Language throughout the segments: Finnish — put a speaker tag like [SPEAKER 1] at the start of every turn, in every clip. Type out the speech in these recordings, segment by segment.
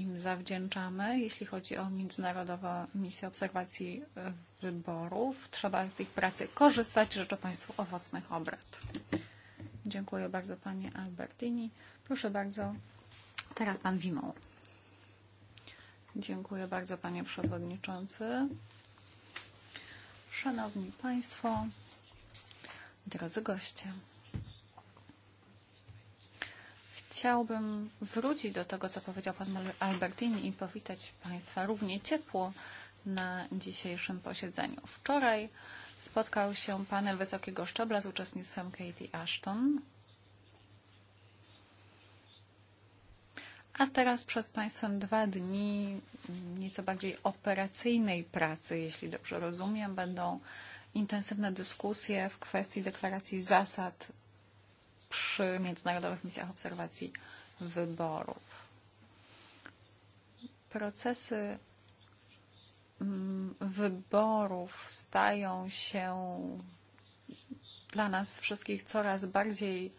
[SPEAKER 1] im zawdzięczamy, jeśli chodzi o międzynarodową misję obserwacji e, wyborów. Trzeba z tych pracy korzystać. Życzę Państwu owocnych obrad. Dziękuję bardzo Panie Albertini. Proszę bardzo, teraz Pan Wimoł. Dziękuję bardzo Panie Przewodniczący. Szanowni Państwo, drodzy goście chciałbym wrócić do tego, co powiedział pan Albertini i powitać państwa równie ciepło na dzisiejszym posiedzeniu. Wczoraj spotkał się panel wysokiego szczebla z uczestnictwem Katie Ashton. A teraz przed Państwem dwa dni nieco bardziej operacyjnej pracy, jeśli dobrze rozumiem. Będą intensywne dyskusje w kwestii deklaracji zasad przy międzynarodowych misjach obserwacji wyborów. Procesy mm, wyborów stają się dla nas wszystkich coraz bardziej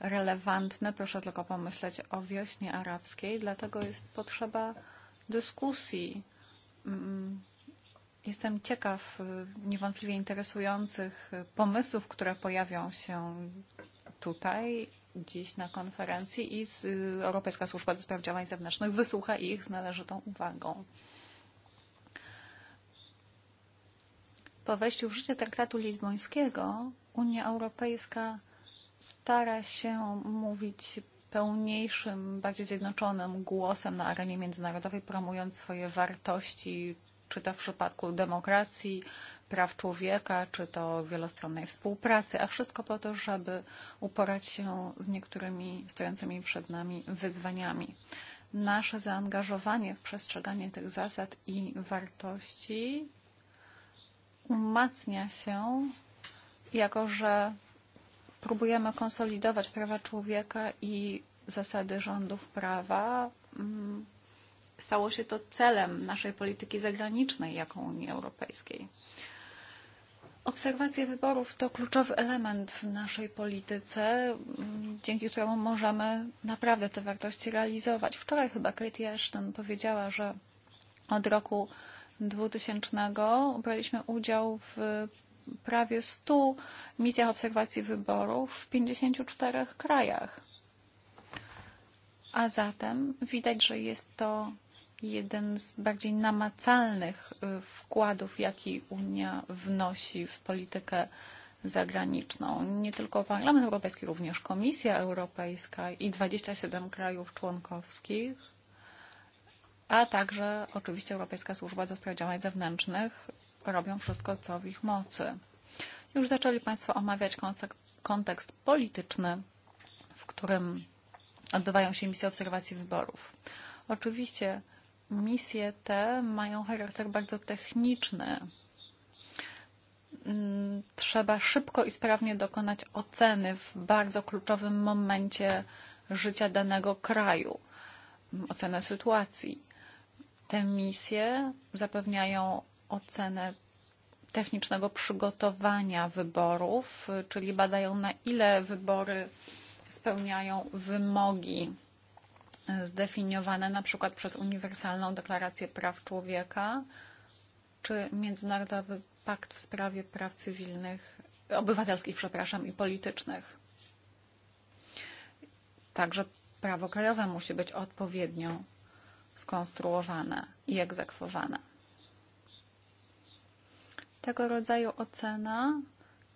[SPEAKER 1] relevantne. Proszę tylko pomyśleć o wiośnie arabskiej, dlatego jest potrzeba dyskusji. Mm, jestem ciekaw niewątpliwie interesujących pomysłów, które pojawią się tutaj dziś na konferencji i z Europejska Służba do Spraw Działań Zewnętrznych wysłucha ich z należytą uwagą. Po wejściu w życie traktatu lizbońskiego Unia Europejska stara się mówić pełniejszym, bardziej zjednoczonym głosem na arenie międzynarodowej, promując swoje wartości, czy to w przypadku demokracji, praw człowieka, czy to wielostronnej współpracy, a wszystko po to, żeby uporać się z niektórymi stojącymi przed nami wyzwaniami. Nasze zaangażowanie w przestrzeganie tych zasad i wartości umacnia się, jako że próbujemy konsolidować prawa człowieka i zasady rządów prawa. Mm, stało się to celem naszej polityki zagranicznej jako Unii Europejskiej. Obserwacje wyborów to kluczowy element w naszej polityce, mm, dzięki któremu możemy naprawdę te wartości realizować. Wczoraj chyba Katie Ashton powiedziała, że od roku 2000 braliśmy udział w prawie 100 misjach obserwacji wyborów w 54 krajach. A zatem widać, że jest to jeden z bardziej namacalnych wkładów, jaki Unia wnosi w politykę zagraniczną. Nie tylko Parlament Europejski, również Komisja Europejska i 27 krajów członkowskich, a także oczywiście Europejska Służba do Spraw Działań Zewnętrznych robią wszystko, co w ich mocy. Już zaczęli Państwo omawiać kontekst polityczny, w którym odbywają się misje obserwacji wyborów. Oczywiście Misje te mają charakter bardzo techniczny. Mm, trzeba szybko i sprawnie dokonać oceny w bardzo kluczowym momencie życia danego kraju, mm, ocenę sytuacji. Te misje zapewniają ocenę technicznego przygotowania wyborów, czyli badają na ile wybory spełniają wymogi zdefiniowane na przykład przez Uniwersalną Deklarację Praw Człowieka czy Międzynarodowy Pakt w sprawie praw cywilnych, obywatelskich, przepraszam, i politycznych. Także prawo krajowe musi być odpowiednio skonstruowane i egzekwowane. Tego rodzaju ocena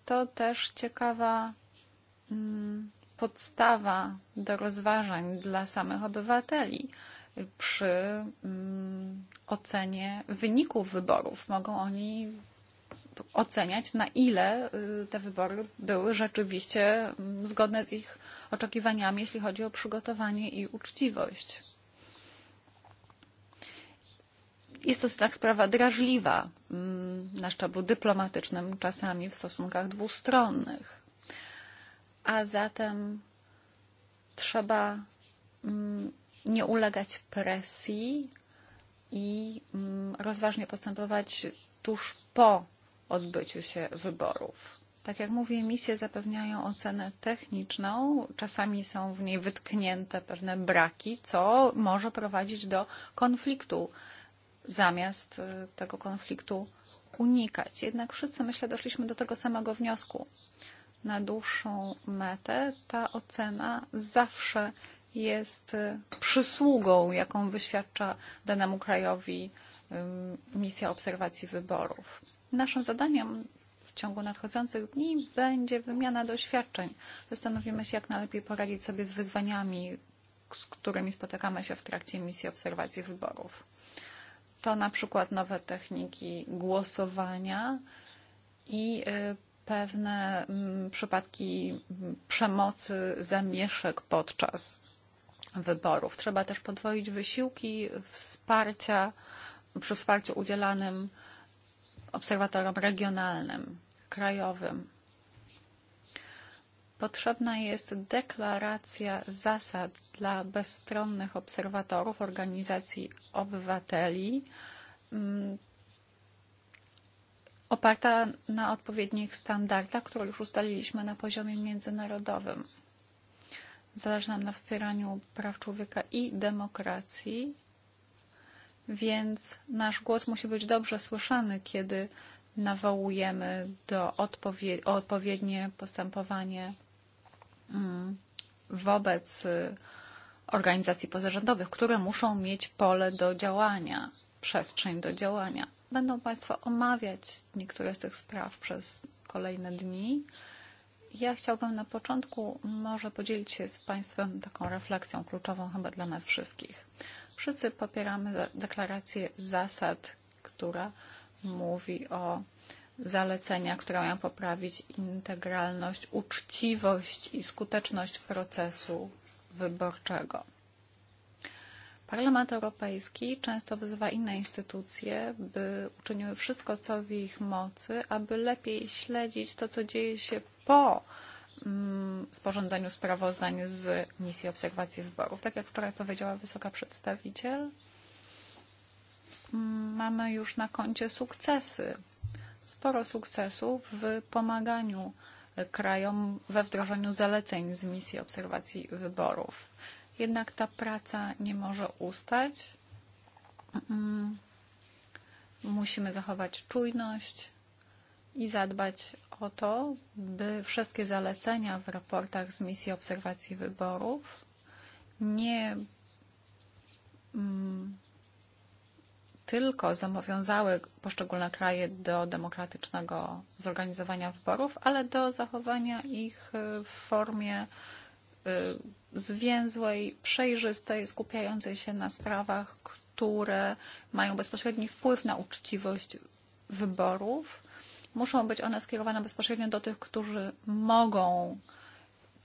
[SPEAKER 1] to też ciekawa mm, podstawa do rozważań dla samych obywateli przy mm, ocenie wyników wyborów. Mogą oni oceniać, na ile te wybory były rzeczywiście mm, zgodne z ich oczekiwaniami, jeśli chodzi o przygotowanie i uczciwość. Jest to tak sprawa drażliwa mm, na szczeblu dyplomatycznym, czasami w stosunkach dwustronnych a zatem trzeba mm, nie ulegać presji i mm, rozważnie postępować tuż po odbyciu się wyborów. Tak jak mówię, misje zapewniają ocenę techniczną, czasami są w niej wytknięte pewne braki, co może prowadzić do konfliktu, zamiast e, tego konfliktu unikać. Jednak wszyscy, myślę, doszliśmy do tego samego wniosku na dłuższą metę ta ocena zawsze jest przysługą, jaką wyświadcza danemu krajowi misja obserwacji wyborów. Naszym zadaniem w ciągu nadchodzących dni będzie wymiana doświadczeń. Zastanowimy się, jak najlepiej poradzić sobie z wyzwaniami, z którymi spotykamy się w trakcie misji obserwacji wyborów. To na przykład nowe techniki głosowania i pewne mm, przypadki mm, przemocy zamieszek podczas wyborów. Trzeba też podwoić wysiłki wsparcia przy wsparciu udzielanym obserwatorom regionalnym, krajowym. Potrzebna jest deklaracja zasad dla bezstronnych obserwatorów, organizacji obywateli mm, oparta na odpowiednich standardach, które już ustaliliśmy na poziomie międzynarodowym. Zależy nam na wspieraniu praw człowieka i demokracji, więc nasz głos musi być dobrze słyszany, kiedy nawołujemy do odpowie o odpowiednie postępowanie mm, wobec organizacji pozarządowych, które muszą mieć pole do działania, przestrzeń do działania. Będą Państwo omawiać niektóre z tych spraw przez kolejne dni. Ja chciałbym na początku może podzielić się z Państwem taką refleksją kluczową chyba dla nas wszystkich. Wszyscy popieramy deklarację zasad, która mówi o zalecenia, które mają poprawić integralność, uczciwość i skuteczność procesu wyborczego. Parlament Europejski często wzywa inne instytucje, by uczyniły wszystko, co w ich mocy, aby lepiej śledzić to, co dzieje się po mm, sporządzeniu sprawozdań z misji obserwacji wyborów. Tak jak wczoraj powiedziała wysoka przedstawiciel, mm, mamy już na koncie sukcesy, sporo sukcesów w pomaganiu e, krajom we wdrożeniu zaleceń z misji obserwacji wyborów. Jednak ta praca nie może ustać. Mm. Musimy zachować czujność i zadbać o to, by wszystkie zalecenia w raportach z misji obserwacji wyborów nie mm, tylko zobowiązały poszczególne kraje do demokratycznego zorganizowania wyborów, ale do zachowania ich w formie zwięzłej, przejrzystej, skupiającej się na sprawach, które mają bezpośredni wpływ na uczciwość wyborów. Muszą być one skierowane bezpośrednio do tych, którzy mogą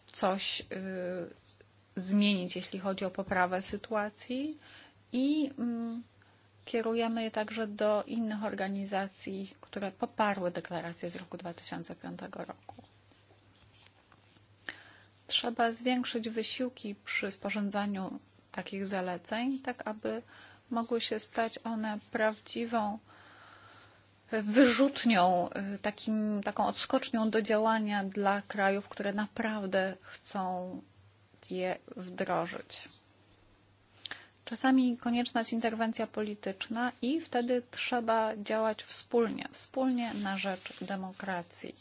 [SPEAKER 1] coś zmienić, jeśli chodzi o poprawę sytuacji i mm, kierujemy je także do innych organizacji, które poparły deklarację z roku 2005 roku trzeba zwiększyć wysiłki przy sporządzaniu takich zaleceń, tak aby mogły się stać one prawdziwą wyrzutnią, takim, taką odskocznią do działania dla krajów, które naprawdę chcą je wdrożyć. Czasami konieczna jest interwencja polityczna i wtedy trzeba działać wspólnie, wspólnie na rzecz demokracji.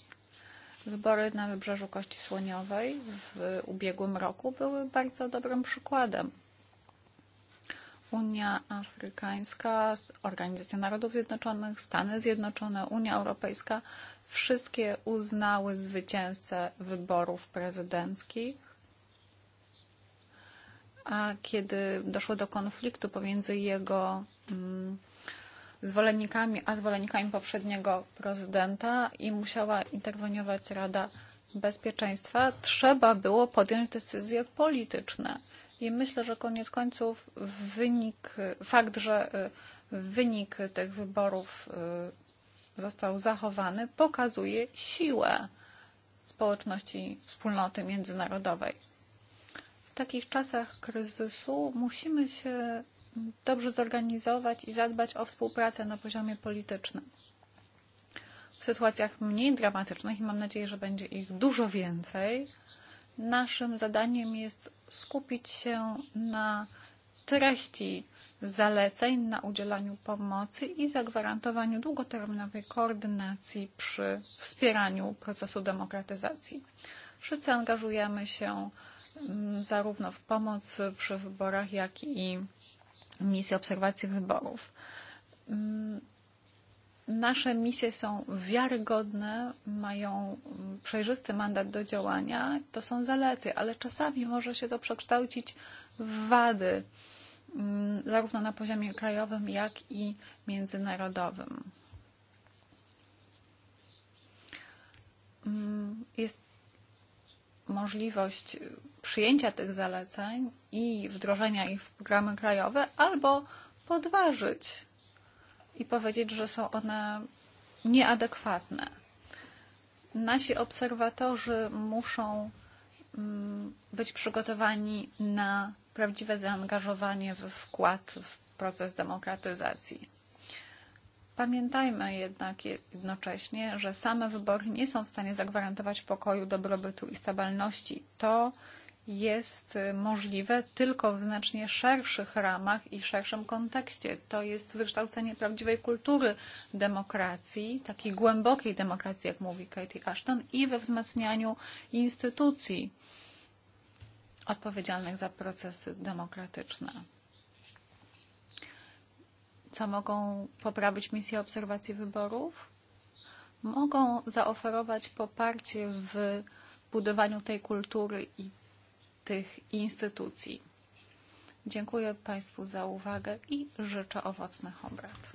[SPEAKER 1] Wybory na Wybrzeżu Kości Słoniowej w ubiegłym roku były bardzo dobrym przykładem. Unia Afrykańska, Organizacja Narodów Zjednoczonych, Stany Zjednoczone, Unia Europejska wszystkie uznały zwycięzcę wyborów prezydenckich. A kiedy doszło do konfliktu pomiędzy jego mm, zwolennikami, a zwolennikami poprzedniego prezydenta i musiała interweniować Rada Bezpieczeństwa, trzeba było podjąć decyzje polityczne. I myślę, że koniec końców wynik, fakt, że wynik tych wyborów został zachowany, pokazuje siłę społeczności, wspólnoty międzynarodowej. W takich czasach kryzysu musimy się dobrze zorganizować i zadbać o współpracę na poziomie politycznym. W sytuacjach mniej dramatycznych, i mam nadzieję, że będzie ich dużo więcej, naszym zadaniem jest skupić się na treści zaleceń, na udzielaniu pomocy i zagwarantowaniu długoterminowej koordynacji przy wspieraniu procesu demokratyzacji. Wszyscy angażujemy się mm, zarówno w pomoc przy wyborach, jak i misje obserwacji wyborów. Mm, nasze misje są wiarygodne, mają przejrzysty mandat do działania, to są zalety, ale czasami może się to przekształcić w wady, mm, zarówno na poziomie krajowym, jak i międzynarodowym. Mm, jest możliwość przyjęcia tych zaleceń i wdrożenia ich w programy krajowe, albo podważyć i powiedzieć, że są one nieadekwatne. Nasi obserwatorzy muszą mm, być przygotowani na prawdziwe zaangażowanie w wkład w proces demokratyzacji. Pamiętajmy jednak jednocześnie, że same wybory nie są w stanie zagwarantować pokoju, dobrobytu i stabilności. To jest możliwe tylko w znacznie szerszych ramach i szerszym kontekście. To jest wykształcenie prawdziwej kultury demokracji, takiej głębokiej demokracji, jak mówi Katie Ashton, i we wzmacnianiu instytucji odpowiedzialnych za procesy demokratyczne. Co mogą poprawić misje obserwacji wyborów? Mogą zaoferować poparcie w budowaniu tej kultury i tych instytucji. Dziękuję Państwu za uwagę i życzę owocnych obrad.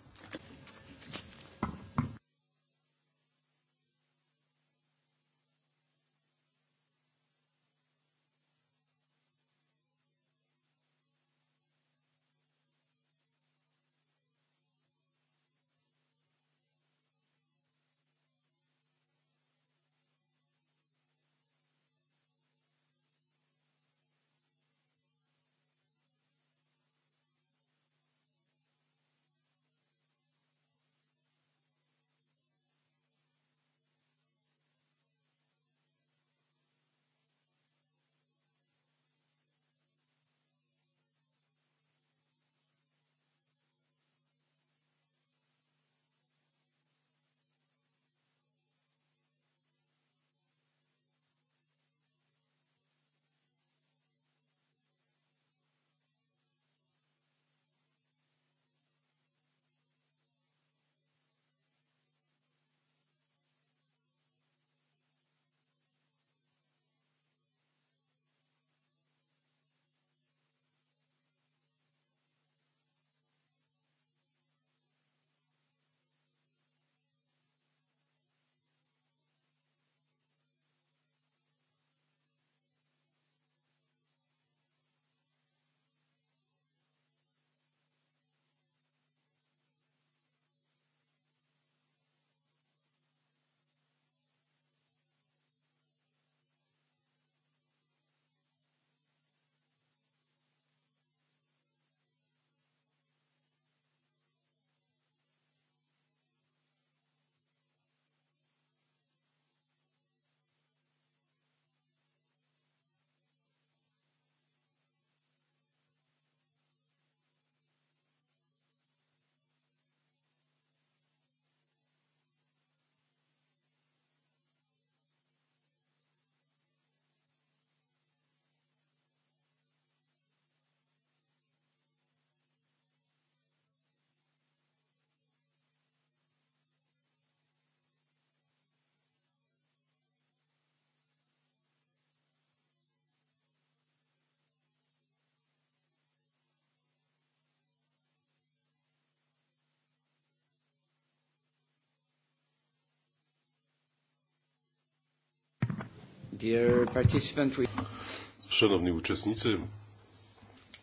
[SPEAKER 2] Szanowni uczestnicy,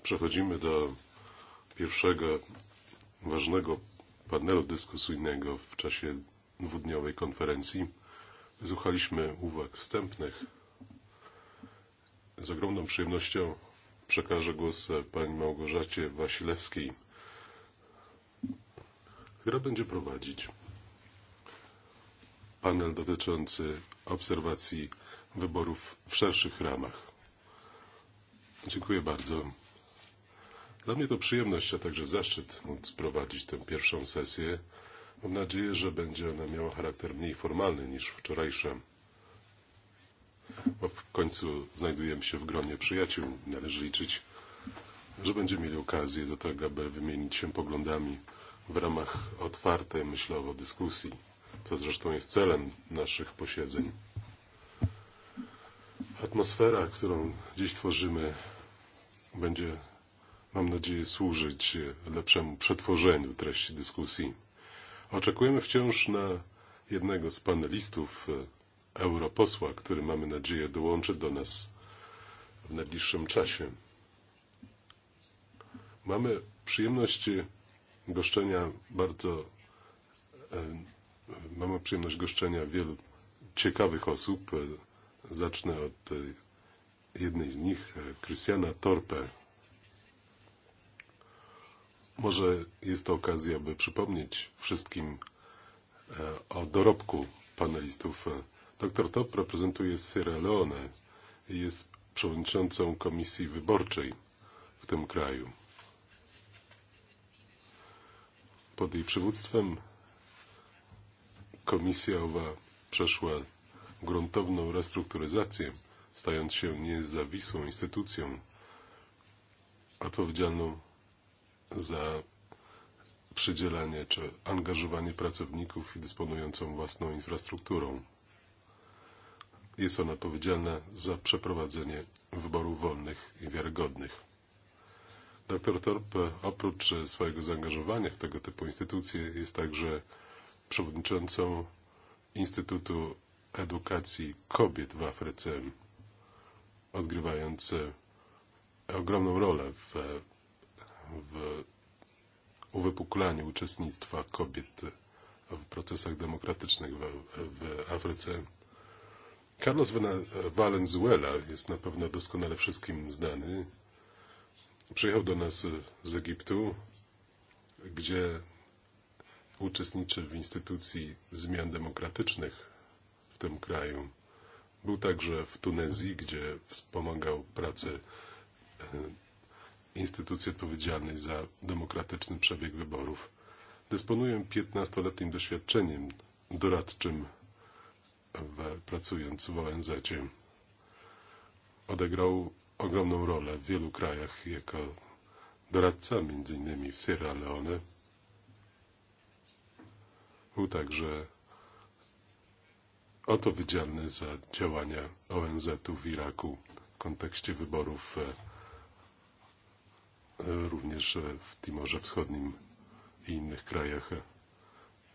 [SPEAKER 2] przechodzimy do pierwszego ważnego panelu dyskusyjnego w czasie dwudniowej konferencji. Wysłuchaliśmy uwag wstępnych. Z ogromną przyjemnością przekażę głos pani Małgorzacie Wasilewskiej, która będzie prowadzić panel dotyczący obserwacji wyborów w szerszych ramach. Dziękuję bardzo. Dla mnie to przyjemność, a także zaszczyt móc prowadzić tę pierwszą sesję. Mam nadzieję, że będzie ona miała charakter mniej formalny niż wczorajsza. Bo w końcu znajdujemy się w gronie przyjaciół. Należy liczyć, że będziemy mieli okazję do tego, aby wymienić się poglądami w ramach otwartej myślowo dyskusji, co zresztą jest celem naszych posiedzeń. Atmosfera, którą dziś tworzymy, będzie, mam nadzieję, służyć lepszemu przetworzeniu treści dyskusji. Oczekujemy wciąż na jednego z panelistów, e, europosła, który mamy nadzieję dołączy do nas w najbliższym czasie. Mamy przyjemność goszczenia bardzo, e, mamy przyjemność goszczenia wielu ciekawych osób, e, Zacznę od e, jednej z nich, Krystiana e, Torpe. Może jest to okazja, by przypomnieć wszystkim e, o dorobku panelistów. Doktor Top reprezentuje Sierra Leone i jest przewodniczącą komisji wyborczej w tym kraju. Pod jej przywództwem komisja owa przeszła gruntowną restrukturyzację, stając się niezawisłą instytucją odpowiedzialną za przydzielanie czy angażowanie pracowników i dysponującą własną infrastrukturą. Jest ona odpowiedzialna za przeprowadzenie wyborów wolnych i wiarygodnych. Dr Torpe oprócz swojego zaangażowania w tego typu instytucje jest także przewodniczącą Instytutu edukacji kobiet w Afryce, odgrywające ogromną rolę w, w uwypuklaniu uczestnictwa kobiet w procesach demokratycznych w, w Afryce. Carlos Valenzuela jest na pewno doskonale wszystkim znany. Przyjechał do nas z Egiptu, gdzie uczestniczy w instytucji zmian demokratycznych tym kraju. Był także w Tunezji, gdzie wspomagał pracę e, instytucji odpowiedzialnej za demokratyczny przebieg wyborów. Dysponuję 15-letnim doświadczeniem doradczym w, pracując w ONZ. -cie. Odegrał ogromną rolę w wielu krajach jako doradca, m.in. w Sierra Leone. Był także oto odpowiedzialny za działania ONZ-u w Iraku w kontekście wyborów e, również e, w Timorze Wschodnim i innych krajach. E,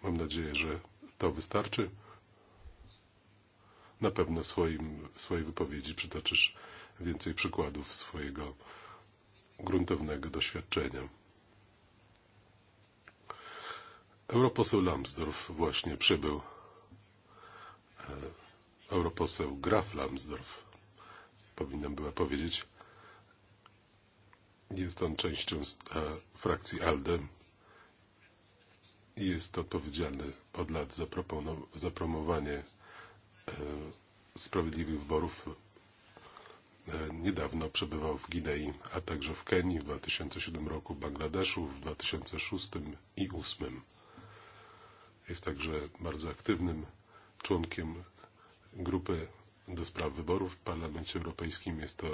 [SPEAKER 2] mam nadzieję, że to wystarczy. Na pewno w swoim, w swojej wypowiedzi przytoczysz więcej przykładów swojego gruntownego doświadczenia. Europoseł Lambsdorff właśnie przybył europoseł Graf Lambsdorff, powinnam była powiedzieć. Jest on częścią e, frakcji ALDE i jest odpowiedzialny od lat za, za promowanie e, sprawiedliwych wyborów. E, niedawno przebywał w Gwinei, a także w Kenii w 2007 roku, w Bangladeszu w 2006 i 2008. Jest także bardzo aktywnym członkiem grupy do spraw wyborów w Parlamencie Europejskim. Jest to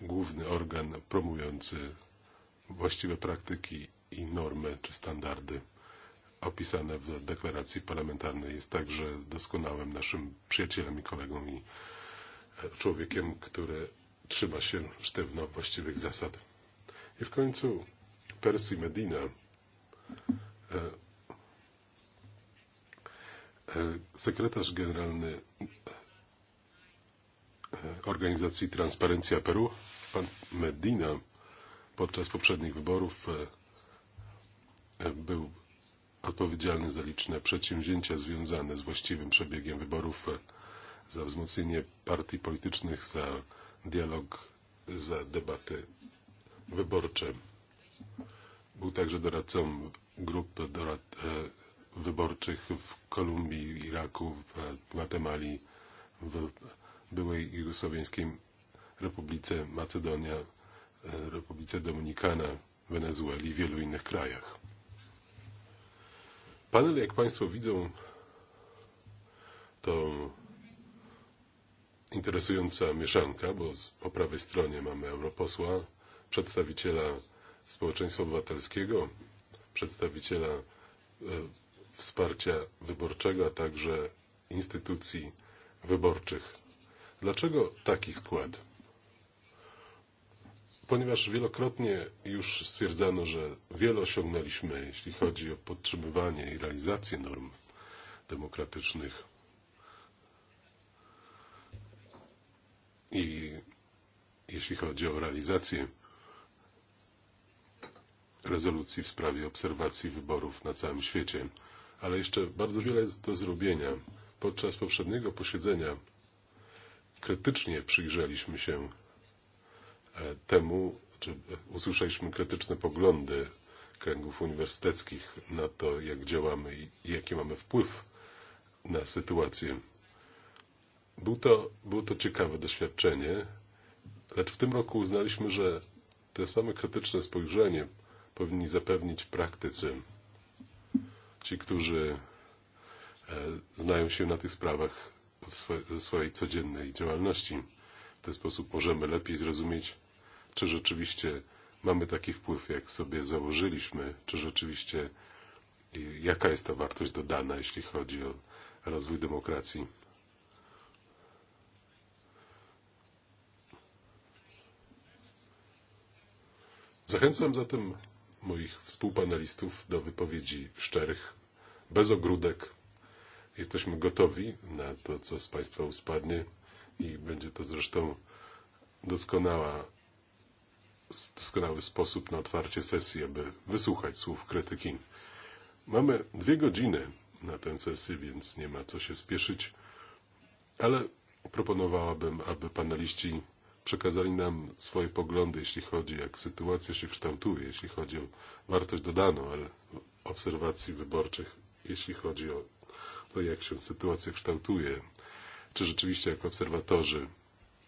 [SPEAKER 2] główny organ promujący właściwe praktyki i normy czy standardy opisane w deklaracji parlamentarnej. Jest także doskonałym naszym przyjacielem i kolegą i e, człowiekiem, który trzyma się sztywno właściwych zasad. I w końcu Percy Medina e, sekretarz generalny eh, organizacji Transparencja Peru, pan Medina, podczas poprzednich wyborów eh, eh, był odpowiedzialny za liczne przedsięwzięcia związane z właściwym przebiegiem wyborów, za wzmocnienie partii politycznych, za dialog, za debaty wyborcze. Był także doradcą grup dorad, wyborczych w Kolumbii, Iraku, w Gwatemali, w byłej Jugosłowiańskiej Republice Macedonia, e, Republice Dominikana, Wenezueli i wielu innych krajach. Panel, jak Państwo widzą, to interesująca mieszanka, bo po prawej stronie mamy europosła, przedstawiciela społeczeństwa obywatelskiego, przedstawiciela e, wsparcia wyborczego, a także instytucji wyborczych. Dlaczego taki skład? Ponieważ wielokrotnie już stwierdzano, że wiele osiągnęliśmy, jeśli chodzi o podtrzymywanie i realizację norm demokratycznych. I jeśli chodzi o realizację rezolucji w sprawie obserwacji wyborów na całym świecie ale jeszcze bardzo wiele jest do zrobienia. Podczas poprzedniego posiedzenia krytycznie przyjrzeliśmy się e, temu, czy e, usłyszeliśmy krytyczne poglądy kręgów uniwersyteckich na to, jak działamy i jaki mamy wpływ na sytuację. Był to, było to ciekawe doświadczenie, lecz w tym roku uznaliśmy, że te same krytyczne spojrzenie powinni zapewnić praktycy ci, którzy e, znają się na tych sprawach w swe, ze swojej codziennej działalności. W ten sposób możemy lepiej zrozumieć, czy rzeczywiście mamy taki wpływ, jak sobie założyliśmy, czy rzeczywiście jaka jest ta wartość dodana, jeśli chodzi o rozwój demokracji. Zachęcam zatem moich współpanelistów do wypowiedzi szczerych, bez ogródek. Jesteśmy gotowi na to, co z Państwa uspadnie i będzie to zresztą doskonała, doskonały sposób na otwarcie sesji, aby wysłuchać słów krytyki. Mamy dwie godziny na tę sesję, więc nie ma co się spieszyć, ale proponowałabym, aby paneliści przekazali nam swoje poglądy, jeśli chodzi, jak sytuacja się kształtuje, jeśli chodzi o wartość dodaną, ale obserwacji wyborczych, jeśli chodzi o to, jak się sytuacja kształtuje. Czy rzeczywiście jako obserwatorzy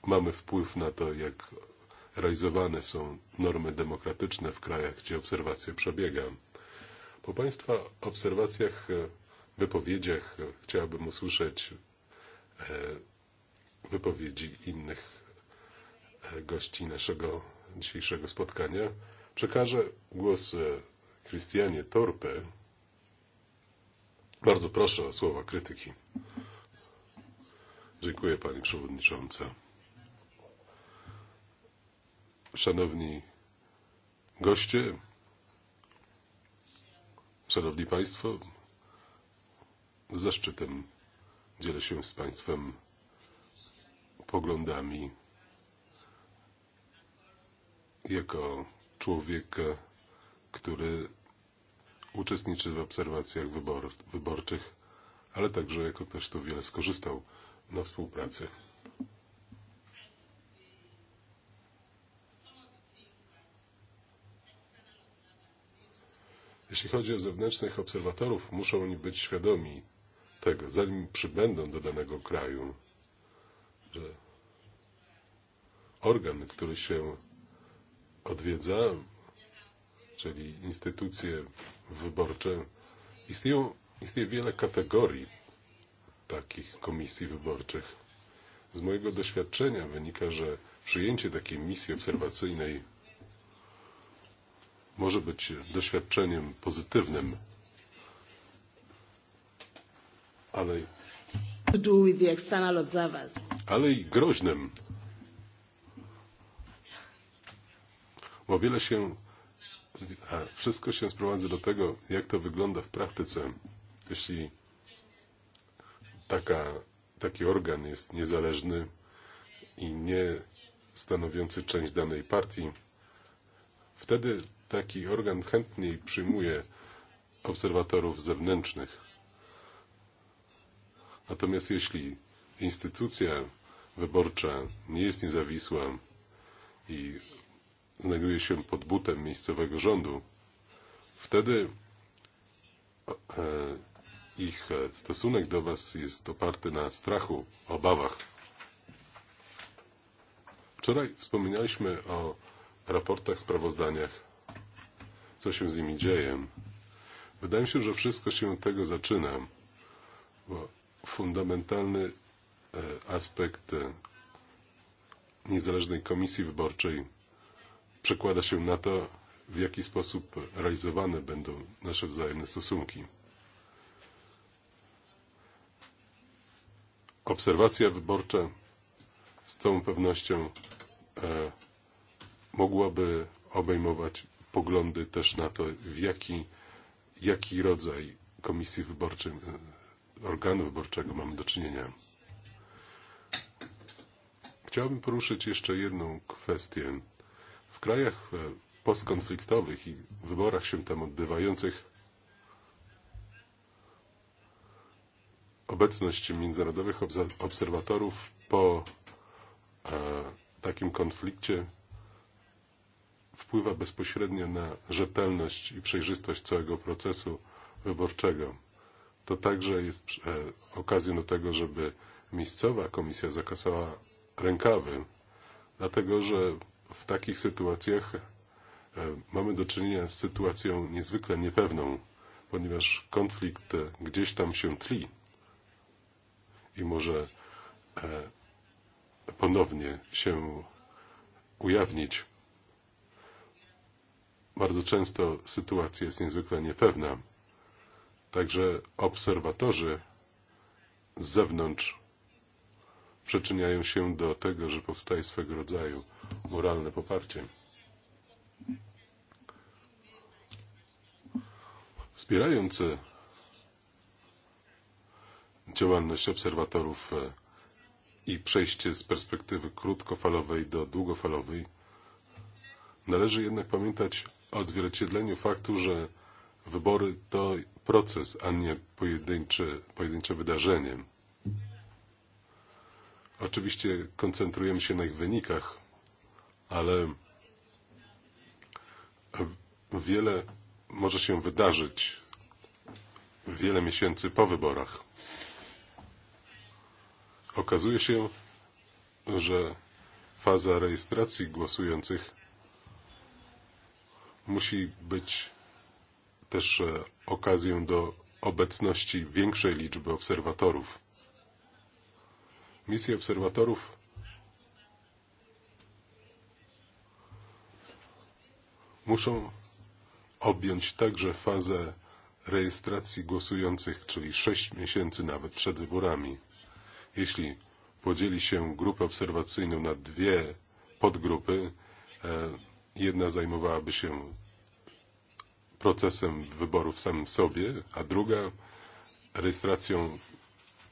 [SPEAKER 2] mamy wpływ na to, jak realizowane są normy demokratyczne w krajach, gdzie obserwacja przebiega. Po Państwa obserwacjach, wypowiedziach chciałbym usłyszeć e, wypowiedzi innych gości naszego dzisiejszego spotkania. Przekażę głos Christianie Torpe. Bardzo proszę o słowa krytyki. Dziękuję Pani Przewodnicząca. Szanowni goście, Szanowni Państwo, z zaszczytem dzielę się z Państwem poglądami jako człowiek, który uczestniczy w obserwacjach wybor wyborczych, ale także jako ktoś, kto wiele skorzystał na współpracy. Jeśli chodzi o zewnętrznych obserwatorów, muszą oni być świadomi tego, zanim przybędą do danego kraju, że organ, który się odwiedza, czyli instytucje wyborcze. Istnieją, istnieje wiele kategorii takich komisji wyborczych. Z mojego doświadczenia wynika, że przyjęcie takiej misji obserwacyjnej może być doświadczeniem pozytywnym, ale, ale i groźnym Bo wiele się, a wszystko się sprowadza do tego, jak to wygląda w praktyce. Jeśli taka, taki organ jest niezależny i nie stanowiący część danej partii, wtedy taki organ chętniej przyjmuje obserwatorów zewnętrznych. Natomiast jeśli instytucja wyborcza nie jest niezawisła i znajduje się pod butem miejscowego rządu, wtedy e, ich stosunek do Was jest oparty na strachu, obawach. Wczoraj wspominaliśmy o raportach, sprawozdaniach, co się z nimi dzieje. Wydaje mi się, że wszystko się od tego zaczyna, bo fundamentalny e, aspekt e, niezależnej komisji wyborczej przekłada się na to, w jaki sposób realizowane będą nasze wzajemne stosunki. Obserwacja wyborcza z całą pewnością e, mogłaby obejmować poglądy też na to, w jaki, jaki rodzaj komisji wyborczej, e, organu wyborczego mamy do czynienia. Chciałbym poruszyć jeszcze jedną kwestię W krajach e, postkonfliktowych i wyborach się tam odbywających obecność międzynarodowych obserwatorów po e, takim konflikcie wpływa bezpośrednio na rzetelność i przejrzystość całego procesu wyborczego. To także jest e, okazją do tego, żeby miejscowa komisja zakasała rękawy, dlatego że w takich sytuacjach e, mamy do czynienia z sytuacją niezwykle niepewną, ponieważ konflikt e, gdzieś tam się tli i może e, ponownie się ujawnić. Bardzo często sytuacja jest niezwykle niepewna, także obserwatorzy z zewnątrz przyczyniają się do tego, że powstaje swego rodzaju moralne poparcie. Wspierając działalność obserwatorów e, i przejście z perspektywy krótkofalowej do długofalowej, należy jednak pamiętać o odzwierciedleniu faktu, że wybory to proces, a nie pojedyncze, pojedyncze wydarzenie. Oczywiście koncentrujemy się na ich wynikach, ale e, wiele może się wydarzyć wiele miesięcy po wyborach. Okazuje się, że faza rejestracji głosujących musi być też e, okazją do obecności większej liczby obserwatorów. Misje obserwatorów muszą objąć także fazę rejestracji głosujących, czyli 6 miesięcy nawet przed wyborami. Jeśli podzieli się grupę obserwacyjną na dwie podgrupy, e, jedna zajmowałaby się procesem wyborów samym w sobie, a druga rejestracją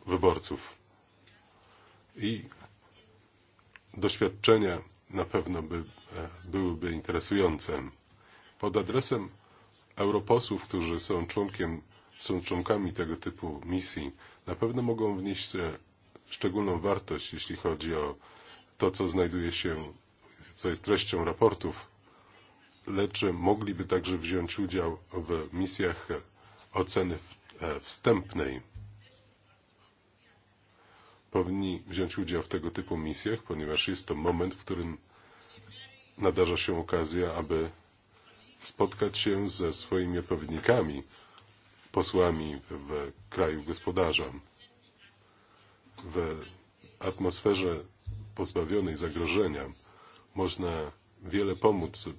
[SPEAKER 2] wyborców. I doświadczenia na pewno by, e, byłyby interesujące pod adresem europosłów, którzy są członkiem, są członkami tego typu misji, na pewno mogą wnieść szczególną wartość, jeśli chodzi o to, co znajduje się, co jest treścią raportów, lecz mogliby także wziąć udział w misjach oceny e, wstępnej. Powinni wziąć udział w tego typu misjach, ponieważ jest to moment, w którym nadarza się okazja, aby spotkać się ze swoimi odpowiednikami, posłami w kraju gospodarza. W atmosferze pozbawionej zagrożenia można wiele pomóc e,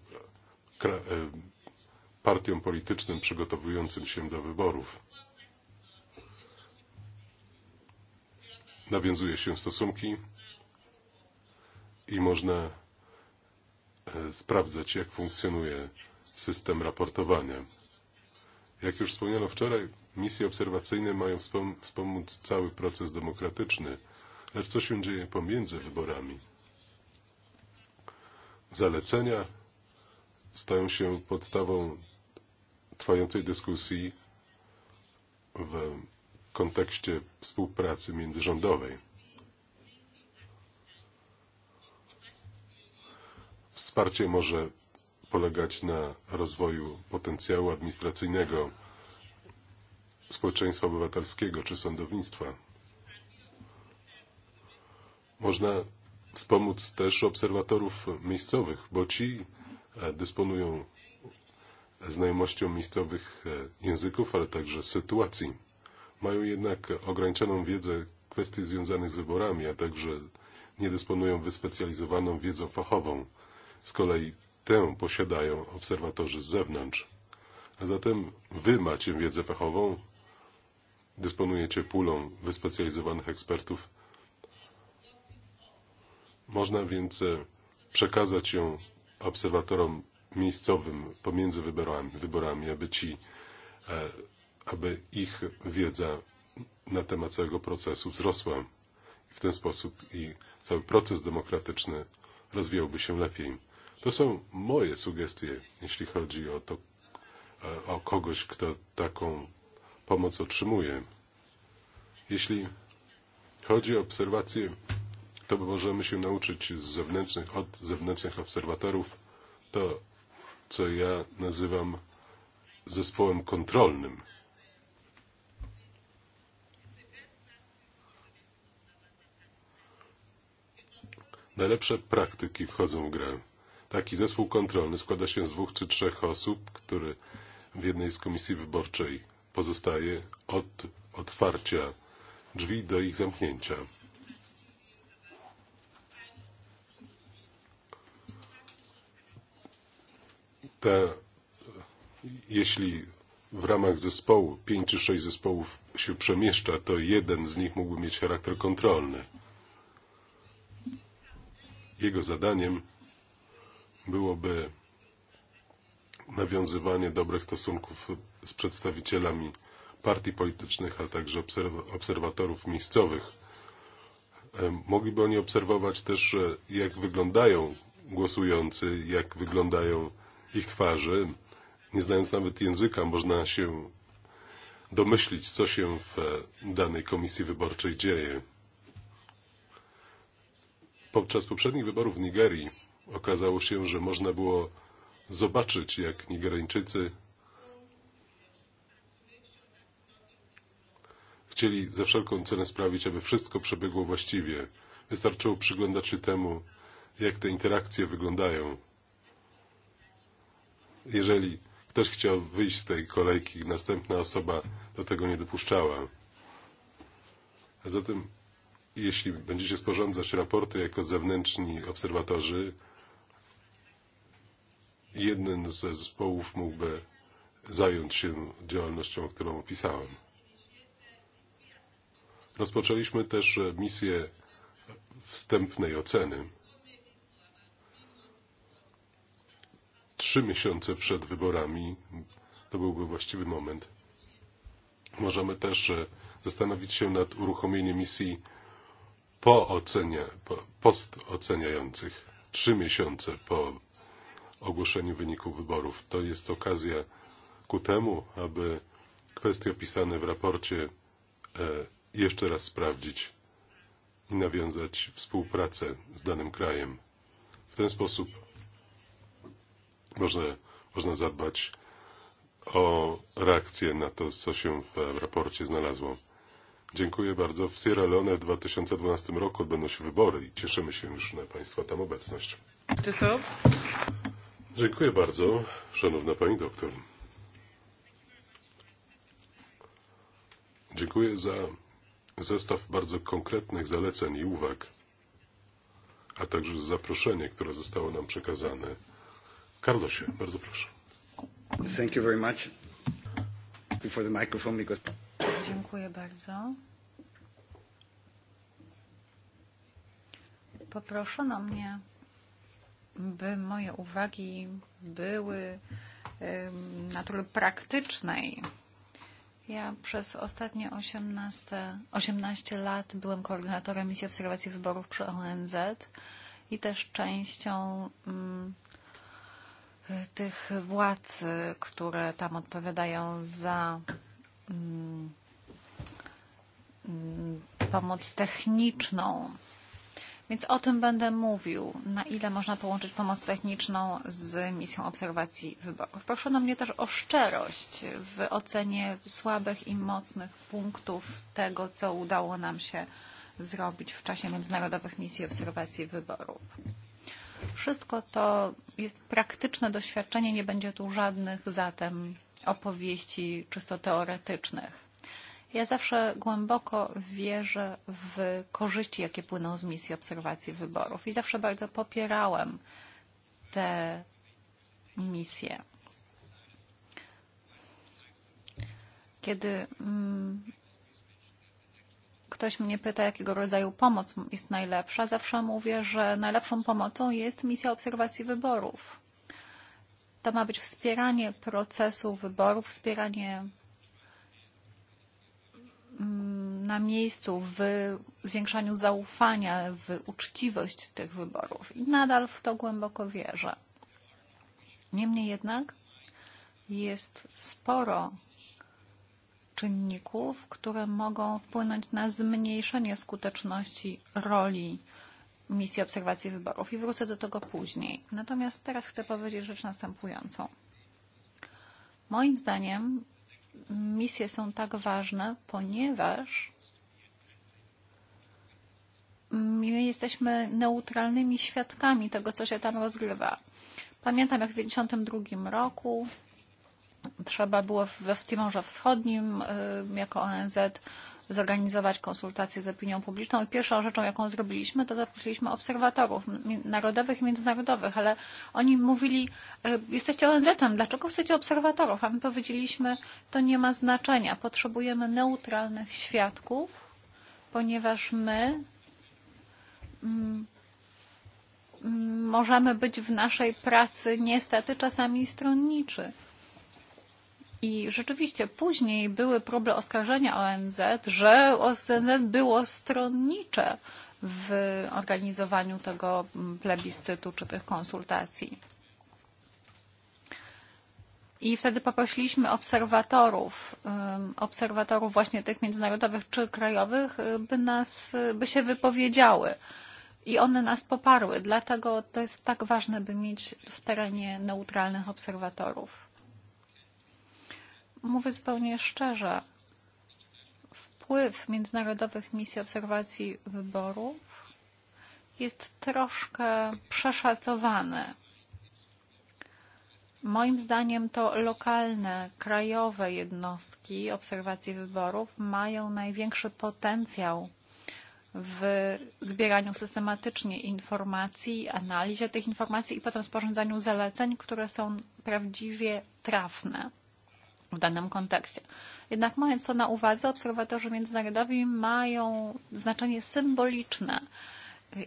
[SPEAKER 2] partiom politycznym przygotowującym się do wyborów. Nawiązuje się stosunki i można e, sprawdzać, jak funkcjonuje system raportowania. Jak już wspomniano wczoraj, misje obserwacyjne mają wspomóc cały proces demokratyczny, lecz co się dzieje pomiędzy wyborami? Zalecenia stają się podstawą trwającej dyskusji w kontekście współpracy międzyrządowej. Wsparcie może polegać na rozwoju potencjału administracyjnego, społeczeństwa obywatelskiego czy sądownictwa. Można wspomóc też obserwatorów miejscowych, bo ci e, dysponują znajomością miejscowych e, języków, ale także sytuacji. Mają jednak ograniczoną wiedzę kwestii związanych z wyborami, a także nie dysponują wyspecjalizowaną wiedzą fachową. Z kolei tę posiadają obserwatorzy z zewnątrz. A zatem wy macie wiedzę fachową, dysponujecie pulą wyspecjalizowanych ekspertów. Można więc e, przekazać ją obserwatorom miejscowym pomiędzy wyborami, wyborami aby ci, e, aby ich wiedza na temat całego procesu wzrosła. I w ten sposób i cały proces demokratyczny rozwijałby się lepiej. To są moje sugestie, jeśli chodzi o to, e, o kogoś, kto taką pomoc otrzymuje. Jeśli chodzi o obserwacje, to możemy się nauczyć z zewnętrznych, od zewnętrznych obserwatorów to, co ja nazywam zespołem kontrolnym. Najlepsze praktyki wchodzą w grę. Taki zespół kontrolny składa się z dwóch czy trzech osób, które w jednej z komisji wyborczej pozostaje od otwarcia drzwi do ich zamknięcia. Te, jeśli w ramach zespołu, pięć czy sześć zespołów się przemieszcza, to jeden z nich mógłby mieć charakter kontrolny. Jego zadaniem byłoby nawiązywanie dobrych stosunków z przedstawicielami partii politycznych, a także obserw obserwatorów miejscowych. E, mogliby oni obserwować też, e, jak wyglądają głosujący, jak wyglądają ich twarze. Nie znając nawet języka, można się domyślić, co się w e, danej komisji wyborczej dzieje. Podczas poprzednich wyborów w Nigerii okazało się, że można było zobaczyć, jak Nigeryjczycy chcieli za wszelką cenę sprawić, aby wszystko przebiegło właściwie. Wystarczyło przyglądać się temu, jak te interakcje wyglądają. Jeżeli ktoś chciał wyjść z tej kolejki, następna osoba do tego nie dopuszczała. A zatem, jeśli będziecie sporządzać raporty jako zewnętrzni obserwatorzy, jednym z zespołów mógłby zająć się działalnością, którą opisałem. Rozpoczęliśmy też misję wstępnej oceny. Trzy miesiące przed wyborami to byłby właściwy moment. Możemy też zastanowić się nad uruchomieniem misji po ocenie, po, postoceniających, trzy miesiące po ogłoszeniu wyników wyborów. To jest okazja ku temu, aby kwestie opisane w raporcie e, jeszcze raz sprawdzić i nawiązać współpracę z danym krajem. W ten sposób można, można zadbać o reakcję na to, co się w raporcie znalazło. Dziękuję bardzo. W Sierra Leone w 2012 roku odbędą się wybory i cieszymy się już na Państwa tam obecność. Dziękuję bardzo, szanowna pani doktor. Dziękuję za zestaw bardzo konkretnych zaleceń i uwag, a także za zaproszenie, które zostało nam przekazane. Carlosie, bardzo proszę. Thank you very much. Before the microphone, because...
[SPEAKER 1] Dziękuję bardzo. Poproszono mnie by moje uwagi były natury praktycznej. Ja przez ostatnie 18, 18 lat byłem koordynatorem misji obserwacji wyborów przy ONZ i też częścią mm, tych władz, które tam odpowiadają za mm, mm pomoc techniczną. Więc o tym będę mówił, na ile można połączyć pomoc techniczną z misją obserwacji wyborów. Proszono mnie też o szczerość w ocenie słabych i mocnych punktów tego, co udało nam się zrobić w czasie międzynarodowych misji obserwacji wyborów. Wszystko to jest praktyczne doświadczenie, nie będzie tu żadnych zatem opowieści czysto teoretycznych. Ja zawsze głęboko wierzę w korzyści, jakie płyną z misji obserwacji wyborów i zawsze bardzo popierałem te misje. Kiedy mm, ktoś mnie pyta, jakiego rodzaju pomoc jest najlepsza, zawsze mówię, że najlepszą pomocą jest misja obserwacji wyborów. To ma być wspieranie procesu wyborów, wspieranie Mm, na miejscu w zwiększaniu zaufania w uczciwość tych wyborów. I nadal w to głęboko wierzę. Niemniej jednak jest sporo czynników, które mogą wpłynąć na zmniejszenie skuteczności roli misji obserwacji wyborów i wrócę do tego później. Natomiast teraz chcę powiedzieć rzecz następującą. Moim zdaniem misje są tak ważne, ponieważ my jesteśmy neutralnymi świadkami tego, co się tam rozgrywa. Pamiętam, jak w 1992 roku trzeba było we w Timorze Wschodnim jako ONZ zorganizować konsultacje z opinią publiczną i pierwszą rzeczą, jaką zrobiliśmy, to zaprosiliśmy obserwatorów narodowych i międzynarodowych, ale oni mówili, e, jesteście ONZ-em, dlaczego chcecie obserwatorów? A my powiedzieliśmy, to nie ma znaczenia, potrzebujemy neutralnych świadków, ponieważ my mm, mm możemy być w naszej pracy niestety czasami stronniczy. I rzeczywiście później były próby oskarżenia ONZ, że ONZ było stronnicze w organizowaniu tego plebiscytu czy tych konsultacji. I wtedy poprosiliśmy obserwatorów, obserwatorów właśnie tych międzynarodowych czy krajowych, by, nas, by się wypowiedziały. I one nas poparły. Dlatego to jest tak ważne, by mieć w terenie neutralnych obserwatorów mówię zupełnie szczerze, wpływ międzynarodowych misji obserwacji wyborów jest troszkę przeszacowany. Moim zdaniem to lokalne, krajowe jednostki obserwacji wyborów mają największy potencjał w zbieraniu systematycznie informacji, analizie tych informacji i potem sporządzaniu zaleceń, które są prawdziwie trafne w danym kontekście. Jednak mając to na uwadze, obserwatorzy międzynarodowi mają znaczenie symboliczne.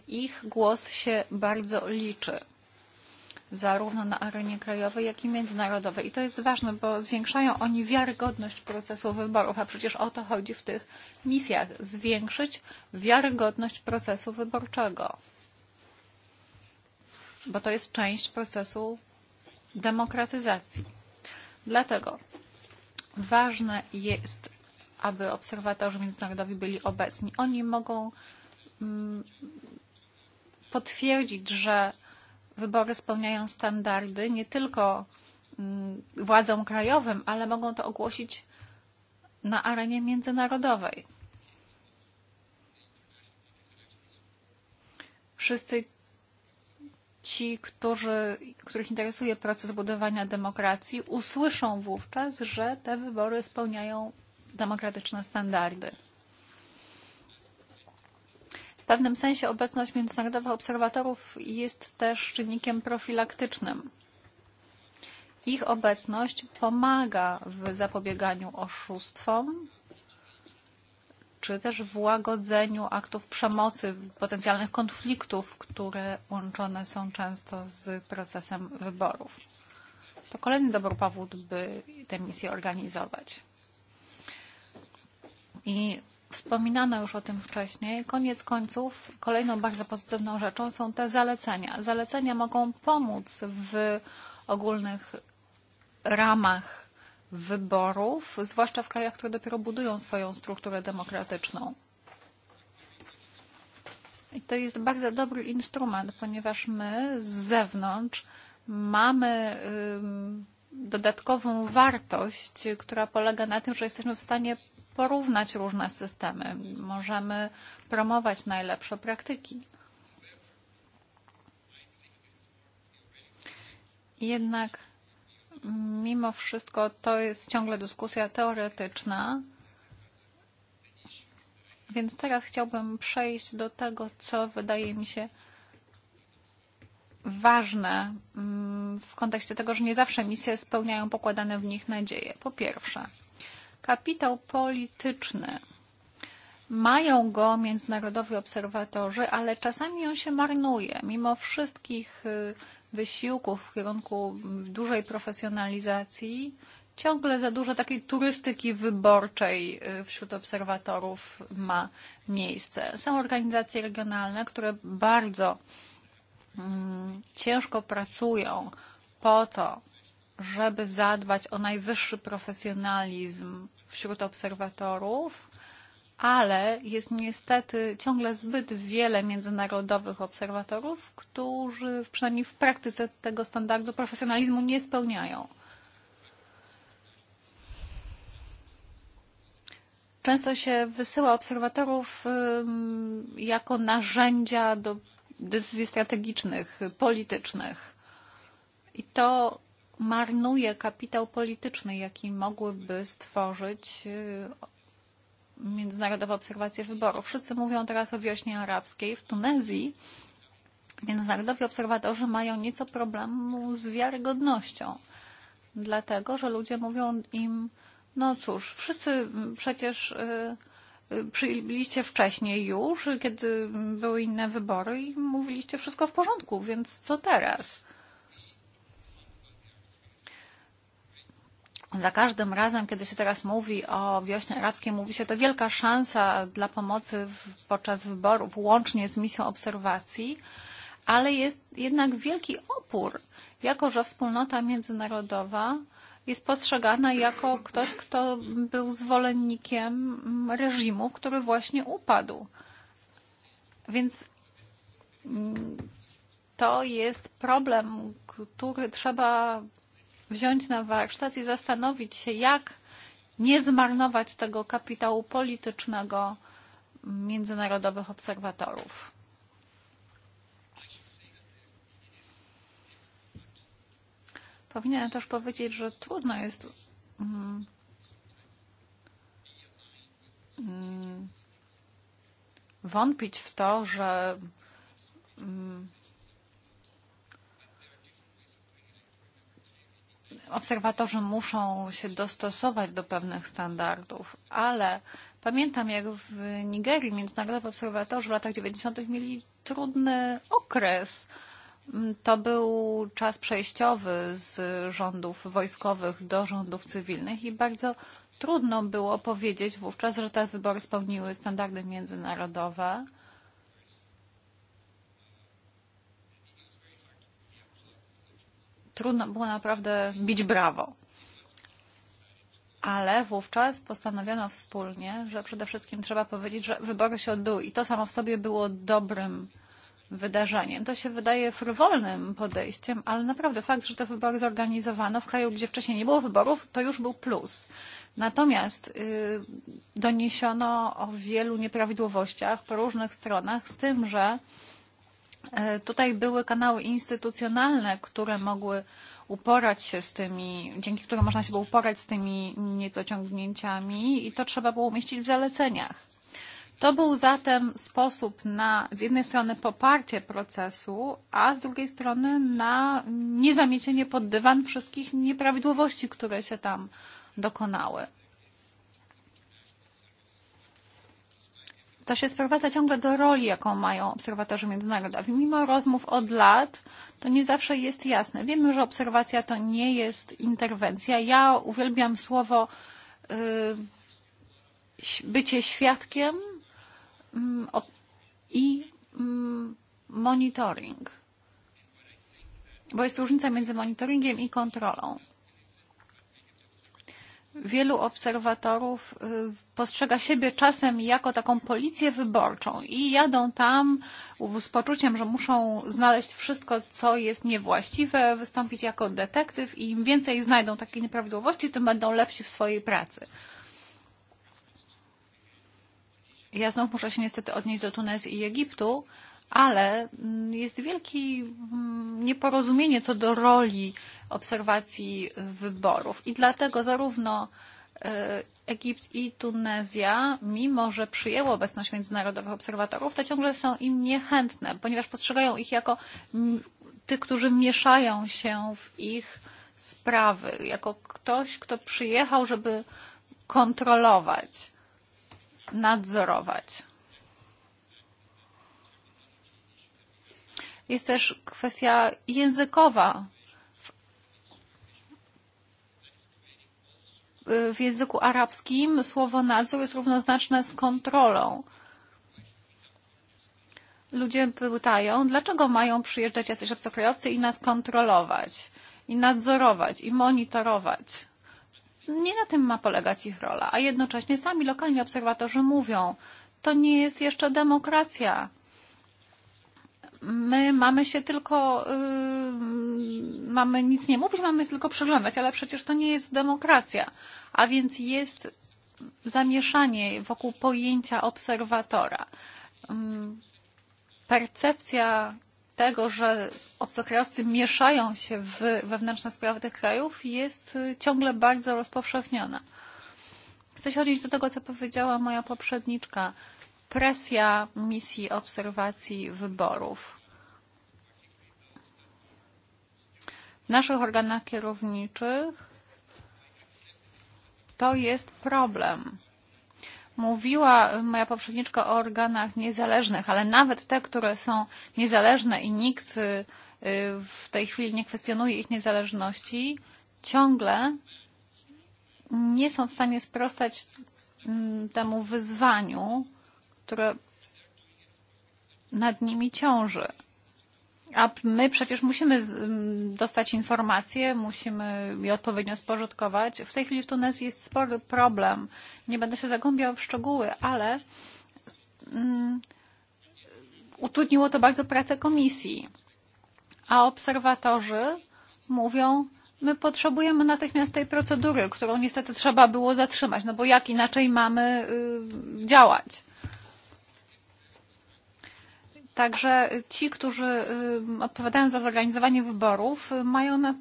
[SPEAKER 1] Ich głos się bardzo liczy zarówno na arenie krajowej, jak i międzynarodowej. I to jest ważne, bo zwiększają oni wiarygodność procesu wyborów, a przecież o to chodzi w tych misjach zwiększyć wiarygodność procesu wyborczego. Bo to jest część procesu demokratyzacji. Dlatego Ważne jest, aby obserwatorzy międzynarodowi byli obecni. Oni mogą mm, potwierdzić, że wybory spełniają standardy nie tylko mm, władzom krajowym, ale mogą to ogłosić na arenie międzynarodowej. Wszyscy ci, którzy, których interesuje proces budowania demokracji, usłyszą wówczas, że te wybory spełniają demokratyczne standardy. W pewnym sensie obecność międzynarodowych obserwatorów jest też czynnikiem profilaktycznym. Ich obecność pomaga w zapobieganiu oszustwom, czy też w łagodzeniu aktów przemocy, potencjalnych konfliktów, które łączone są często z procesem wyborów. To kolejny dobry powód, by tę misję organizować. I wspominano już o tym wcześniej. Koniec końców, kolejną bardzo pozytywną rzeczą są te zalecenia. Zalecenia mogą pomóc w ogólnych ramach wyborów, zwłaszcza w krajach, które dopiero budują swoją strukturę demokratyczną. I to jest bardzo dobry instrument, ponieważ my z zewnątrz mamy dodatkową wartość, która polega na tym, że jesteśmy w stanie porównać różne systemy. Możemy promować najlepsze praktyki. Jednak mimo wszystko to jest ciągle dyskusja teoretyczna. Więc teraz chciałbym przejść do tego, co wydaje mi się ważne mm, w kontekście tego, że nie zawsze misje spełniają pokładane w nich nadzieje. Po pierwsze, kapitał polityczny. Mają go międzynarodowi obserwatorzy, ale czasami on się marnuje. Mimo wszystkich wysiłków w kierunku dużej profesjonalizacji, ciągle za dużo takiej turystyki wyborczej wśród obserwatorów ma miejsce. Są organizacje regionalne, które bardzo mm, ciężko pracują po to, żeby zadbać o najwyższy profesjonalizm wśród obserwatorów, ale jest niestety ciągle zbyt wiele międzynarodowych obserwatorów, którzy przynajmniej w praktyce tego standardu profesjonalizmu nie spełniają. Często się wysyła obserwatorów jako narzędzia do decyzji strategicznych, politycznych. I to marnuje kapitał polityczny, jaki mogłyby stworzyć międzynarodowe obserwacje wyborów. Wszyscy mówią teraz o wiośnie arabskiej. W Tunezji międzynarodowi obserwatorzy mają nieco problemu z wiarygodnością, dlatego że ludzie mówią im, no cóż, wszyscy przecież przyjęliście wcześniej już, kiedy były inne wybory i mówiliście wszystko w porządku, więc co teraz? Za każdym razem, kiedy się teraz mówi o wiośnie arabskiej, mówi się to wielka szansa dla pomocy w, podczas wyborów, łącznie z misją obserwacji, ale jest jednak wielki opór, jako że wspólnota międzynarodowa jest postrzegana jako ktoś, kto był zwolennikiem reżimu, który właśnie upadł. Więc mm, to jest problem, który trzeba wziąć na warsztat i zastanowić się, jak nie zmarnować tego kapitału politycznego międzynarodowych obserwatorów. Powinienem też powiedzieć, że trudno jest mm, mm, wątpić w to, że mm, obserwatorzy muszą się dostosować do pewnych standardów, ale pamiętam, jak w Nigerii międzynarodowi obserwatorzy w latach 90. mieli trudny okres. To był czas przejściowy z rządów wojskowych do rządów cywilnych i bardzo trudno było powiedzieć wówczas, że te wybory spełniły standardy międzynarodowe. trudno było naprawdę bić brawo. Ale wówczas postanowiono wspólnie, że przede wszystkim trzeba powiedzieć, że wybory się odbyły i to samo w sobie było dobrym wydarzeniem. To się wydaje frywolnym podejściem, ale naprawdę fakt, że te wybory zorganizowano w kraju, gdzie wcześniej nie było wyborów, to już był plus. Natomiast yy, doniesiono o wielu nieprawidłowościach po różnych stronach, z tym, że yy, E, tutaj były kanały instytucjonalne, które mogły uporać się z tymi, dzięki którym można się było uporać z tymi niedociągnięciami i to trzeba było umieścić w zaleceniach. To był zatem sposób na z jednej strony poparcie procesu, a z drugiej strony na niezamiecienie pod dywan wszystkich nieprawidłowości, które się tam dokonały. To się sprowadza ciągle do roli, jaką mają obserwatorzy międzynarodowi. Mimo rozmów od lat, to nie zawsze jest jasne. Wiemy, że obserwacja to nie jest interwencja. Ja uwielbiam słowo y, bycie świadkiem mm, i mm, monitoring. Bo jest różnica między monitoringiem i kontrolą wielu obserwatorów postrzega siebie czasem jako taką policję wyborczą i jadą tam z poczuciem, że muszą znaleźć wszystko, co jest niewłaściwe, wystąpić jako detektyw i im więcej znajdą takiej nieprawidłowości, tym będą lepsi w swojej pracy. Ja znów muszę się niestety odnieść do Tunezji i Egiptu, ale mm, jest wielkie mm, nieporozumienie co do roli obserwacji wyborów. I dlatego zarówno e, Egipt i Tunezja, mimo że przyjęło obecność międzynarodowych obserwatorów, to ciągle są im niechętne, ponieważ postrzegają ich jako mm, tych, którzy mieszają się w ich sprawy, jako ktoś, kto przyjechał, żeby kontrolować, nadzorować. jest też kwestia językowa. W języku arabskim słowo nadzór jest równoznaczne z kontrolą. Ludzie pytają, dlaczego mają przyjeżdżać jacyś obcokrajowcy i nas kontrolować, i nadzorować, i monitorować. Nie na tym ma polegać ich rola, a jednocześnie sami lokalni obserwatorzy mówią, to nie jest jeszcze demokracja my mamy się tylko, yy, mamy nic nie mówić, mamy tylko przeglądać, ale przecież to nie jest demokracja. A więc jest zamieszanie wokół pojęcia obserwatora. Yy, mm, percepcja tego, że obcokrajowcy mieszają się w wewnętrzne sprawy tych krajów jest ciągle bardzo rozpowszechniona. Chcę się odnieść do tego, co powiedziała moja poprzedniczka. Yy, presja misji obserwacji wyborów. W naszych organach kierowniczych to jest problem. Mówiła moja poprzedniczka o organach niezależnych, ale nawet te, które są niezależne i nikt w tej chwili nie kwestionuje ich niezależności, ciągle nie są w stanie sprostać mm, temu wyzwaniu, które nad nimi ciąży. A my przecież musimy dostać informacje, musimy je odpowiednio spożytkować. W tej chwili w Tunezji jest spory problem. Nie będę się zagłębiał w szczegóły, ale mm, utrudniło to bardzo pracę komisji. A obserwatorzy mówią, my potrzebujemy natychmiast tej procedury, którą niestety trzeba było zatrzymać, no bo jak inaczej mamy y, działać? Także ci, którzy odpowiadają za zorganizowanie wyborów, mają na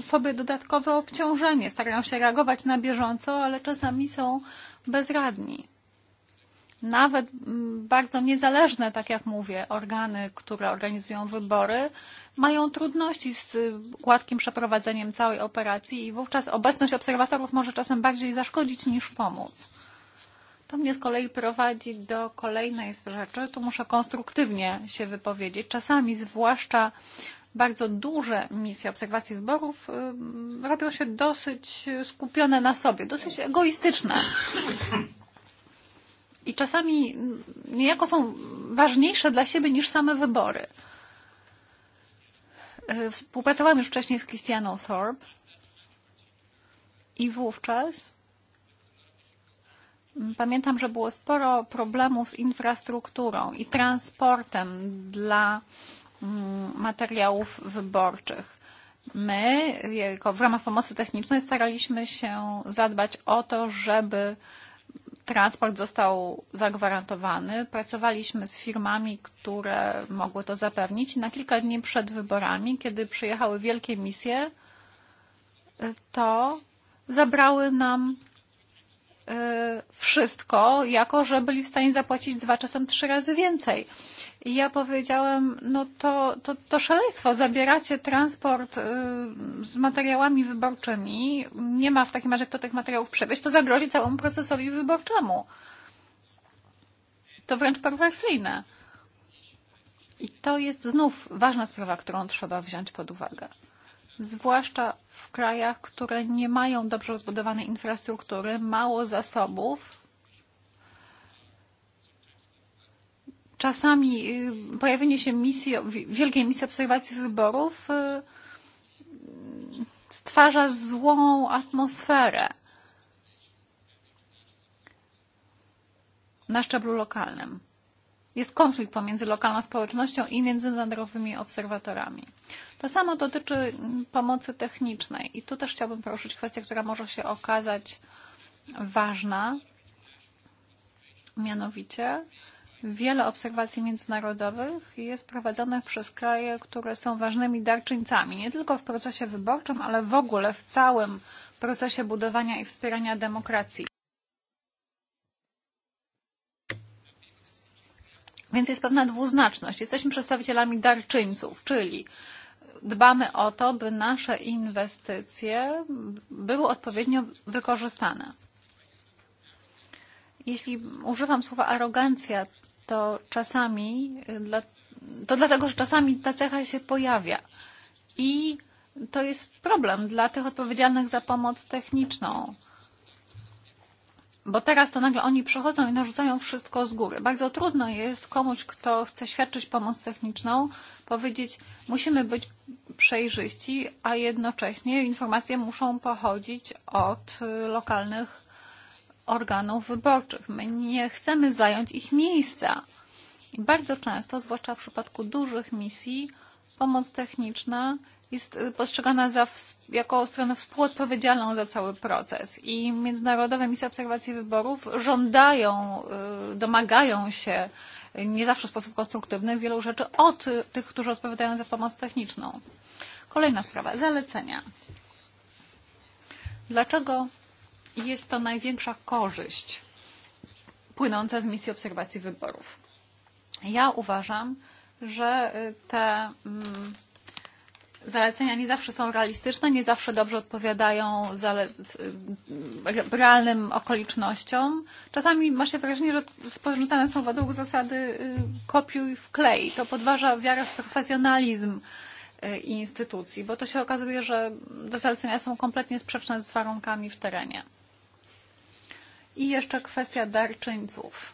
[SPEAKER 1] sobie dodatkowe obciążenie. Starają się reagować na bieżąco, ale czasami są bezradni. Nawet bardzo niezależne, tak jak mówię, organy, które organizują wybory, mają trudności z gładkim przeprowadzeniem całej operacji i wówczas obecność obserwatorów może czasem bardziej zaszkodzić niż pomóc. To mnie z kolei prowadzi do kolejnej z rzeczy. Tu muszę konstruktywnie się wypowiedzieć. Czasami, zwłaszcza bardzo duże misje obserwacji wyborów robią się dosyć skupione na sobie, dosyć egoistyczne. I czasami niejako są ważniejsze dla siebie niż same wybory. współpracowałam już wcześniej z Christianą Thorpe i wówczas Pamiętam, że było sporo problemów z infrastrukturą i transportem dla mm, materiałów wyborczych. My jako w ramach pomocy technicznej staraliśmy się zadbać o to, żeby transport został zagwarantowany. Pracowaliśmy z firmami, które mogły to zapewnić. Na kilka dni przed wyborami, kiedy przyjechały wielkie misje, to zabrały nam E, wszystko, jako że byli w stanie zapłacić dwa, czasem trzy razy więcej. I ja powiedziałem, no to, to, to szaleństwo, zabieracie transport y, e, z materiałami wyborczymi, nie ma w takim razie kto tych materiałów przewieźć, to zagrozi całemu procesowi wyborczemu. To wręcz perwersyjne. I to jest znów ważna sprawa, którą trzeba wziąć pod uwagę zwłaszcza w krajach, które nie mają dobrze rozbudowanej infrastruktury, mało zasobów. Czasami pojawienie się misji, wielkiej misji obserwacji wyborów stwarza złą atmosferę na szczeblu lokalnym jest konflikt pomiędzy lokalną społecznością i międzynarodowymi obserwatorami. To samo dotyczy mm, pomocy technicznej i tu też chciałbym poruszyć kwestię, która może się okazać ważna, mianowicie wiele obserwacji międzynarodowych jest prowadzonych przez kraje, które są ważnymi darczyńcami, nie tylko w procesie wyborczym, ale w ogóle w całym procesie budowania i wspierania demokracji. Więc jest pewna dwuznaczność. Jesteśmy przedstawicielami darczyńców, czyli dbamy o to, by nasze inwestycje były odpowiednio wykorzystane. Jeśli używam słowa arogancja, to czasami, to dlatego, że czasami ta cecha się pojawia. I to jest problem dla tych odpowiedzialnych za pomoc techniczną. Bo teraz to nagle oni przychodzą i narzucają wszystko z góry. Bardzo trudno jest komuś, kto chce świadczyć pomoc techniczną, powiedzieć, musimy być przejrzyści, a jednocześnie informacje muszą pochodzić od lokalnych organów wyborczych. My nie chcemy zająć ich miejsca. I bardzo często, zwłaszcza w przypadku dużych misji, pomoc techniczna jest postrzegana za, jako strona współodpowiedzialną za cały proces i międzynarodowe misje obserwacji wyborów żądają, domagają się nie zawsze w sposób konstruktywny wielu rzeczy od tych, którzy odpowiadają za pomoc techniczną. Kolejna sprawa, zalecenia. Dlaczego jest to największa korzyść płynąca z misji obserwacji wyborów? Ja uważam, że te mm, zalecenia nie zawsze są realistyczne, nie zawsze dobrze odpowiadają realnym okolicznościom. Czasami ma się wrażenie, że sporządzane są według zasady kopiuj wklej. To podważa wiarę w profesjonalizm instytucji, bo to się okazuje, że te zalecenia są kompletnie sprzeczne z warunkami w terenie. I jeszcze kwestia darczyńców.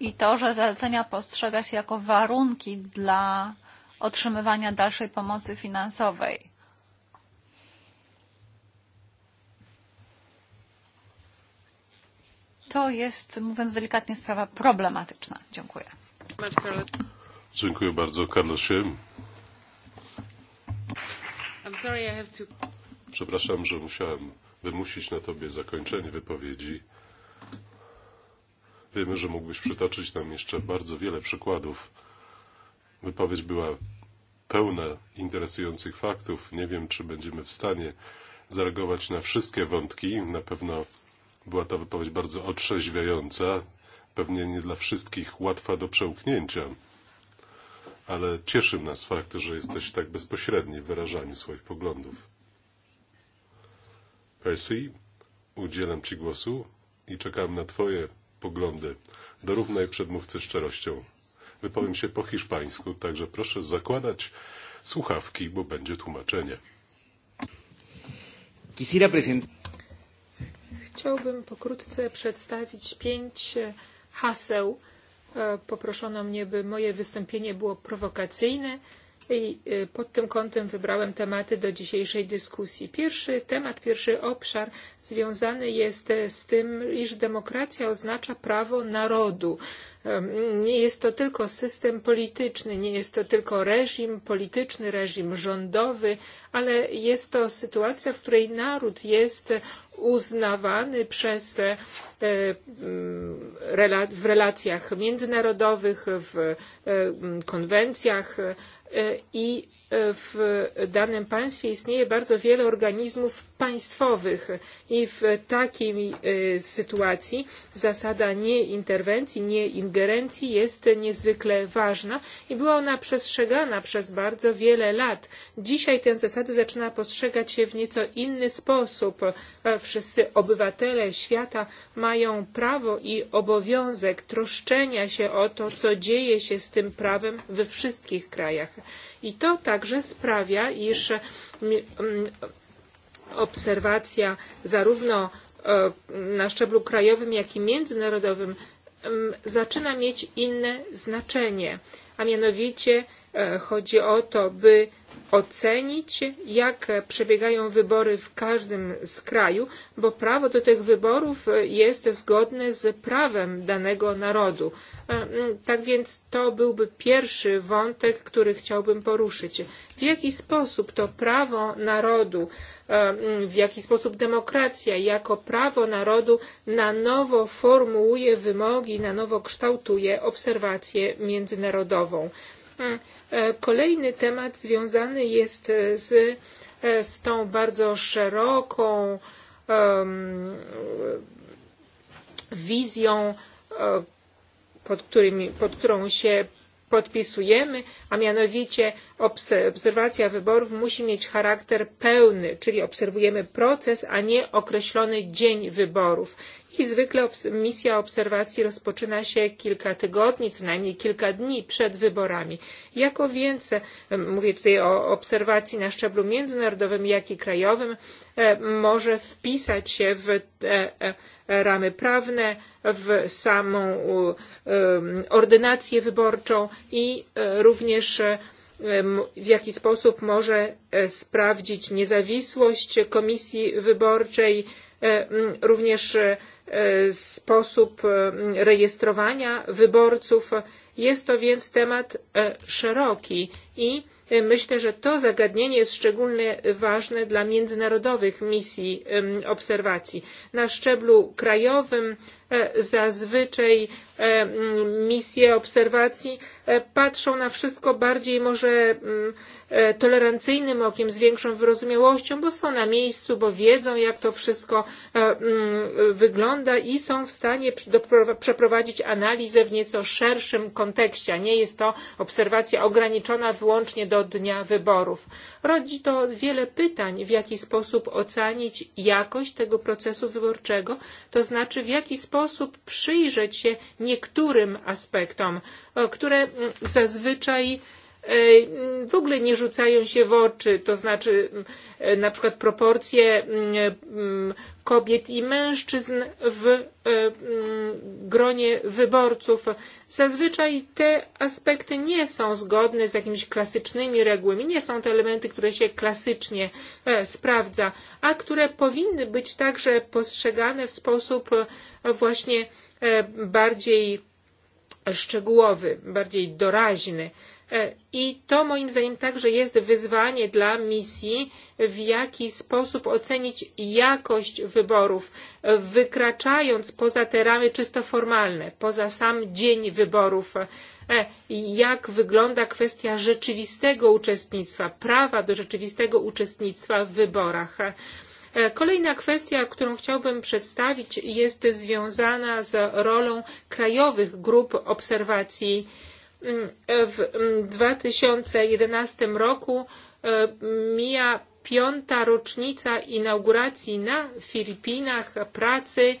[SPEAKER 1] I to, że zalecenia postrzega się jako warunki dla otrzymywania dalszej pomocy finansowej. To jest, mówiąc delikatnie, sprawa problematyczna. Dziękuję.
[SPEAKER 2] Dziękuję bardzo, Karlosie. Przepraszam, że musiałem wymusić na tobie zakończenie wypowiedzi. Wiemy, że mógłbyś przytoczyć nam jeszcze bardzo wiele przykładów. Wypowiedź była pełna interesujących faktów. Nie wiem, czy będziemy w stanie zareagować na wszystkie wątki. Na pewno była to wypowiedź bardzo otrzeźwiająca, pewnie nie dla wszystkich łatwa do przełknięcia, ale cieszy nas fakt, że jesteś tak bezpośredni w wyrażaniu swoich poglądów. Percy, udzielam Ci głosu i czekam na Twoje poglądy. Dorównaj przedmówcy szczerością. Wypowiem się po hiszpańsku, także proszę zakładać słuchawki, bo będzie tłumaczenie.
[SPEAKER 3] Chciałbym pokrótce przedstawić pięć e, haseł. E, poproszono mnie, by moje wystąpienie było prowokacyjne I pod tym kątem wybrałem tematy do dzisiejszej dyskusji. Pierwszy temat, pierwszy obszar związany jest e, z tym, iż demokracja oznacza prawo narodu. Nie jest to tylko system polityczny, nie jest to tylko reżim polityczny, reżim rządowy, ale jest to sytuacja, w której naród jest uznawany przez e, w relacjach międzynarodowych, w e, konwencjach i w danym państwie istnieje bardzo wiele organizmów państwowych i w takiej sytuacji zasada nieinterwencji, nieingerencji jest niezwykle ważna i była ona przestrzegana przez bardzo wiele lat. Dzisiaj tę zasadę zaczyna postrzegać się w nieco inny sposób. E, wszyscy obywatele świata mają prawo i obowiązek troszczenia się o to, co dzieje się z tym prawem we wszystkich krajach. I to także sprawia, iż mm, mm, obserwacja zarówno e, na szczeblu krajowym, jak i międzynarodowym mm, zaczyna mieć inne znaczenie, a mianowicie e, chodzi o to, by ocenić, jak przebiegają wybory w każdym z kraju, bo prawo do tych wyborów jest zgodne z prawem danego narodu. E, tak więc to byłby pierwszy wątek, który chciałbym poruszyć. W jaki sposób to prawo narodu, e, w jaki sposób demokracja jako prawo narodu na nowo formułuje wymogi, na nowo kształtuje obserwację międzynarodową. E, E, kolejny temat związany jest e, z, e, z tą bardzo szeroką um, wizją, pod, którymi, pod którą się podpisujemy, a mianowicie obserwacja wyborów musi mieć charakter pełny, czyli obserwujemy proces, a nie określony dzień wyborów. I zwykle obs misja obserwacji rozpoczyna się kilka tygodni, co najmniej kilka dni przed wyborami. Jako więcej, mówię tutaj o obserwacji na szczeblu międzynarodowym, jak i krajowym, może wpisać się w e, ramy prawne, w samą ordynację wyborczą i e, również w jaki sposób może e, sprawdzić niezawisłość komisji wyborczej, również sposób e, rejestrowania wyborców. Jest to więc temat e, szeroki i e, myślę, że to zagadnienie jest szczególnie ważne dla międzynarodowych misji obserwacji. Na szczeblu krajowym zazwyczaj E, misje obserwacji e, patrzą na wszystko bardziej może e, tolerancyjnym okiem, z większą wyrozumiałością, bo są na miejscu, bo wiedzą, jak to wszystko wygląda i są w stanie przeprowadzić analizę w nieco szerszym kontekście, a nie jest to obserwacja ograniczona wyłącznie do dnia wyborów. Rodzi to wiele pytań, w jaki sposób ocenić jakość tego procesu wyborczego, to znaczy w jaki sposób przyjrzeć się niektórym aspektom, e, które zazwyczaj e, w ogóle nie rzucają się w oczy, to znaczy e, na przykład proporcje kobiet i mężczyzn w gronie wyborców. Zazwyczaj te aspekty nie są zgodne z jakimiś klasycznymi regułami, nie są to elementy, które się klasycznie sprawdza, a które powinny być także postrzegane w sposób właśnie E, bardziej szczegółowy, bardziej doraźny. E, I to moim zdaniem także jest wyzwanie dla misji, w jaki sposób ocenić jakość wyborów, wykraczając poza te ramy czysto formalne, poza sam dzień wyborów, e, jak wygląda kwestia rzeczywistego uczestnictwa, prawa do rzeczywistego uczestnictwa w wyborach. Kolejna kwestia, którą chciałbym przedstawić, jest związana z rolą krajowych grup obserwacji. W 2011 roku e, mija piąta rocznica inauguracji na Filipinach pracy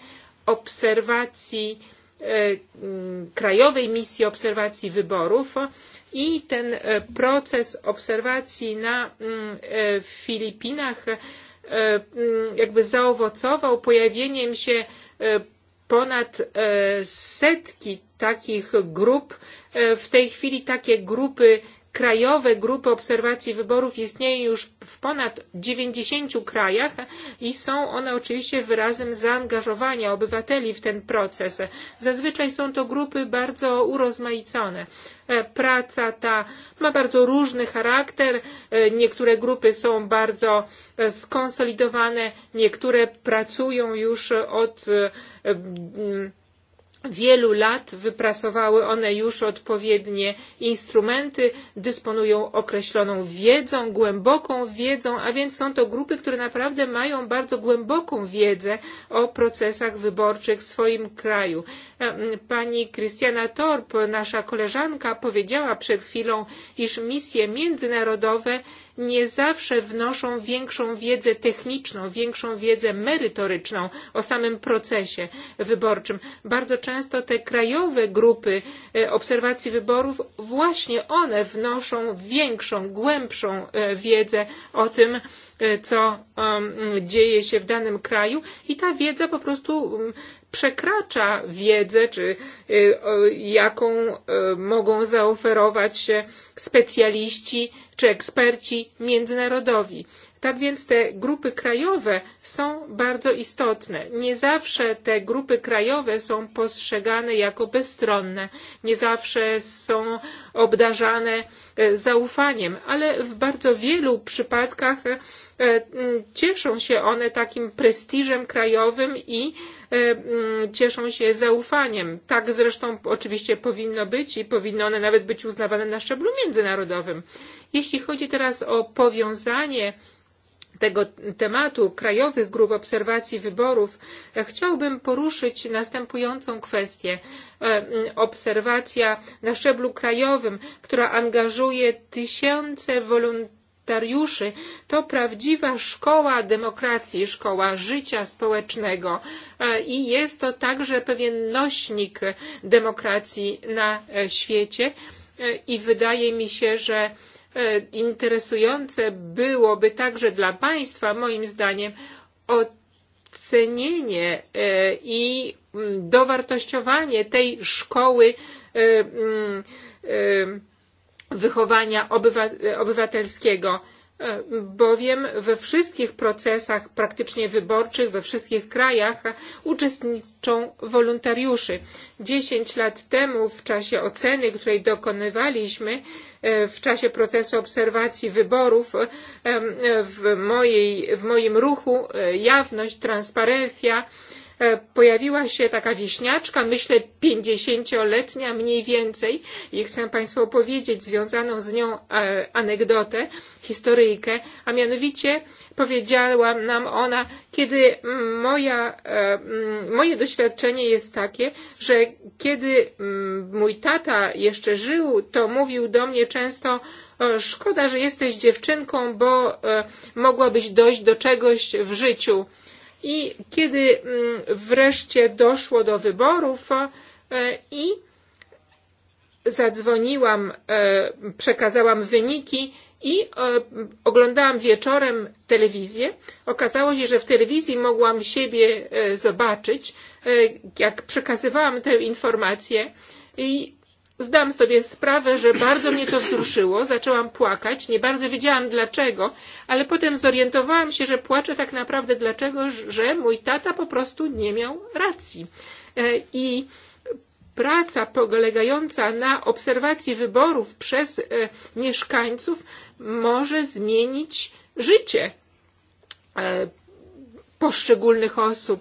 [SPEAKER 3] obserwacji e, krajowej misji obserwacji wyborów i ten e, proces obserwacji na mm, Filipinach E, jakby zaowocował pojawieniem się e, ponad e, setki takich grup. W tej chwili takie grupy krajowe grupy obserwacji wyborów istnieją już w ponad 90 krajach i są one oczywiście wyrazem zaangażowania obywateli w ten proces. Zazwyczaj są to grupy bardzo urozmaicone. E, praca ta ma bardzo różny charakter. E, niektóre grupy są bardzo e, skonsolidowane, niektóre pracują już od wielu lat wypracowały one już odpowiednie instrumenty, dysponują określoną wiedzą, głęboką wiedzą, a więc są to grupy, które naprawdę mają bardzo głęboką wiedzę o procesach wyborczych w swoim kraju. E, pani Krystiana Torp, nasza koleżanka, powiedziała przed chwilą, iż misje międzynarodowe nie zawsze wnoszą większą wiedzę techniczną, większą wiedzę merytoryczną o samym procesie wyborczym. Bardzo często te krajowe grupy e, obserwacji wyborów, właśnie one wnoszą większą, głębszą e, wiedzę o tym, e, co dzieje się w danym kraju i ta wiedza po prostu przekracza wiedzę, czy jaką mogą zaoferować specjaliści czy eksperci międzynarodowi. Tak więc te grupy krajowe są bardzo istotne. Nie zawsze te grupy krajowe są postrzegane jako bezstronne, nie zawsze są obdarzane e, zaufaniem, ale w bardzo wielu przypadkach e, E, cieszą się one takim prestiżem krajowym i e, cieszą się zaufaniem. Tak zresztą oczywiście powinno być i powinno one nawet być uznawane na szczeblu międzynarodowym. Jeśli chodzi teraz o powiązanie tego tematu krajowych grup obserwacji wyborów, e, chciałbym poruszyć następującą kwestię. Obserwacja na szczeblu krajowym, która angażuje tysiące wolontariuszy, libertariuszy to prawdziwa szkoła demokracji, szkoła życia społecznego e, i jest to także pewien nośnik demokracji na e, świecie e, i wydaje mi się, że interesujące byłoby także dla Państwa, moim zdaniem, ocenienie i mm, dowartościowanie tej szkoły mm, wychowania obywatelskiego, e, bowiem we wszystkich procesach praktycznie wyborczych, we wszystkich krajach uczestniczą wolontariusze. Dziesięć lat temu w czasie oceny, której dokonywaliśmy, e, w czasie procesu obserwacji wyborów e, w, mojej, w moim ruchu jawność, transparencja E, pojawiła się taka wieśniaczka, myślę 50-letnia mniej więcej i chcę Państwu opowiedzieć związaną z nią e, anegdotę, historyjkę, a mianowicie powiedziała nam ona, kiedy moja, e, moje doświadczenie jest takie, że kiedy mój tata jeszcze żył, to mówił do mnie często, szkoda, że jesteś dziewczynką, bo mogłabyś dojść do czegoś w życiu. I kiedy mm, wreszcie doszło do wyborów e, i zadzwoniłam, e, przekazałam wyniki i e, oglądałam wieczorem telewizję. Okazało się, że w telewizji mogłam siebie zobaczyć, jak przekazywałam tę informację. I zdam sobie sprawę, że bardzo mnie to wzruszyło, zaczęłam płakać, nie bardzo wiedziałam dlaczego, ale potem zorientowałam się, że płaczę tak naprawdę dlaczego, że mój tata po prostu nie miał racji. E, I praca polegająca na obserwacji wyborów przez e, mieszkańców może zmienić życie e, poszczególnych osób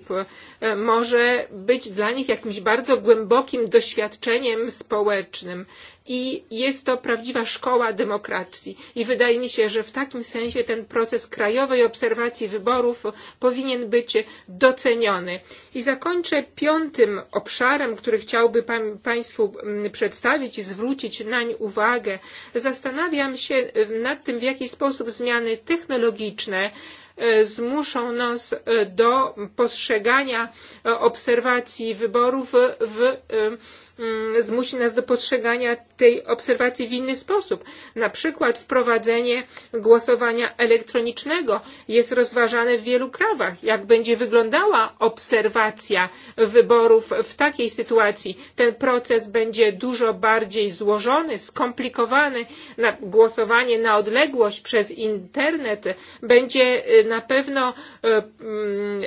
[SPEAKER 3] e, może być dla nich jakimś bardzo głębokim doświadczeniem społecznym. I jest to prawdziwa szkoła demokracji. I wydaje mi się, że w takim sensie ten proces krajowej obserwacji wyborów powinien być doceniony. I zakończę piątym obszarem, który chciałby pan, Państwu mm, przedstawić i zwrócić nań uwagę. Zastanawiam się nad tym, w jaki sposób zmiany technologiczne, zmuszą nas e, do postrzegania e, obserwacji wyborów w w e, Mm, zmusi nas do postrzegania tej obserwacji w inny sposób. Na przykład wprowadzenie głosowania elektronicznego jest rozważane w wielu krajach. Jak będzie wyglądała obserwacja wyborów w takiej sytuacji? Ten proces będzie dużo bardziej złożony, skomplikowany. Na głosowanie na odległość przez internet będzie na pewno mm,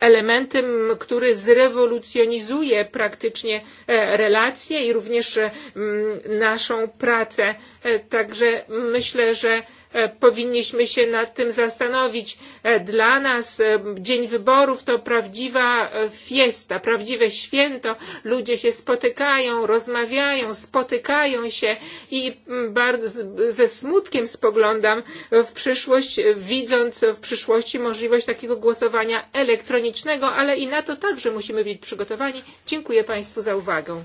[SPEAKER 3] elementem, który zrewolucjonizuje praktycznie e, relacje i również mm, naszą pracę. E, także myślę, że E, powinniśmy się nad tym zastanowić. E, dla nas e, dzień wyborów to prawdziwa fiesta, prawdziwe święto. Ludzie się spotykają, rozmawiają, spotykają się i mm, bardzo ze smutkiem spoglądam w przyszłość, widząc w przyszłości możliwość takiego głosowania elektronicznego, ale i na to także musimy być przygotowani. Dziękuję Państwu za uwagę.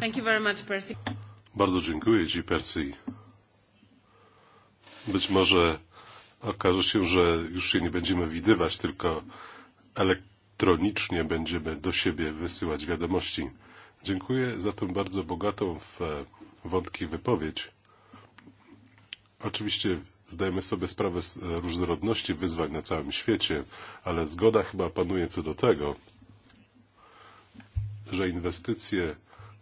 [SPEAKER 3] Thank you very much, Percy.
[SPEAKER 2] Bardzo dziękuję Ci, Percy. Być może okaże się, że już się nie będziemy widywać, tylko elektronicznie będziemy do siebie wysyłać wiadomości. Dziękuję za tą bardzo bogatą w wątki wypowiedź. Oczywiście zdajemy sobie sprawę z różnorodności wyzwań na całym świecie, ale zgoda chyba panuje co do tego, że inwestycje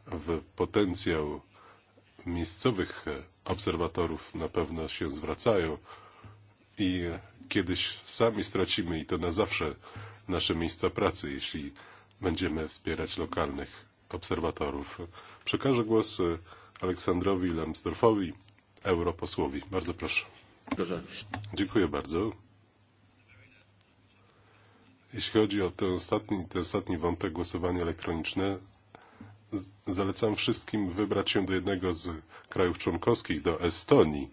[SPEAKER 2] w potencjał miejscowych e, obserwatorów na pewno się zwracają i kiedyś sami stracimy i to na zawsze nasze miejsca pracy, jeśli będziemy wspierać lokalnych obserwatorów. Przekażę głos e, Aleksandrowi Lambsdorfowi, europosłowi. Bardzo proszę. proszę. Dziękuję bardzo. Jeśli chodzi o ten ostatni, ten ostatni wątek, głosowania elektroniczne, zalecam wszystkim wybrać się do jednego z krajów członkowskich, do Estonii.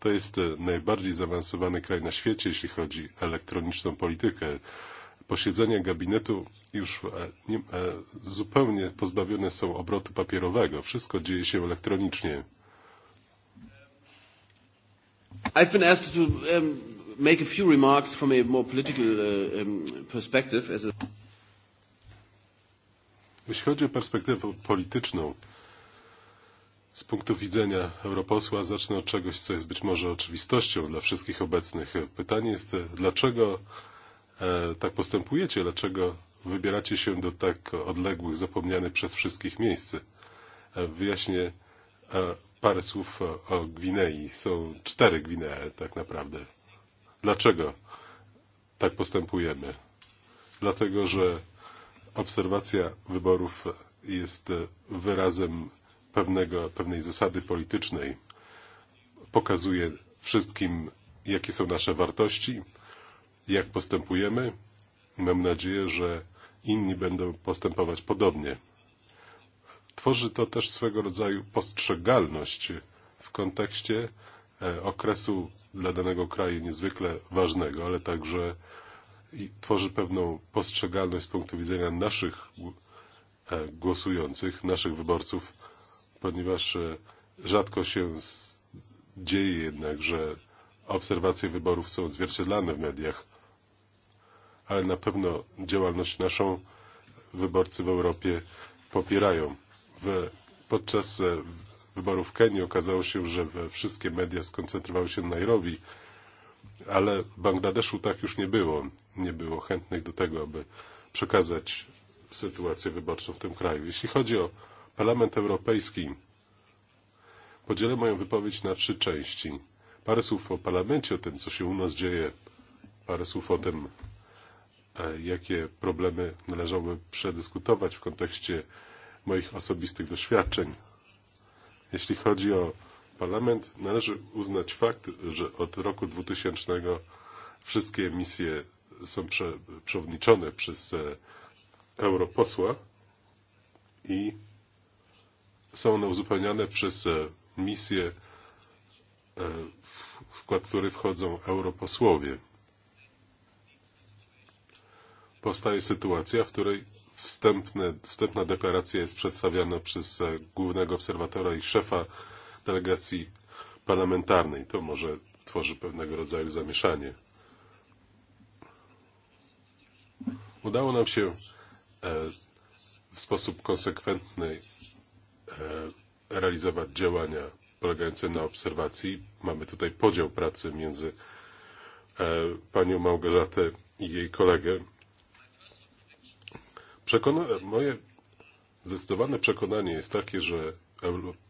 [SPEAKER 2] To jest e, najbardziej zaawansowany kraj na świecie, jeśli chodzi o elektroniczną politykę. Posiedzenia gabinetu już e, nie, e, zupełnie pozbawione są obrotu papierowego. Wszystko dzieje się elektronicznie. I've been asked to um, make a few remarks from a more political um, perspective as a Jeśli chodzi o perspektywę polityczną, z punktu widzenia europosła zacznę od czegoś, co jest być może oczywistością dla wszystkich obecnych. Pytanie jest, dlaczego e, tak postępujecie, dlaczego wybieracie się do tak odległych, zapomnianych przez wszystkich miejsc. E, wyjaśnię e, parę słów o Gwinei. Są cztery Gwinee tak naprawdę. Dlaczego tak postępujemy? Dlatego, że obserwacja wyborów jest wyrazem pewnego, pewnej zasady politycznej. Pokazuje wszystkim, jakie są nasze wartości, jak postępujemy. Mam nadzieję, że inni będą postępować podobnie. Tworzy to też swego rodzaju postrzegalność w kontekście e, okresu dla danego kraju niezwykle ważnego, ale także i tworzy pewną postrzegalność z punktu widzenia naszych e, głosujących, naszych wyborców, ponieważ e, rzadko się dzieje jednak, że obserwacje wyborów są odzwierciedlane w mediach, ale na pewno działalność naszą wyborcy w Europie popierają. W, podczas e, wyborów w Kenii okazało się, że we wszystkie media skoncentrowały się na Nairobi, ale w Bangladeszu tak już nie było. Nie było chętnych do tego, aby przekazać sytuację wyborczą w tym kraju. Jeśli chodzi o Parlament Europejski, podzielę moją wypowiedź na trzy części. Parę słów o parlamencie, o tym, co się u nas dzieje, parę słów o tym, e, jakie problemy należałoby przedyskutować w kontekście moich osobistych doświadczeń. Jeśli chodzi o Parlament należy uznać fakt, że od roku 2000 wszystkie misje są prze, przewodniczone przez e, europosła i są one uzupełniane przez e, misje, e, w skład których wchodzą europosłowie. Powstaje sytuacja, w której wstępne, wstępna deklaracja jest przedstawiana przez głównego obserwatora i szefa delegacji parlamentarnej. To może tworzy pewnego rodzaju zamieszanie. Udało nam się e, w sposób konsekwentny e, realizować działania polegające na obserwacji. Mamy tutaj podział pracy między e, panią Małgorzatę i jej kolegę. Przekona moje zdecydowane przekonanie jest takie, że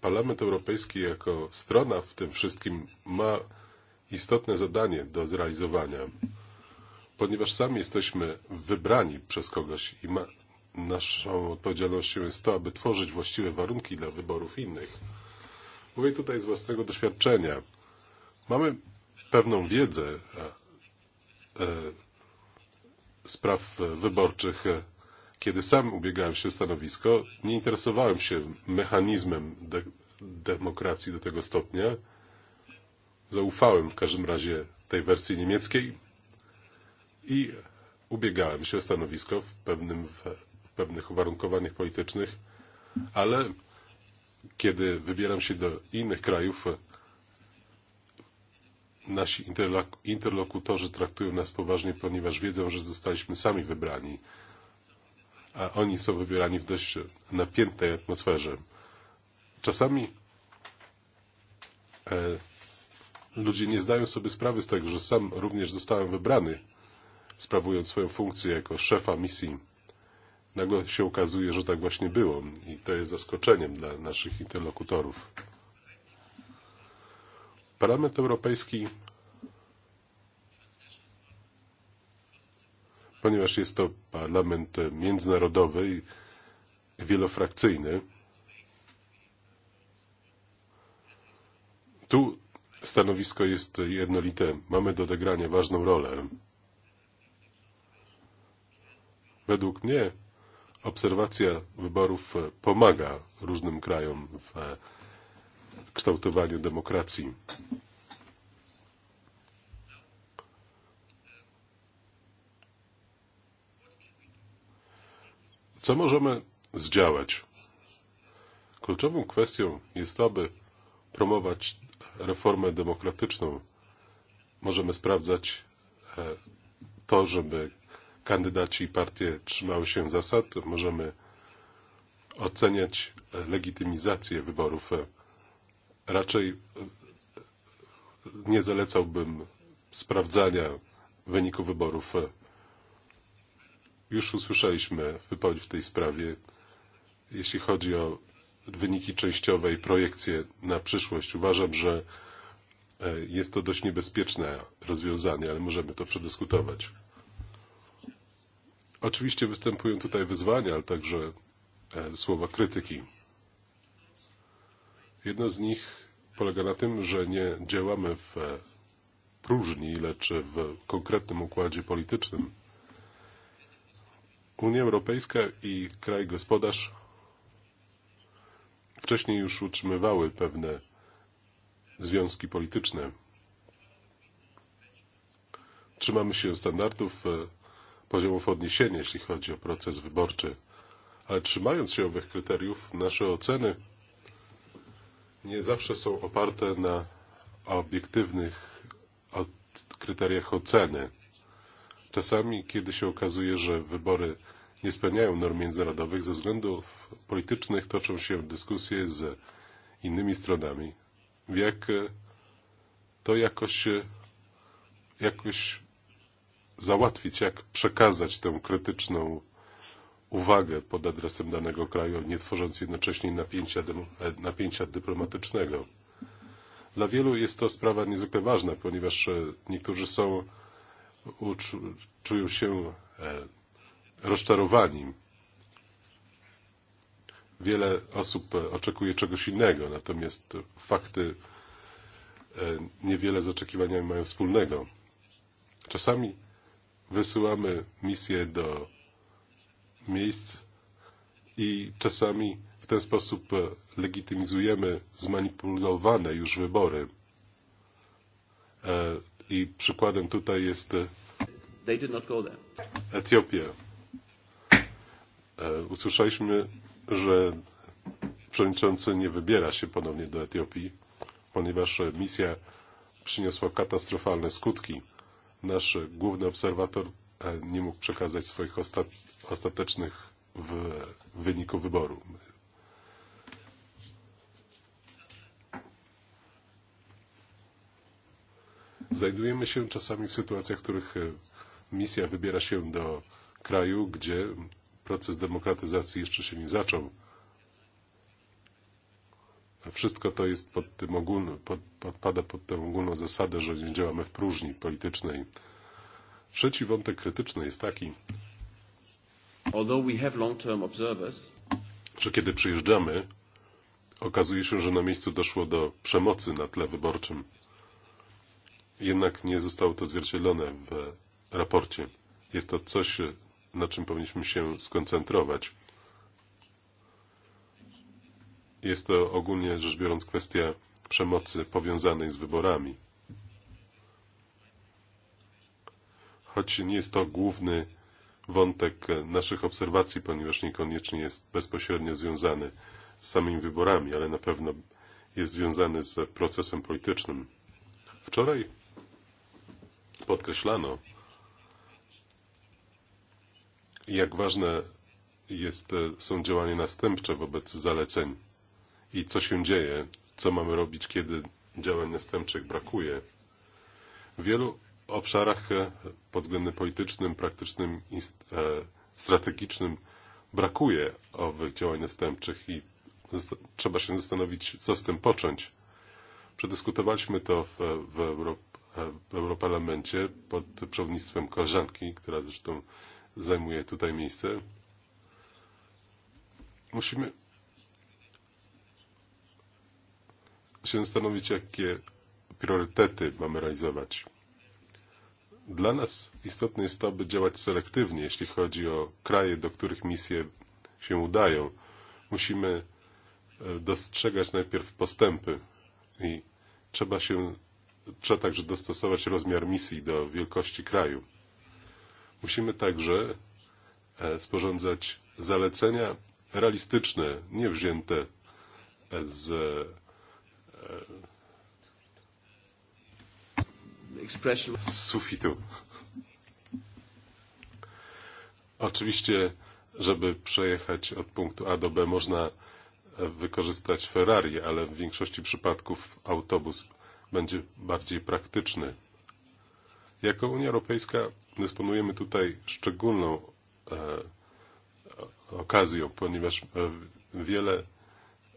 [SPEAKER 2] Parlament Europejski jako strona w tym wszystkim ma istotne zadanie do zrealizowania, ponieważ sami jesteśmy wybrani przez kogoś i ma, naszą odpowiedzialnością jest to, aby tworzyć właściwe warunki dla wyborów innych. Mówię tutaj z własnego doświadczenia. Mamy pewną wiedzę e, e spraw wyborczych kiedy sam ubiegałem się o stanowisko, nie interesowałem się mechanizmem de demokracji do tego stopnia. Zaufałem w każdym razie tej wersji niemieckiej i ubiegałem się o stanowisko w, pewnym, w pewnych uwarunkowaniach politycznych, ale kiedy wybieram się do innych krajów, nasi interlokutorzy traktują nas poważnie, ponieważ wiedzą, że zostaliśmy sami wybrani a oni są wybierani w dość napiętej atmosferze. Czasami e, ludzie nie zdają sobie sprawy z tego, że sam również zostałem wybrany, sprawując swoją funkcję jako szefa misji. Nagle się okazuje, że tak właśnie było i to jest zaskoczeniem dla naszych interlokutorów. Parlament Europejski ponieważ jest to parlament międzynarodowy i wielofrakcyjny. Tu stanowisko jest jednolite. Mamy do odegrania ważną rolę. Według mnie obserwacja wyborów pomaga różnym krajom w kształtowaniu demokracji. Co możemy zdziałać? Kluczową kwestią jest, to, aby promować reformę demokratyczną. Możemy sprawdzać e, to, żeby kandydaci i partie trzymały się zasad. Możemy oceniać e, legitymizację wyborów. E, raczej nie zalecałbym sprawdzania wyniku wyborów Już usłyszeliśmy wypowiedź w tej sprawie, jeśli chodzi o wyniki częściowe i projekcje na przyszłość. Uważam, że e, jest to dość niebezpieczne rozwiązanie, ale możemy to przedyskutować. Oczywiście występują tutaj wyzwania, ale także e, słowa krytyki. Jedno z nich polega na tym, że nie działamy w e, próżni, lecz w konkretnym układzie politycznym. Unia Europejska i kraj gospodarz wcześniej już utrzymywały pewne związki polityczne. Trzymamy się standardów e, poziomów odniesienia, jeśli chodzi o proces wyborczy, ale trzymając się owych kryteriów, nasze oceny nie zawsze są oparte na obiektywnych kryteriach oceny Czasami, kiedy się okazuje, że wybory nie spełniają norm międzynarodowych ze względów politycznych, toczą się dyskusje z innymi stronami. Jak to jakoś, jakoś załatwić, jak przekazać tę krytyczną uwagę pod adresem danego kraju, nie tworząc jednocześnie napięcia, napięcia dyplomatycznego. Dla wielu jest to sprawa niezwykle ważna, ponieważ niektórzy są czują się e, rozczarowani. Wiele osób e, oczekuje czegoś innego, natomiast fakty e, niewiele z oczekiwaniami mają wspólnego. Czasami wysyłamy misje do miejsc i czasami w ten sposób legitymizujemy zmanipulowane już wybory i przykładem tutaj jest e,
[SPEAKER 3] They did not go there.
[SPEAKER 2] Etiopia. E, usłyszeliśmy, że przewodniczący nie wybiera się ponownie do Etiopii, ponieważ e, misja przyniosła katastrofalne skutki. Nasz główny obserwator nie mógł przekazać swoich ostatecznych wyników wyniku wyboru, Znajdujemy się czasami w sytuacjach, w których e, misja wybiera się do kraju, gdzie proces demokratyzacji jeszcze się nie zaczął. Wszystko to jest pod tym ogólnym, pod, podpada pod tę ogólną zasadę, że nie działamy w próżni politycznej. Trzeci wątek krytyczny jest taki, że kiedy przyjeżdżamy, okazuje się, że na miejscu doszło do przemocy na tle wyborczym jednak nie zostało to zwierciedlone w raporcie. Jest to coś, na czym powinniśmy się skoncentrować. Jest to ogólnie rzecz biorąc kwestia przemocy powiązanej z wyborami. Choć nie jest to główny wątek naszych obserwacji, ponieważ niekoniecznie jest bezpośrednio związany z samymi wyborami, ale na pewno jest związany z procesem politycznym. Wczoraj podkreślano, jak ważne jest, e, są działania następcze wobec zaleceń i co się dzieje, co mamy robić, kiedy działań następczych brakuje. W wielu obszarach e, pod względem politycznym, praktycznym i e, strategicznym brakuje owych działań następczych i trzeba się zastanowić, co z tym począć. Przedyskutowaliśmy to w, w, w Europarlamencie pod przewodnictwem koleżanki, która zresztą zajmuje tutaj miejsce. Musimy się zastanowić, jakie priorytety mamy realizować. Dla nas istotne jest to, by działać selektywnie, jeśli chodzi o kraje, do których misje się udają. Musimy e, dostrzegać najpierw postępy i trzeba się trzeba także dostosować rozmiar misji do wielkości kraju. Musimy także e, sporządzać zalecenia realistyczne, nie wzięte e, e, z sufitu. Oczywiście, żeby przejechać od punktu A do B, można wykorzystać Ferrari, ale w większości przypadków autobus będzie bardziej praktyczny. Jako Unia Europejska dysponujemy tutaj szczególną e, okazją, ponieważ w wiele,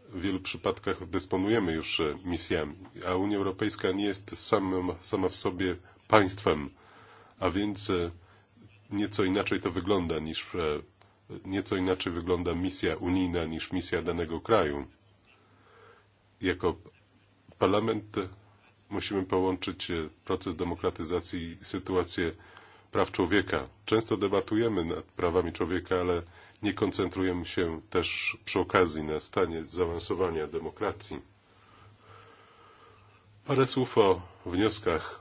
[SPEAKER 2] w wielu przypadkach dysponujemy już e, misjami, a Unia Europejska nie jest samym, sama w sobie państwem, a więc e, nieco inaczej to wygląda niż e, nieco inaczej wygląda misja unijna niż misja danego kraju. Jako parlament musimy połączyć e, proces demokratyzacji i sytuację praw człowieka. Często debatujemy nad prawami człowieka, ale nie koncentrujemy się też przy okazji na stanie zaawansowania demokracji. Parę słów o wnioskach,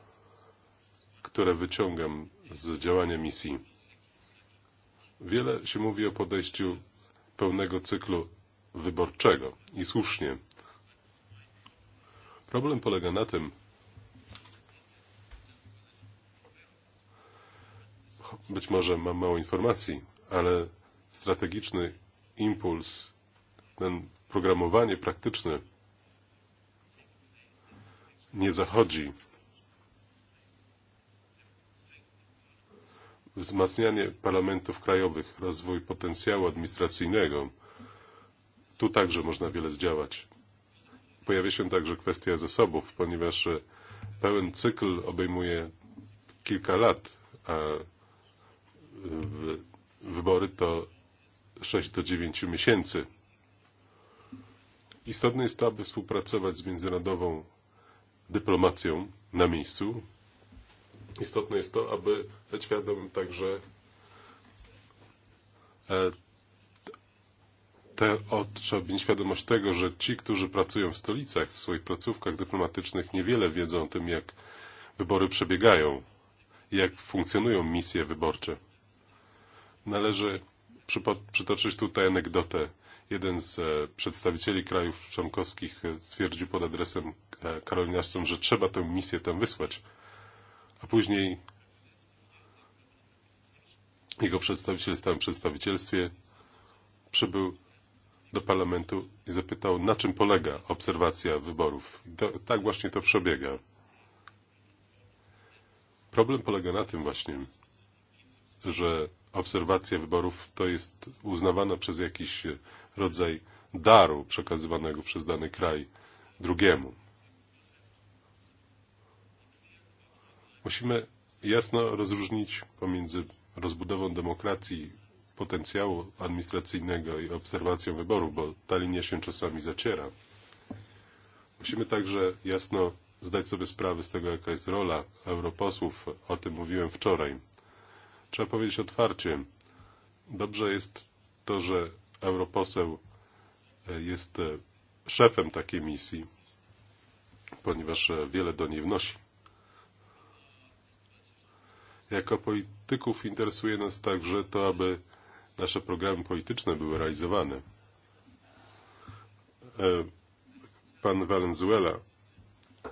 [SPEAKER 2] które wyciągam z działania misji. Wiele się mówi o podejściu pełnego cyklu wyborczego i słusznie. Problem polega na tym, być może mam mało informacji, ale strategiczny impuls, ten programowanie praktyczne nie zachodzi. Wzmacnianie parlamentów krajowych, rozwój potencjału administracyjnego. Tu także można wiele zdziałać pojawia się także kwestia zasobów, ponieważ pełen cykl obejmuje kilka lat, a wybory to 6 do 9 miesięcy. Istotne jest to, aby współpracować z międzynarodową dyplomacją na miejscu. Istotne jest to, aby być świadomym także e, te trzeba mieć świadomość tego, że ci, którzy pracują w stolicach, w swoich placówkach dyplomatycznych, niewiele wiedzą o tym, jak wybory przebiegają, jak funkcjonują misje wyborcze. Należy przytoczyć tutaj anegdotę. Jeden z e, przedstawicieli krajów członkowskich e, stwierdził pod adresem e, Karolina Strom, że trzeba tę misję tam wysłać. A później jego przedstawiciel stał w przedstawicielstwie przybył do parlamentu i zapytał, na czym polega obserwacja wyborów. I to, tak właśnie to przebiega. Problem polega na tym właśnie, że obserwacja wyborów to jest uznawana przez jakiś rodzaj daru przekazywanego przez dany kraj drugiemu. Musimy jasno rozróżnić pomiędzy rozbudową demokracji potencjału administracyjnego i obserwacją wyborów, bo ta linia się czasami zaciera. Musimy także jasno zdać sobie sprawę z tego, jaka jest rola europosłów. O tym mówiłem wczoraj. Trzeba powiedzieć otwarcie. Dobrze jest to, że europoseł e, jest e, szefem takiej misji, ponieważ e, wiele do niej wnosi. Jako polityków interesuje nas także to, aby nasze programy polityczne były realizowane. E, pan Valenzuela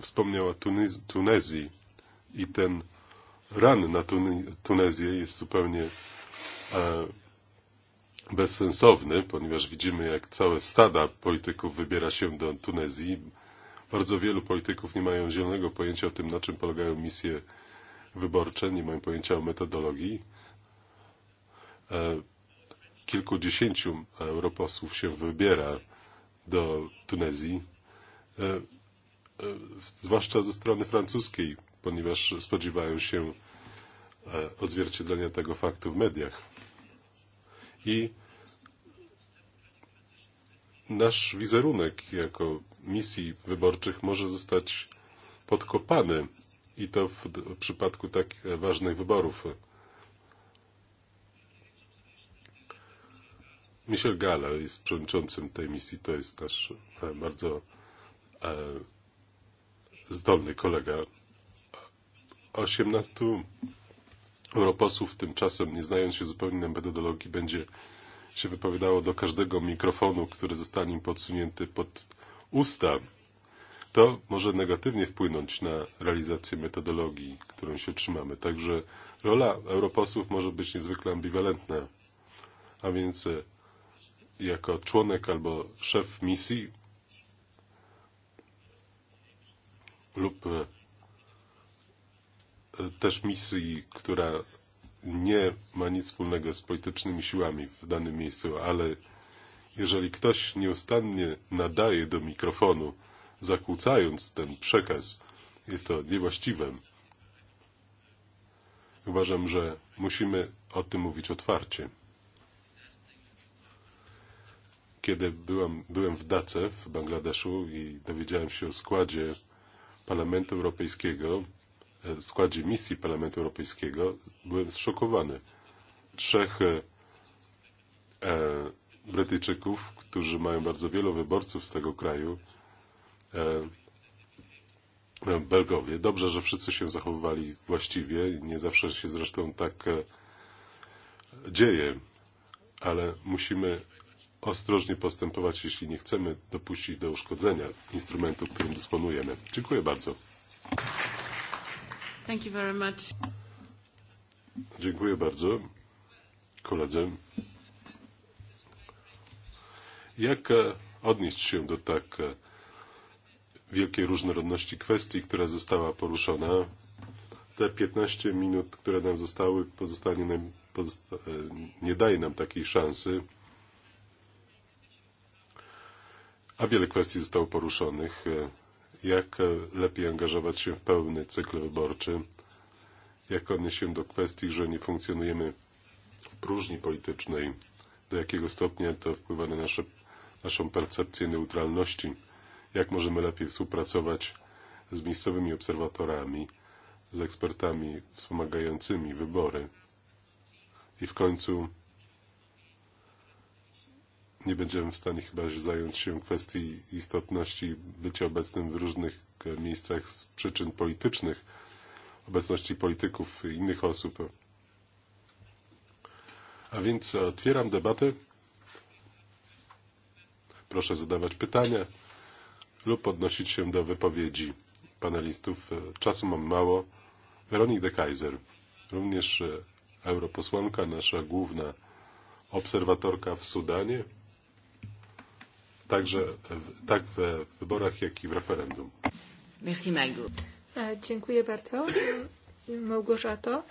[SPEAKER 2] wspomniał o Tuniz Tunezji i ten ran na Tun Tunezję jest zupełnie e, bezsensowny, ponieważ widzimy, jak całe stada polityków wybiera się do Tunezji. Bardzo wielu polityków nie mają zielonego pojęcia o tym, na czym polegają misje wyborcze, nie mają pojęcia o metodologii. E, kilkudziesięciu europosłów się wybiera do Tunezji, e, e, zwłaszcza ze strony francuskiej, ponieważ spodziewają się e, odzwierciedlenia tego faktu w mediach. I nasz wizerunek jako misji wyborczych może zostać podkopany i to w przypadku tak ważnych wyborów Michel Gala jest przewodniczącym tej misji, to jest nasz e, bardzo e, zdolny kolega. 18 europosłów tymczasem, nie znając się zupełnie metodologii, będzie się wypowiadało do każdego mikrofonu, który zostanie im podsunięty pod usta. To może negatywnie wpłynąć na realizację metodologii, którą się trzymamy. Także rola europosłów może być niezwykle ambiwalentna. A więc e, jako członek albo szef misji lub e, też misji, która nie ma nic wspólnego z politycznymi siłami w danym miejscu, ale jeżeli ktoś nieustannie nadaje do mikrofonu, zakłócając ten przekaz, jest to niewłaściwe. Uważam, że musimy o tym mówić otwarcie. Kiedy byłem, byłem w Dace w Bangladeszu i dowiedziałem się o składzie Parlamentu Europejskiego, w e, składzie misji Parlamentu Europejskiego, byłem zszokowany. Trzech e, e, Brytyjczyków, którzy mają bardzo wielu wyborców z tego kraju, e, e Belgowie. Dobrze, że wszyscy się zachowywali właściwie, nie zawsze się zresztą tak dzieje, ale musimy ostrożnie postępować, jeśli nie chcemy dopuścić do uszkodzenia instrumentu, którym dysponujemy. Dziękuję bardzo.
[SPEAKER 3] Thank you very much.
[SPEAKER 2] Dziękuję bardzo, koledze. Jak e, odnieść się do tak e, wielkiej różnorodności kwestii, która została poruszona? Te 15 minut, które nam zostały, pozostanie nam, pozosta- e, nie daje nam takiej szansy a wiele kwestii zostało poruszonych. E, jak e, lepiej angażować się w pełny cykl wyborczy? Jak odnieść się do kwestii, że nie funkcjonujemy w próżni politycznej? Do jakiego stopnia to wpływa na nasze, naszą percepcję neutralności? Jak możemy lepiej współpracować z miejscowymi obserwatorami, z ekspertami wspomagającymi wybory? I w końcu nie będziemy w stanie chyba zająć się kwestii istotności bycia obecnym w różnych e, miejscach z przyczyn politycznych, obecności polityków i innych osób. A więc otwieram debatę. Proszę zadawać pytania lub odnosić się do wypowiedzi panelistów. Czasu mam mało. Weronik de Kaiser, również europosłanka, nasza główna obserwatorka w Sudanie także tak w wyborach, jak i w referendum. Merci, Malgo.
[SPEAKER 3] E, dziękuję bardzo, Małgorzato.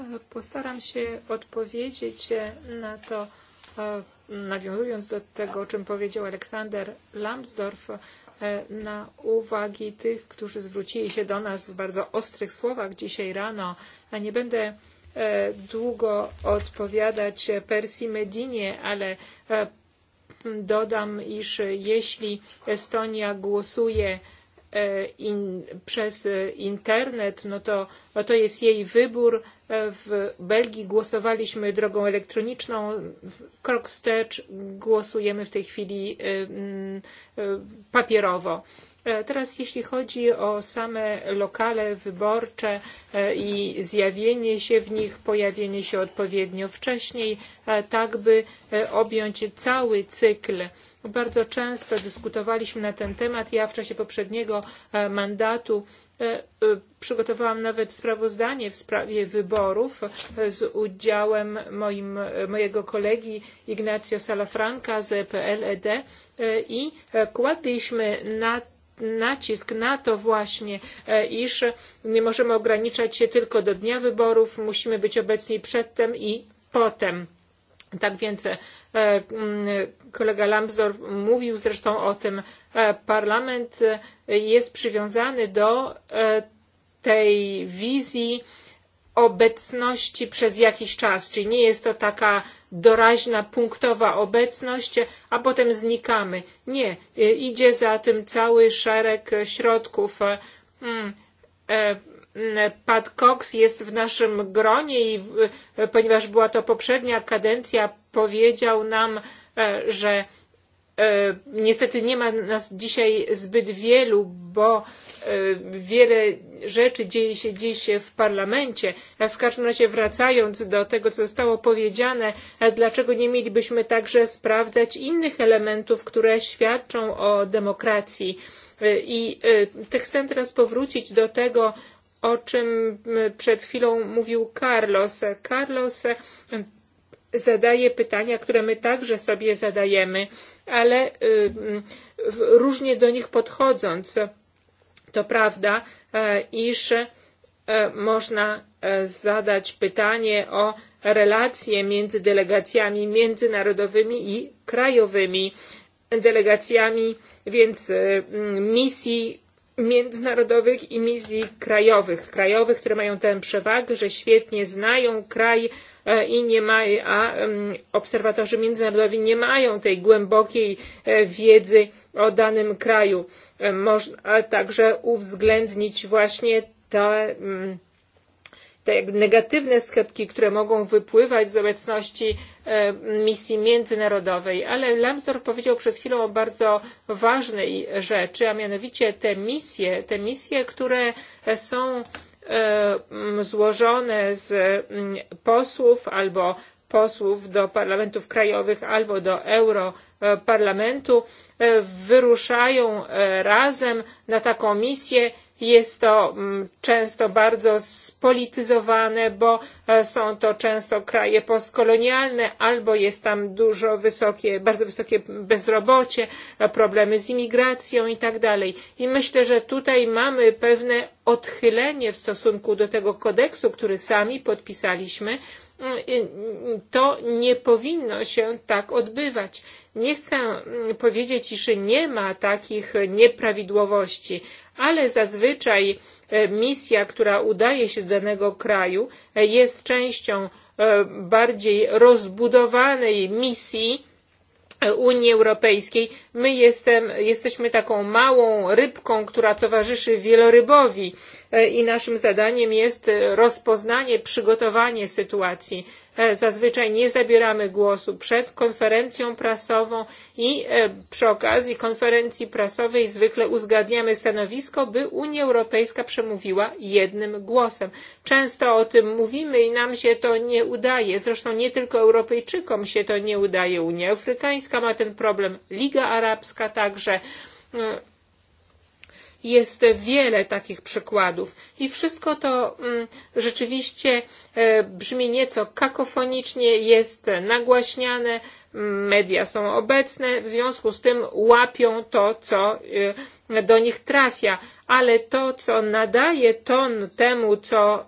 [SPEAKER 3] E, postaram się odpowiedzieć e, na to, nawiązując do tego, o czym powiedział Aleksander Lambsdorff, na uwagi tych, którzy zwrócili się do nas w bardzo ostrych słowach dzisiaj rano. A nie będę długo odpowiadać Persi Medinie, ale Dodam, iż jeśli Estonia głosuje e, in, przez e, internet, no to, no to jest jej wybór. E, w Belgii głosowaliśmy drogą elektroniczną. Krok wstecz głosujemy w tej chwili papierowo. Teraz jeśli chodzi o same lokale wyborcze e, i zjawienie się w nich, pojawienie się odpowiednio wcześniej, e, tak by e, objąć cały cykl. Bardzo często dyskutowaliśmy na ten temat. Ja w czasie poprzedniego mandatu przygotowałam nawet sprawozdanie w sprawie wyborów z udziałem moim, mojego kolegi Ignacio Salafranca z PLED i kładliśmy na nacisk na to właśnie, e, iż nie możemy ograniczać się tylko do dnia wyborów, musimy być obecni przedtem i potem. Tak więc e, mm, kolega Lambsdorff mówił zresztą o tym, e, parlament jest przywiązany do tej wizji obecności przez jakiś czas, czyli nie jest to taka doraźna, punktowa obecność, a potem znikamy. Nie, idzie za tym cały szereg środków. Mm, e, mm, Pat Cox jest w naszym gronie i ponieważ była to poprzednia kadencja, powiedział nam, że niestety nie ma nas dzisiaj zbyt wielu, bo E, wiele rzeczy dzieje się dziś w parlamencie. W każdym razie wracając do tego, co zostało powiedziane, dlaczego nie mielibyśmy także sprawdzać innych elementów, które świadczą o demokracji. E, I e, chcę teraz powrócić do tego, o czym przed chwilą mówił Carlos. Carlos zadaje pytania, które my także sobie zadajemy, ale różnie do nich podchodząc. To prawda, e, iż e, można e, zadać pytanie o relacje między delegacjami międzynarodowymi i krajowymi delegacjami, więc misji międzynarodowych i misji krajowych. Krajowych, które mają tę przewagę, że świetnie znają kraj e, i nie ma, a obserwatorzy międzynarodowi nie mają tej głębokiej e, wiedzy o danym kraju. E, Można także uwzględnić właśnie te mm, te negatywne skutki, które mogą wypływać z obecności e, misji międzynarodowej. Ale Lambsdorff powiedział przed chwilą o bardzo ważnej rzeczy, a mianowicie te misje, te misje, które są e, złożone z posłów albo posłów do parlamentów krajowych albo do europarlamentu e, wyruszają razem na taką misję Jest to mm, często bardzo spolityzowane, bo e, są to często kraje postkolonialne, albo jest tam dużo wysokie, bardzo wysokie bezrobocie, e, problemy z imigracją i tak dalej. I myślę, że tutaj mamy pewne odchylenie w stosunku do tego kodeksu, który sami podpisaliśmy, mm, mm, to nie powinno się tak odbywać. Nie chcę powiedzieć, że nie ma takich nieprawidłowości, ale zazwyczaj e, misja, która udaje się do danego kraju, e, jest częścią e, bardziej rozbudowanej misji Unii Europejskiej My jestem, jesteśmy taką małą rybką, która towarzyszy wielorybowi e, i naszym zadaniem jest rozpoznanie, przygotowanie sytuacji. E, zazwyczaj nie zabieramy głosu przed konferencją prasową i e, przy okazji konferencji prasowej zwykle uzgadniamy stanowisko, by Unia Europejska przemówiła jednym głosem. Często o tym mówimy i nam się to nie udaje. Zresztą nie tylko Europejczykom się to nie udaje. Unia Afrykańska ma ten problem. Liga Arabska także. Jest wiele takich przykładów i wszystko to rzeczywiście brzmi nieco kakofonicznie, jest nagłaśniane, media są obecne, w związku z tym łapią to, co do nich trafia, ale to, co nadaje ton temu, co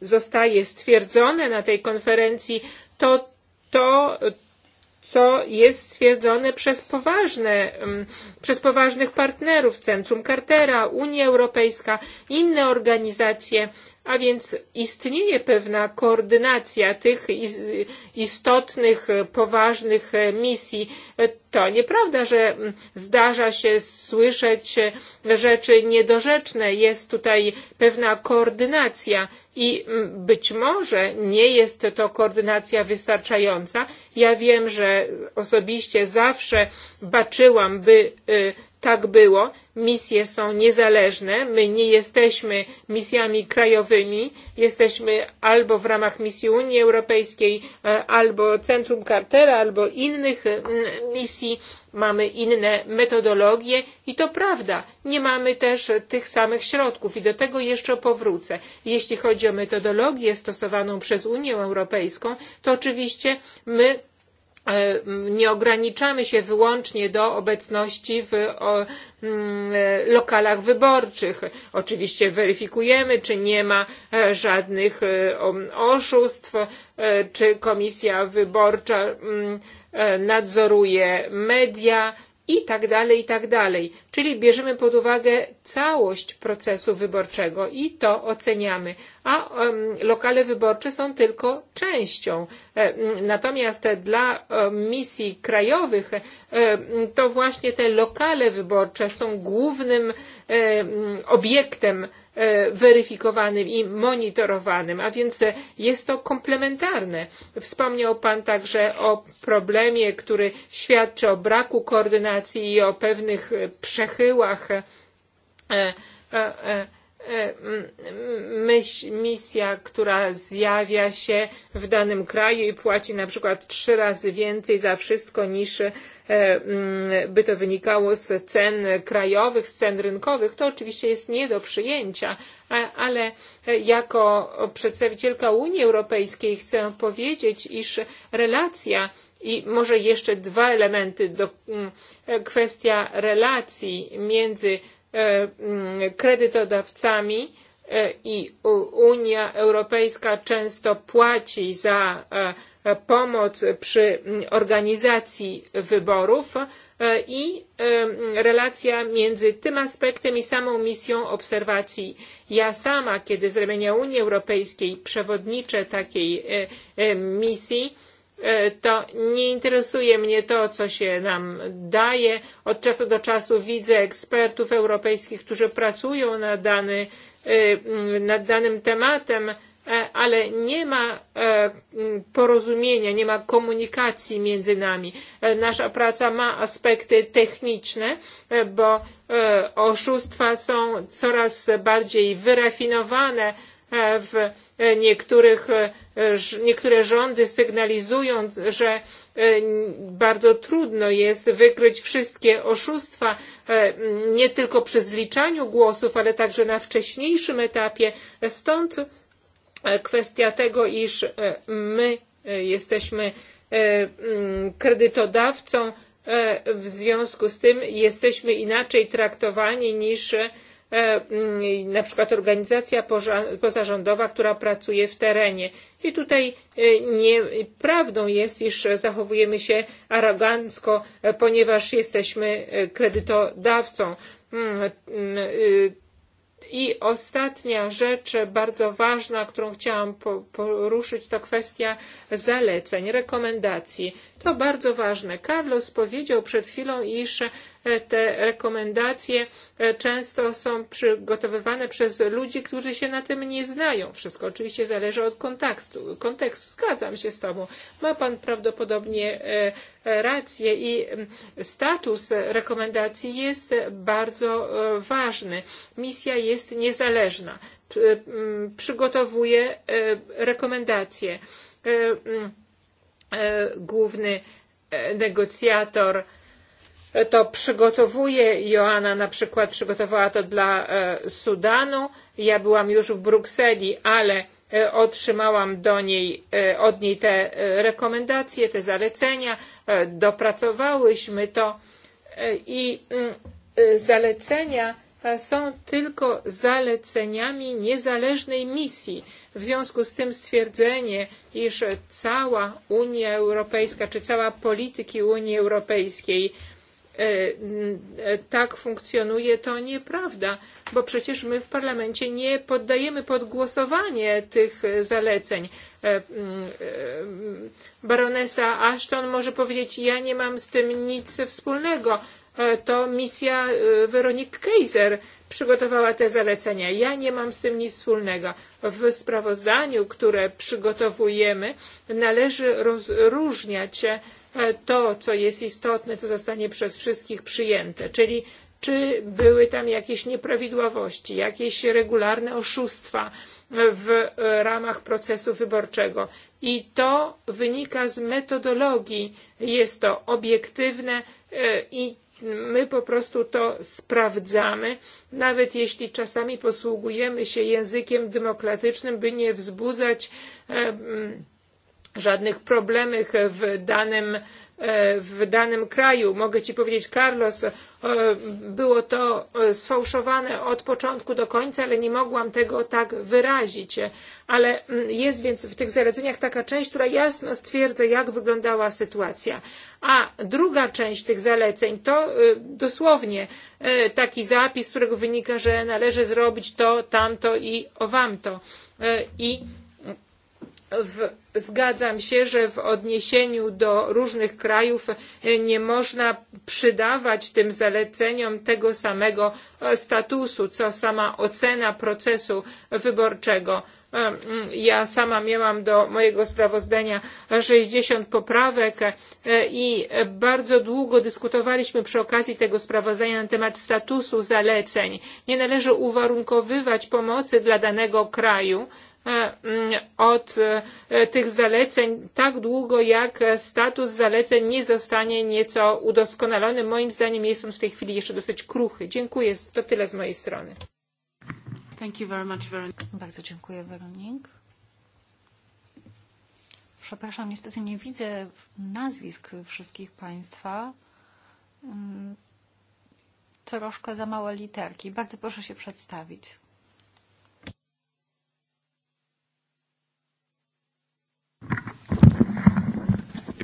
[SPEAKER 3] zostaje stwierdzone na tej konferencji, to to, co jest stwierdzone przez, poważne, mm, przez poważnych partnerów, Centrum Cartera, Unia Europejska, inne organizacje A więc istnieje pewna koordynacja tych istotnych, poważnych misji. To nieprawda, że zdarza się słyszeć rzeczy niedorzeczne. Jest tutaj pewna koordynacja i być może nie jest to koordynacja wystarczająca. Ja wiem, że osobiście zawsze baczyłam, by tak było. Misje są niezależne. My nie jesteśmy misjami krajowymi. Jesteśmy albo w ramach misji Unii Europejskiej, e, albo Centrum Cartera, albo innych e, misji. Mamy inne metodologie i to prawda. Nie mamy też tych samych środków i do tego jeszcze powrócę. Jeśli chodzi o metodologię stosowaną przez Unię Europejską, to oczywiście my E, nie ograniczamy się wyłącznie do obecności w mm, e, lokalach wyborczych. Oczywiście weryfikujemy, czy nie ma e, żadnych oszustw, czy komisja wyborcza mm, nadzoruje media, i tak dalej, i tak dalej. Czyli bierzemy pod uwagę całość procesu wyborczego i to oceniamy, a um, lokale wyborcze są tylko częścią. E, natomiast dla um, misji krajowych e, to właśnie te lokale wyborcze są głównym e, obiektem, E, weryfikowanym i monitorowanym, a więc jest to komplementarne. Wspomniał Pan także o problemie, który świadczy o braku koordynacji i o pewnych e, przechyłach e, E, myśl, misja, która zjawia się w danym kraju i płaci na przykład trzy razy więcej za wszystko niż e, by to wynikało z cen krajowych, z cen rynkowych. To oczywiście jest nie do przyjęcia, ale e, jako przedstawicielka Unii Europejskiej chcę powiedzieć, iż relacja i może jeszcze dwa elementy, do, kwestia relacji między E, mm, kredytodawcami e, i Unia Europejska często płaci za e, pomoc przy mm, organizacji wyborów i mm, relacja między tym aspektem i samą misją obserwacji. Ja sama, kiedy z ramienia Unii Europejskiej przewodniczę takiej misji, E, to nie interesuje mnie to, co się nam daje. Od czasu do czasu widzę ekspertów europejskich, którzy pracują nad, dany, e, nad danym tematem, e, ale nie ma porozumienia, nie ma komunikacji między nami. Nasza praca ma aspekty techniczne, bo oszustwa są coraz bardziej wyrafinowane, w niektórych, e, niektóre rządy sygnalizują, że e, bardzo trudno jest wykryć wszystkie oszustwa e, nie tylko przy zliczaniu głosów, ale także na wcześniejszym etapie. Stąd kwestia tego, iż my jesteśmy kredytodawcą, w związku z tym jesteśmy inaczej traktowani niż E, mm, na przykład organizacja pozarządowa, która pracuje w terenie. I tutaj e, nieprawdą jest, iż zachowujemy się arogancko, e, ponieważ jesteśmy kredytodawcą. Mm, mm, I ostatnia rzecz bardzo ważna, którą chciałam poruszyć, to kwestia zaleceń, rekomendacji. To bardzo ważne. Carlos powiedział przed chwilą, iż te rekomendacje e, często są przygotowywane przez ludzi, którzy się na tym nie znają. Wszystko oczywiście zależy od kontekstu. kontekstu. Zgadzam się z Tobą. Ma Pan prawdopodobnie e, rację i status rekomendacji jest bardzo e, ważny. Misja jest niezależna. Przygotowuje rekomendacje. Główny negocjator to przygotowuje. Joanna na przykład przygotowała to dla e, Sudanu. Ja byłam już w Brukseli, ale e, otrzymałam do niej, e, od niej te rekomendacje, te zalecenia, dopracowałyśmy to i mm, zalecenia są tylko zaleceniami niezależnej misji. W związku z tym stwierdzenie, iż cała Unia Europejska czy cała polityki Unii Europejskiej E, tak funkcjonuje, to nieprawda, bo przecież my w parlamencie nie poddajemy pod głosowanie tych zaleceń. E, e, baronesa Ashton może powiedzieć, ja nie mam z tym nic wspólnego. To misja Weronik Kaiser przygotowała te zalecenia. Ja nie mam z tym nic wspólnego. W sprawozdaniu, które przygotowujemy, należy rozróżniać E, to, co jest istotne, co zostanie przez wszystkich przyjęte, czyli czy były tam jakieś nieprawidłowości, jakieś regularne oszustwa w e, ramach procesu wyborczego. I to wynika z metodologii. Jest to obiektywne e, i my po prostu to sprawdzamy, nawet jeśli czasami posługujemy się językiem demokratycznym, by nie wzbudzać żadnych problemów w danym e, w danym kraju. Mogę Ci powiedzieć, Carlos, e, było to e, sfałszowane od początku do końca, ale nie mogłam tego tak wyrazić. Ale mm, jest więc w tych zaleceniach taka część, która jasno stwierdza, jak wyglądała sytuacja. A druga część tych zaleceń to dosłownie taki zapis, z którego wynika, że należy zrobić to, tamto i owamto. I w, zgadzam się, że w odniesieniu do różnych krajów e, nie można przydawać tym zaleceniom tego samego e, statusu, co sama ocena procesu wyborczego. E, ja sama miałam do mojego sprawozdania 60 poprawek i bardzo długo dyskutowaliśmy przy okazji tego sprawozdania na temat statusu zaleceń. Nie należy uwarunkowywać pomocy dla danego kraju, E, od e, tych zaleceń tak długo, jak status zaleceń nie zostanie nieco udoskonalony. Moim zdaniem jest on w tej chwili jeszcze dosyć kruchy. Dziękuję. To tyle z mojej strony.
[SPEAKER 1] Thank you very much, Veronik. Bardzo dziękuję, Weronik. Przepraszam, niestety nie widzę nazwisk wszystkich Państwa. Mm, troszkę za małe literki. Bardzo proszę się przedstawić.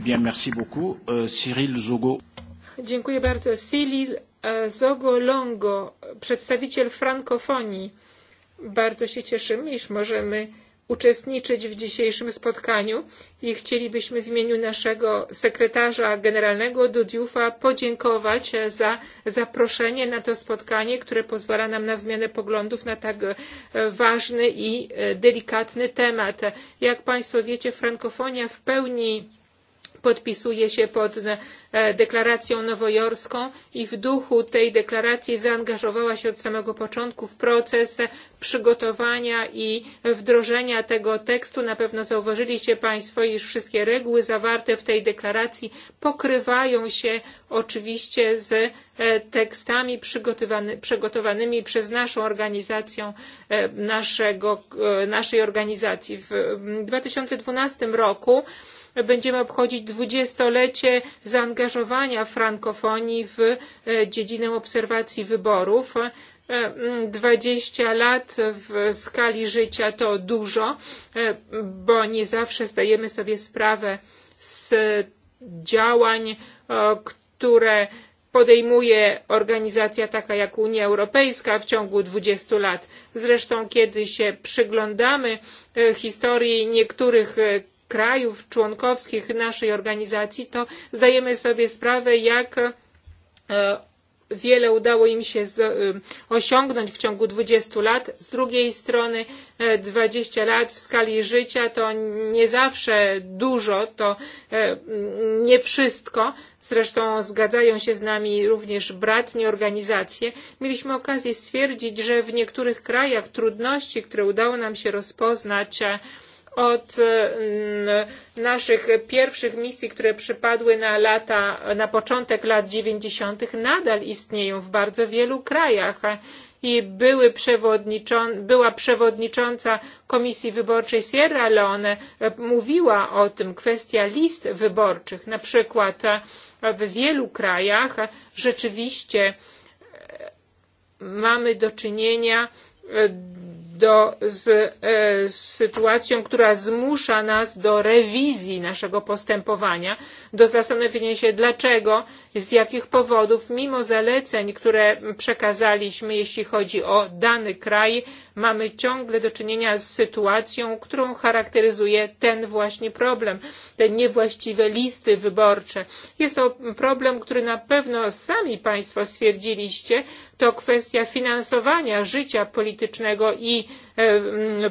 [SPEAKER 2] Eh bien, merci beaucoup. Uh, Cyril Zogo.
[SPEAKER 3] Dziękuję bardzo. Cyril e, Zogo Longo, przedstawiciel frankofonii. Bardzo się cieszymy, iż możemy uczestniczyć w dzisiejszym spotkaniu i chcielibyśmy w imieniu naszego sekretarza generalnego Dudiufa podziękować za zaproszenie na to spotkanie, które pozwala nam na wymianę poglądów na tak e, ważny i e, delikatny temat. Jak Państwo wiecie, frankofonia w pełni podpisuje się pod e, deklaracją nowojorską i w duchu tej deklaracji zaangażowała się od samego początku w proces przygotowania i wdrożenia tego tekstu. Na pewno zauważyliście Państwo, iż wszystkie reguły zawarte w tej deklaracji pokrywają się oczywiście z e, tekstami przygotowanymi przez naszą organizację, e, naszego, naszej organizacji. W 2012 roku będziemy obchodzić dwudziestolecie zaangażowania frankofonii w e, dziedzinę obserwacji wyborów. 20 e, mm, lat w skali życia to dużo, e, bo nie zawsze zdajemy sobie sprawę z działań, które podejmuje organizacja taka jak Unia Europejska w ciągu 20 lat. Zresztą, kiedy się przyglądamy historii niektórych krajów członkowskich naszej organizacji, to zdajemy sobie sprawę, jak e, wiele udało im się e, osiągnąć w ciągu 20 lat. Z drugiej strony 20 e, lat w skali życia to nie zawsze dużo, to nie wszystko. Zresztą zgadzają się z nami również bratnie organizacje. Mieliśmy okazję stwierdzić, że w niektórych krajach trudności, które udało nam się rozpoznać, od mm, naszych pierwszych misji, które przypadły na lata, na początek lat 90. nadal istnieją w bardzo wielu krajach i były przewodniczą, była przewodnicząca Komisji Wyborczej Sierra Leone e, mówiła o tym, kwestia list wyborczych, na przykład e, w wielu krajach rzeczywiście e, mamy do czynienia do, z e, sytuacją, która zmusza nas do rewizji naszego postępowania, do zastanowienia się dlaczego, z jakich powodów, mimo zaleceń, które przekazaliśmy, jeśli chodzi o dany kraj, mamy ciągle do czynienia z sytuacją, którą charakteryzuje ten właśnie problem, te niewłaściwe listy wyborcze. Jest to problem, który na pewno sami Państwo stwierdziliście, to kwestia finansowania życia politycznego i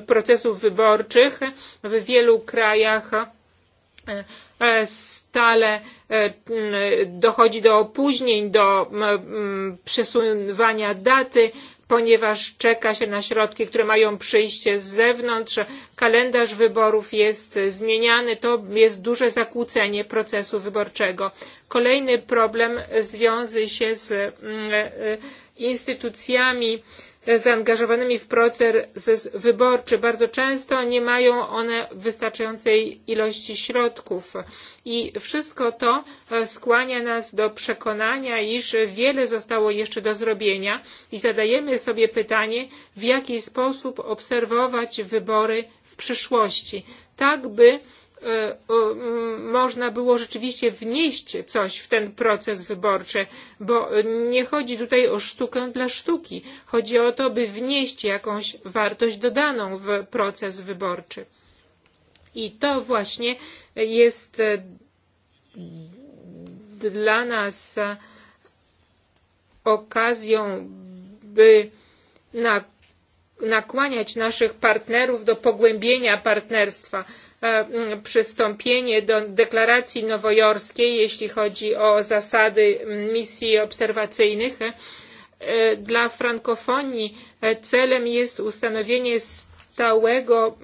[SPEAKER 3] procesów wyborczych w wielu krajach e, e, stale e, dochodzi do opóźnień, do przesuwania daty, ponieważ czeka się na środki, które mają przyjście z zewnątrz, kalendarz wyborów jest zmieniany, to jest duże zakłócenie procesu wyborczego. Kolejny problem związy się z instytucjami, zaangażowanymi w proces wyborczy. Bardzo często nie mają one wystarczającej ilości środków. I wszystko to e, skłania nas do przekonania, iż wiele zostało jeszcze do zrobienia i zadajemy sobie pytanie, w jaki sposób obserwować wybory w przyszłości, tak by E, można było rzeczywiście wnieść coś w ten proces wyborczy, bo nie chodzi tutaj o sztukę dla sztuki. Chodzi o to, by wnieść jakąś wartość dodaną w proces wyborczy. I to właśnie jest e, dla nas okazją, by nakłaniać naszych partnerów do pogłębienia partnerstwa E, przystąpienie do deklaracji nowojorskiej, jeśli chodzi o zasady misji obserwacyjnych. E, dla frankofonii e, celem jest ustanowienie stałego,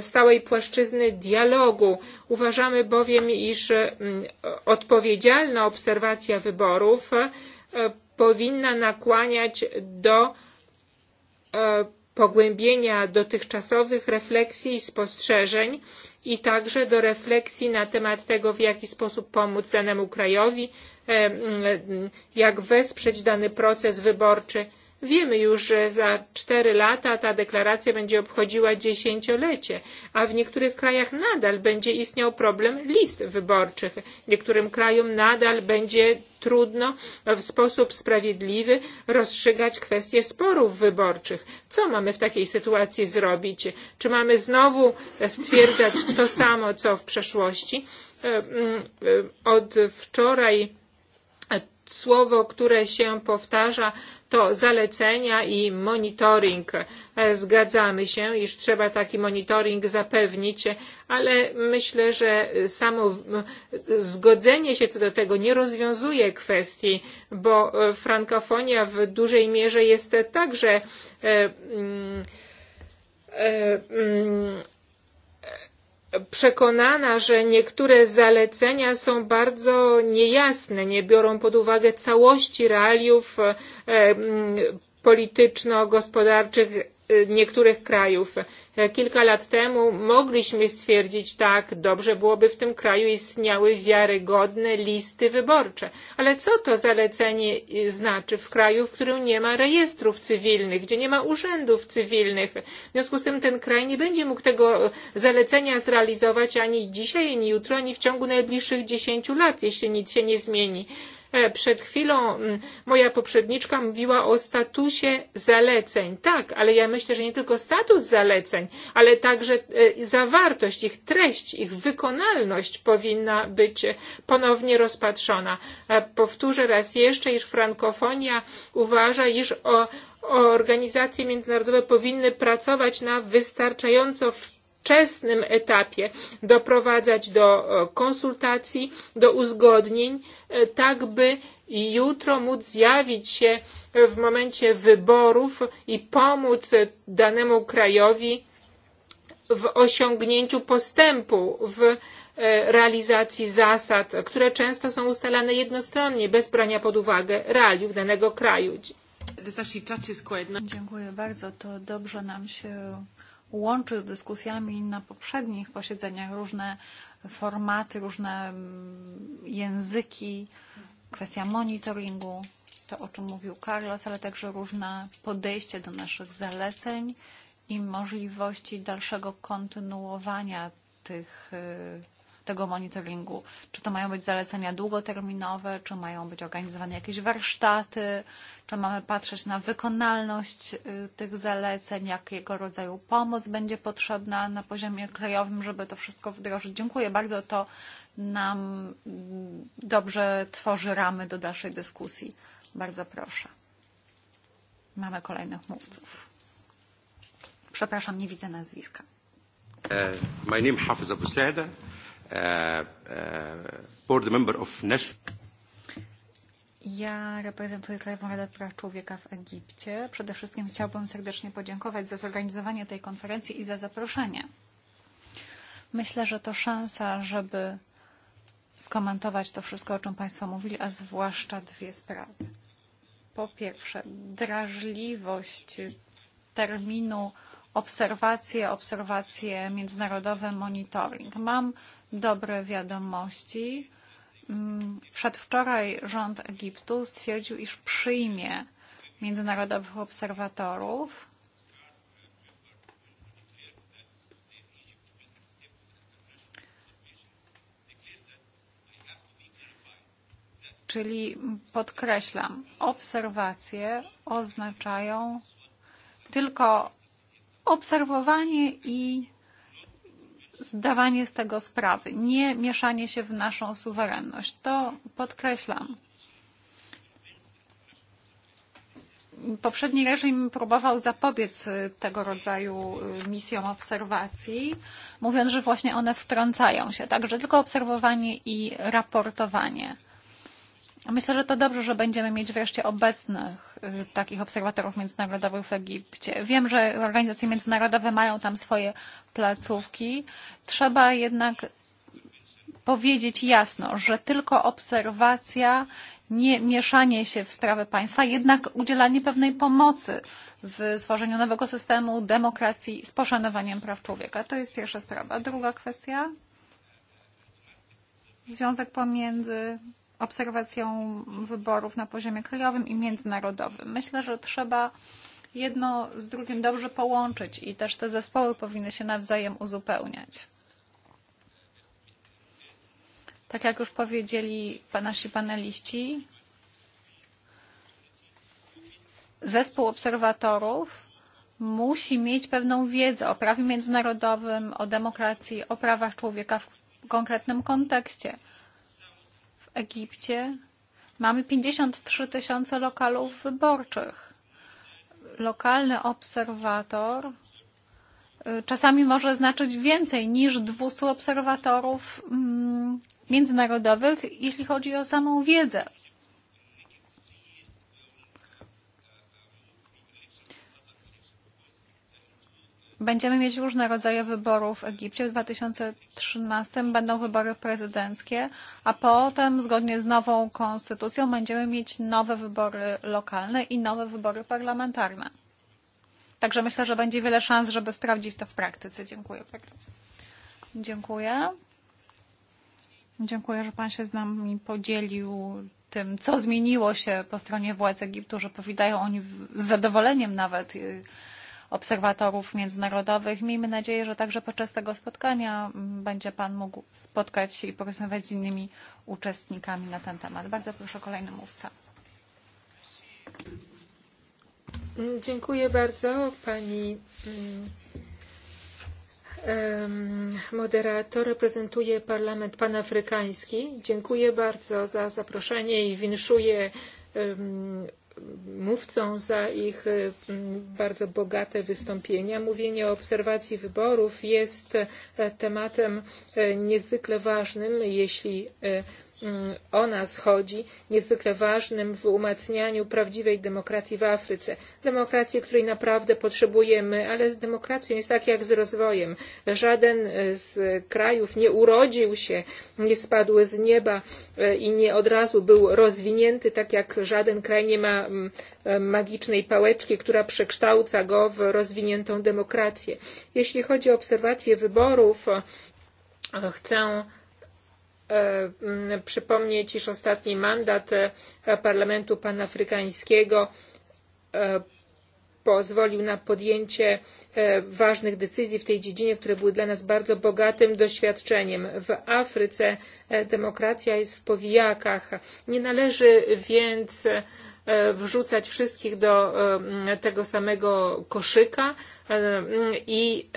[SPEAKER 3] stałej płaszczyzny dialogu. Uważamy bowiem, iż odpowiedzialna obserwacja wyborów powinna nakłaniać do pogłębienia dotychczasowych refleksji i spostrzeżeń i także do refleksji na temat tego, w jaki sposób pomóc danemu krajowi, jak wesprzeć dany proces wyborczy Wiemy już, że za cztery lata ta deklaracja będzie obchodziła dziesięciolecie, a w niektórych krajach nadal będzie istniał problem list wyborczych. Niektórym krajom nadal będzie trudno w sposób sprawiedliwy rozstrzygać kwestie sporów wyborczych. Co mamy w takiej sytuacji zrobić? Czy mamy znowu stwierdzać to samo, co w przeszłości? E, mm, e, od wczoraj słowo, które się powtarza, to zalecenia i monitoring. E, zgadzamy się, iż trzeba taki monitoring zapewnić, ale myślę, że samo zgodzenie się co do tego nie rozwiązuje kwestii, bo e, frankofonia w dużej mierze jest także e, e, e, przekonana, że niektóre zalecenia są bardzo niejasne, nie biorą pod uwagę całości realiów e, polityczno-gospodarczych niektórych krajów. Kilka lat temu mogliśmy stwierdzić, tak, dobrze byłoby w tym kraju istniały wiarygodne listy wyborcze. Ale co to zalecenie znaczy w kraju, w którym nie ma rejestrów cywilnych, gdzie nie ma urzędów cywilnych? W związku z tym ten kraj nie będzie mógł tego zalecenia zrealizować ani dzisiaj, ani jutro, ani w ciągu najbliższych dziesięciu lat, jeśli nic się nie zmieni. E, przed chwilą moja poprzedniczka mówiła o statusie zaleceń. Tak, ale ja myślę, że nie tylko status zaleceń, ale także e, zawartość, ich treść, ich wykonalność powinna być ponownie rozpatrzona. E, powtórzę raz jeszcze, iż frankofonia uważa, iż o organizacje międzynarodowe powinny pracować na wystarczająco wczesnym etapie doprowadzać do e, konsultacji, do uzgodnień, e, tak by jutro móc zjawić się w momencie wyborów i pomóc danemu krajowi w osiągnięciu postępu, w e, realizacji zasad, które często są ustalane jednostronnie, bez brania pod uwagę realiów danego kraju. Dziękuję
[SPEAKER 1] bardzo. To dobrze nam się łączy z dyskusjami na poprzednich posiedzeniach różne formaty, różne mm, języki, kwestia monitoringu, to o czym mówił Carlos, ale także różne podejście do naszych zaleceń i możliwości dalszego kontynuowania tych tego monitoringu? Czy to mają być zalecenia długoterminowe, czy mają być organizowane jakieś warsztaty, czy mamy patrzeć na wykonalność tych zaleceń, jakiego rodzaju pomoc będzie potrzebna na poziomie krajowym, żeby to wszystko wdrożyć? Dziękuję bardzo, to nam mm, dobrze tworzy ramy do dalszej dyskusji. Bardzo proszę. Mamy kolejnych mówców. Przepraszam, nie widzę nazwiska.
[SPEAKER 2] Uh, My name Hafiz Abu Sada. Uh, uh, board member of national
[SPEAKER 1] ja reprezentuję Krajową Radę Praw Człowieka w Egipcie. Przede wszystkim chciałbym serdecznie podziękować za zorganizowanie tej konferencji i za zaproszenie. Myślę, że to szansa, żeby skomentować to wszystko, o czym Państwo mówili, a zwłaszcza dwie sprawy. Po pierwsze, drażliwość terminu obserwacje, obserwacje międzynarodowe, monitoring. Mam dobre wiadomości. Mm, przedwczoraj rząd Egiptu stwierdził, iż przyjmie międzynarodowych obserwatorów. Czyli podkreślam, obserwacje oznaczają tylko obserwowanie i zdawanie z tego sprawy, nie mieszanie się w naszą suwerenność. To podkreślam. Poprzedni reżim próbował zapobiec tego rodzaju misjom obserwacji, mówiąc, że właśnie one wtrącają się. Także tylko obserwowanie i raportowanie. Myślę, że to dobrze, że będziemy mieć wreszcie obecnych takich obserwatorów międzynarodowych w Egipcie. Wiem, że organizacje międzynarodowe mają tam swoje placówki. Trzeba jednak powiedzieć jasno, że tylko obserwacja, nie mieszanie się w sprawy państwa, jednak udzielanie pewnej pomocy w stworzeniu nowego systemu demokracji z poszanowaniem praw człowieka. To jest pierwsza sprawa. Druga kwestia. Związek pomiędzy obserwacją wyborów na poziomie krajowym i międzynarodowym. Myślę, że trzeba jedno z drugim dobrze połączyć i też te zespoły powinny się nawzajem uzupełniać. Tak jak już powiedzieli nasi paneliści, zespół obserwatorów musi mieć pewną wiedzę o prawie międzynarodowym, o demokracji, o prawach człowieka w konkretnym kontekście – Egipcie mamy 53 tysiące lokalów wyborczych. Lokalny obserwator czasami może znaczyć więcej niż 200 obserwatorów mm, międzynarodowych, jeśli chodzi o samą wiedzę. Będziemy mieć różne rodzaje wyborów w Egipcie. W 2013 będą wybory prezydenckie, a potem zgodnie z nową konstytucją będziemy mieć nowe wybory lokalne i nowe wybory parlamentarne. Także myślę, że będzie wiele szans, żeby sprawdzić to w praktyce. Dziękuję bardzo. Dziękuję. Dziękuję, że Pan się z nami podzielił tym, co zmieniło się po stronie władz Egiptu, że powitają oni z zadowoleniem nawet obserwatorów międzynarodowych. Miejmy nadzieję, że także podczas tego spotkania mm, będzie Pan mógł spotkać się i porozmawiać z innymi uczestnikami na ten temat. Bardzo proszę
[SPEAKER 3] kolejny mówca. Mm, dziękuję bardzo Pani mm, moderator, reprezentuje Parlament Panafrykański. Dziękuję bardzo za zaproszenie i winszuję mówcą za ich bardzo bogate wystąpienia. Mówienie o obserwacji wyborów jest e, tematem e, niezwykle ważnym, jeśli e, Mm, o nas chodzi, niezwykle ważnym w umacnianiu prawdziwej demokracji w Afryce. Demokracji, której naprawdę potrzebujemy, ale z demokracją jest tak jak z rozwojem. Żaden e, z krajów nie urodził się, nie spadł z nieba e, i nie od razu był rozwinięty, tak jak żaden kraj nie ma mm, e, magicznej pałeczki, która przekształca go w rozwiniętą demokrację. Jeśli chodzi o obserwacje wyborów, chcę E, przypomnieć, iż ostatni mandat e, Parlamentu Panafrykańskiego e, pozwolił na podjęcie ważnych decyzji w tej dziedzinie, które były dla nas bardzo bogatym doświadczeniem. W Afryce demokracja jest w powijakach. Nie należy więc wrzucać wszystkich do tego samego koszyka i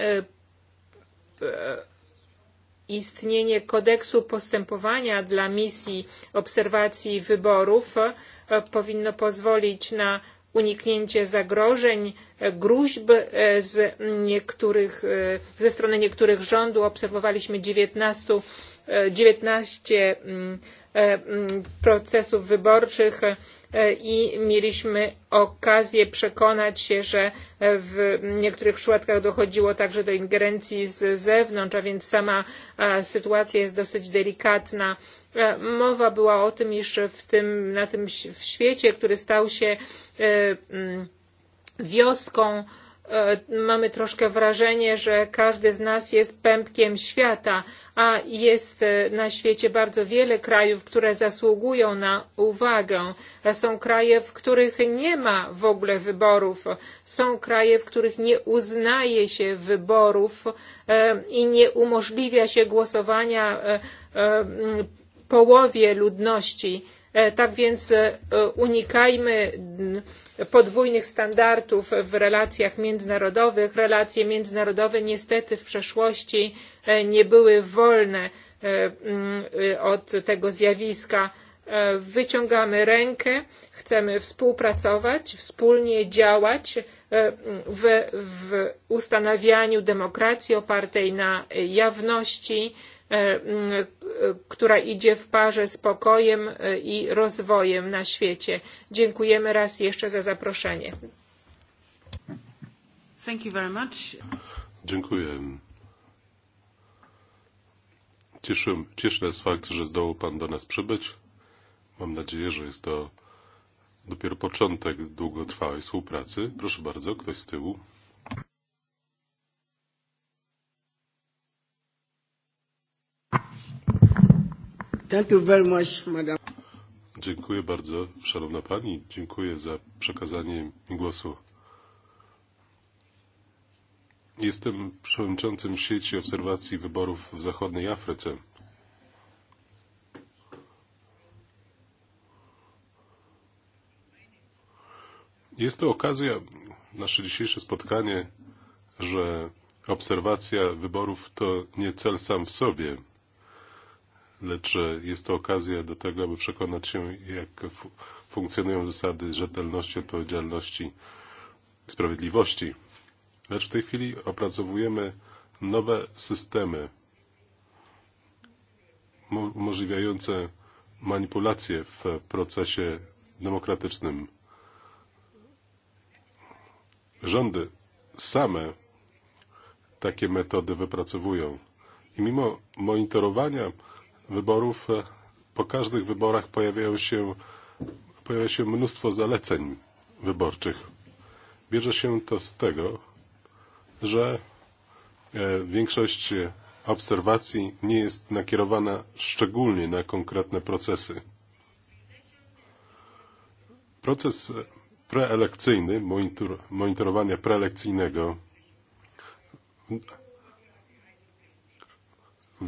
[SPEAKER 3] istnienie kodeksu postępowania dla misji obserwacji wyborów e, powinno pozwolić na uniknięcie zagrożeń, e, gruźb e, z niektórych, ze strony niektórych rządów. Obserwowaliśmy 19, 19 mm, mm, procesów wyborczych i mieliśmy okazję przekonać się, że w niektórych przypadkach dochodziło także do ingerencji z zewnątrz, a więc sama sytuacja jest dosyć delikatna. E, mowa była o tym, iż w tym, na tym w świecie, który stał się e, mm, wioską, e, mamy troszkę wrażenie, że każdy z nas jest pępkiem świata a jest e, na świecie bardzo wiele krajów, które zasługują na uwagę. Są kraje, w których nie ma w ogóle wyborów. Są kraje, w których nie uznaje się wyborów e, i nie umożliwia się głosowania e, połowie ludności E, tak więc e, unikajmy podwójnych standardów w relacjach międzynarodowych. Relacje międzynarodowe niestety w przeszłości e, nie były wolne od tego zjawiska. Wyciągamy rękę, chcemy współpracować, wspólnie działać w, w ustanawianiu demokracji opartej na jawności, E, która idzie w parze z pokojem e, i rozwojem na świecie. Dziękujemy raz jeszcze za zaproszenie. Thank you very much.
[SPEAKER 2] Dziękuję. Cieszę, cieszę nas fakt, że zdołał Pan do nas przybyć. Mam nadzieję, że jest to dopiero początek długotrwałej współpracy. Proszę bardzo, ktoś z tyłu. Thank you very much, madam. Dziękuję bardzo, szanowna pani. Dziękuję za przekazanie mi głosu. Jestem przewodniczącym sieci obserwacji wyborów w zachodniej Afryce. Jest to okazja, nasze dzisiejsze spotkanie, że obserwacja wyborów to nie cel sam w sobie – lecz jest to okazja do tego, aby przekonać się, jak funkcjonują zasady rzetelności, odpowiedzialności, sprawiedliwości. Lecz w tej chwili opracowujemy nowe systemy umożliwiające manipulacje w procesie demokratycznym. Rządy same takie metody wypracowują. I mimo monitorowania wyborów, e, po każdych wyborach pojawiają się, pojawia się mnóstwo zaleceń wyborczych. Bierze się to z tego, że e, większość obserwacji nie jest nakierowana szczególnie na konkretne procesy. Proces preelekcyjny, monitor, monitorowania preelekcyjnego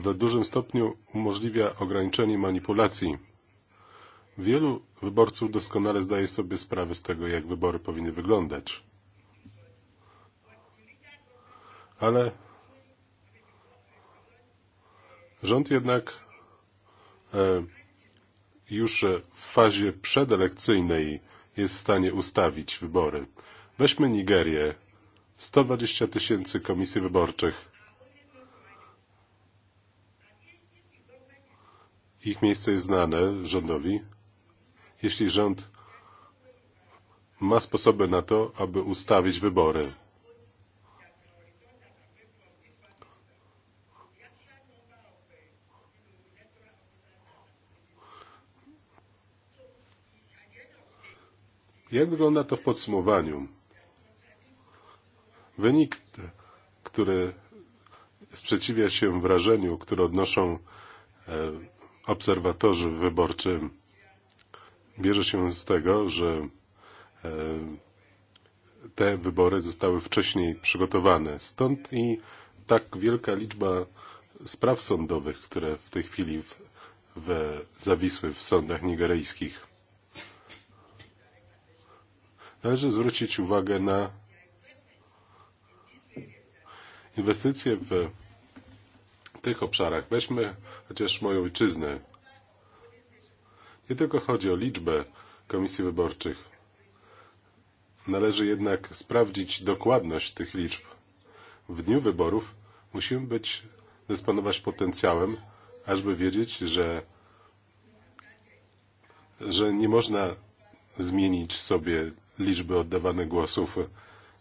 [SPEAKER 2] w dużym stopniu umożliwia ograniczenie manipulacji. Wielu wyborców doskonale zdaje sobie sprawę z tego, jak wybory powinny wyglądać. Ale rząd jednak e, już w fazie przedelekcyjnej jest w stanie ustawić wybory. Weźmy Nigerię. 120 tysięcy komisji wyborczych Ich miejsce jest znane rządowi. Jeśli rząd ma sposoby na to, aby ustawić wybory. Jak wygląda to w podsumowaniu? Wynik, który sprzeciwia się wrażeniu, które odnoszą e, obserwatorzy wyborczy bierze się z tego, że e, te wybory zostały wcześniej przygotowane. Stąd i tak wielka liczba spraw sądowych, które w tej chwili w, w, zawisły w sądach nigeryjskich. Należy zwrócić uwagę na inwestycje w tych obszarach. Weźmy chociaż moją ojczyznę. Nie tylko chodzi o liczbę komisji wyborczych. Należy jednak sprawdzić dokładność tych liczb. W dniu wyborów musimy być, dysponować potencjałem, ażby wiedzieć, że, że nie można zmienić sobie liczby oddawanych głosów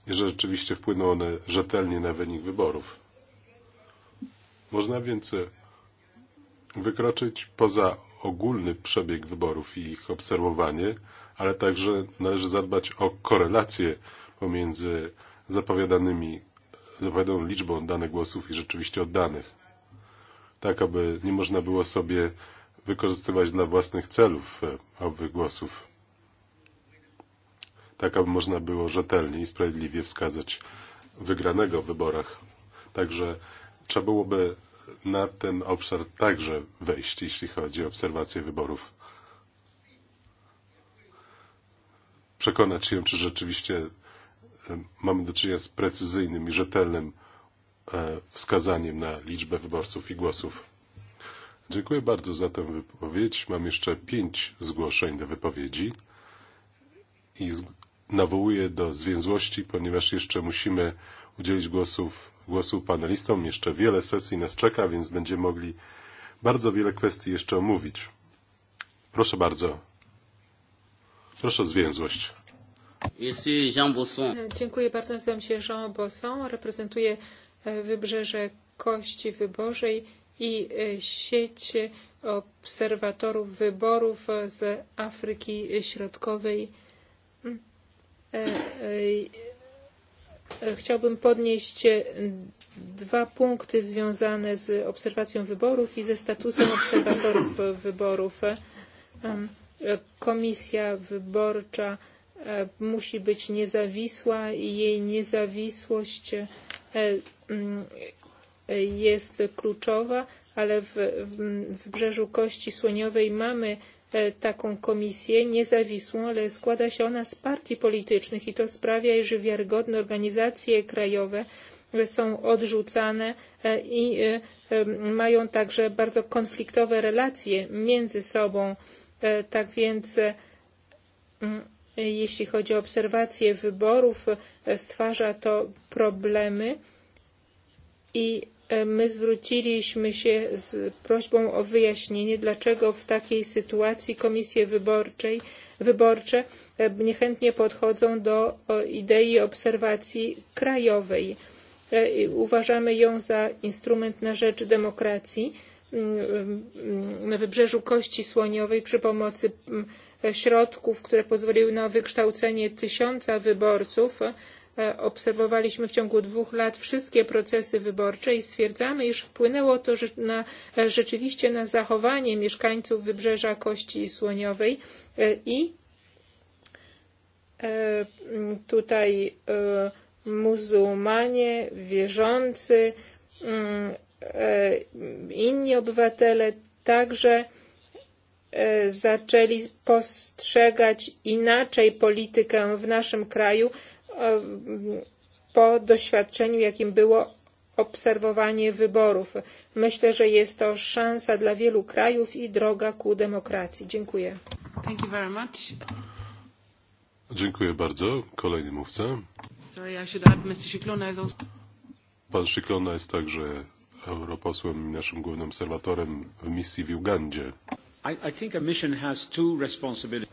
[SPEAKER 2] i że rzeczywiście wpłyną one rzetelnie na wynik wyborów. Można więc e, wykroczyć poza ogólny przebieg wyborów i ich obserwowanie, ale także należy zadbać o korelację pomiędzy zapowiadanymi, zapowiadaną liczbą danych głosów i rzeczywiście oddanych. Tak, aby nie można było sobie wykorzystywać dla własnych celów e, owych głosów. Tak, aby można było rzetelnie i sprawiedliwie wskazać wygranego w wyborach. Także trzeba byłoby na ten obszar także wejść, jeśli chodzi o obserwację wyborów. Przekonać się, czy rzeczywiście mamy do czynienia z precyzyjnym i rzetelnym e, wskazaniem na liczbę wyborców i głosów. Dziękuję bardzo za tę wypowiedź. Mam jeszcze pięć zgłoszeń do wypowiedzi i nawołuję do zwięzłości, ponieważ jeszcze musimy udzielić głosów głosu panelistom. Jeszcze wiele sesji nas czeka, więc będziemy mogli bardzo wiele kwestii jeszcze omówić. Proszę bardzo. Proszę o zwięzłość. Jean Bosson.
[SPEAKER 3] E, dziękuję bardzo. Nazywam się Jean Bosson. Reprezentuję e, wybrzeże Kości Wyborzej i e, sieć obserwatorów wyborów z Afryki Środkowej mm. E, chciałbym podnieść e, dwa punkty związane z obserwacją wyborów i ze statusem obserwatorów wyborów. E, Komisja wyborcza musi być niezawisła i jej niezawisłość jest kluczowa, ale w, Wybrzeżu Kości Słoniowej mamy taką komisję niezawisłą, ale składa się ona z partii politycznych i to sprawia, iż wiarygodne organizacje krajowe e, są odrzucane e, i e, mają także bardzo konfliktowe relacje między sobą. Tak więc jeśli chodzi o obserwacje wyborów, stwarza to problemy i E, my zwróciliśmy się z prośbą o wyjaśnienie, dlaczego w takiej sytuacji komisje wyborczej, wyborcze e, niechętnie podchodzą do idei obserwacji krajowej. E, uważamy ją za instrument na rzecz demokracji mm, mm, na wybrzeżu Kości Słoniowej przy pomocy mm, środków, które pozwoliły na wykształcenie tysiąca wyborców E, obserwowaliśmy w ciągu dwóch lat wszystkie procesy wyborcze i stwierdzamy, iż wpłynęło to na, e, rzeczywiście na zachowanie mieszkańców Wybrzeża Kości Słoniowej e, i tutaj muzułmanie, wierzący, inni obywatele także zaczęli postrzegać inaczej politykę w naszym kraju po doświadczeniu, jakim było obserwowanie wyborów. Myślę, że jest to szansa dla wielu krajów i droga ku demokracji. Dziękuję. Thank you very much.
[SPEAKER 2] Dziękuję bardzo. Kolejny mówca.
[SPEAKER 3] Sorry, I add, Mr.
[SPEAKER 2] is also... Pan Szyklona jest także europosłem i naszym głównym obserwatorem w misji w Ugandzie.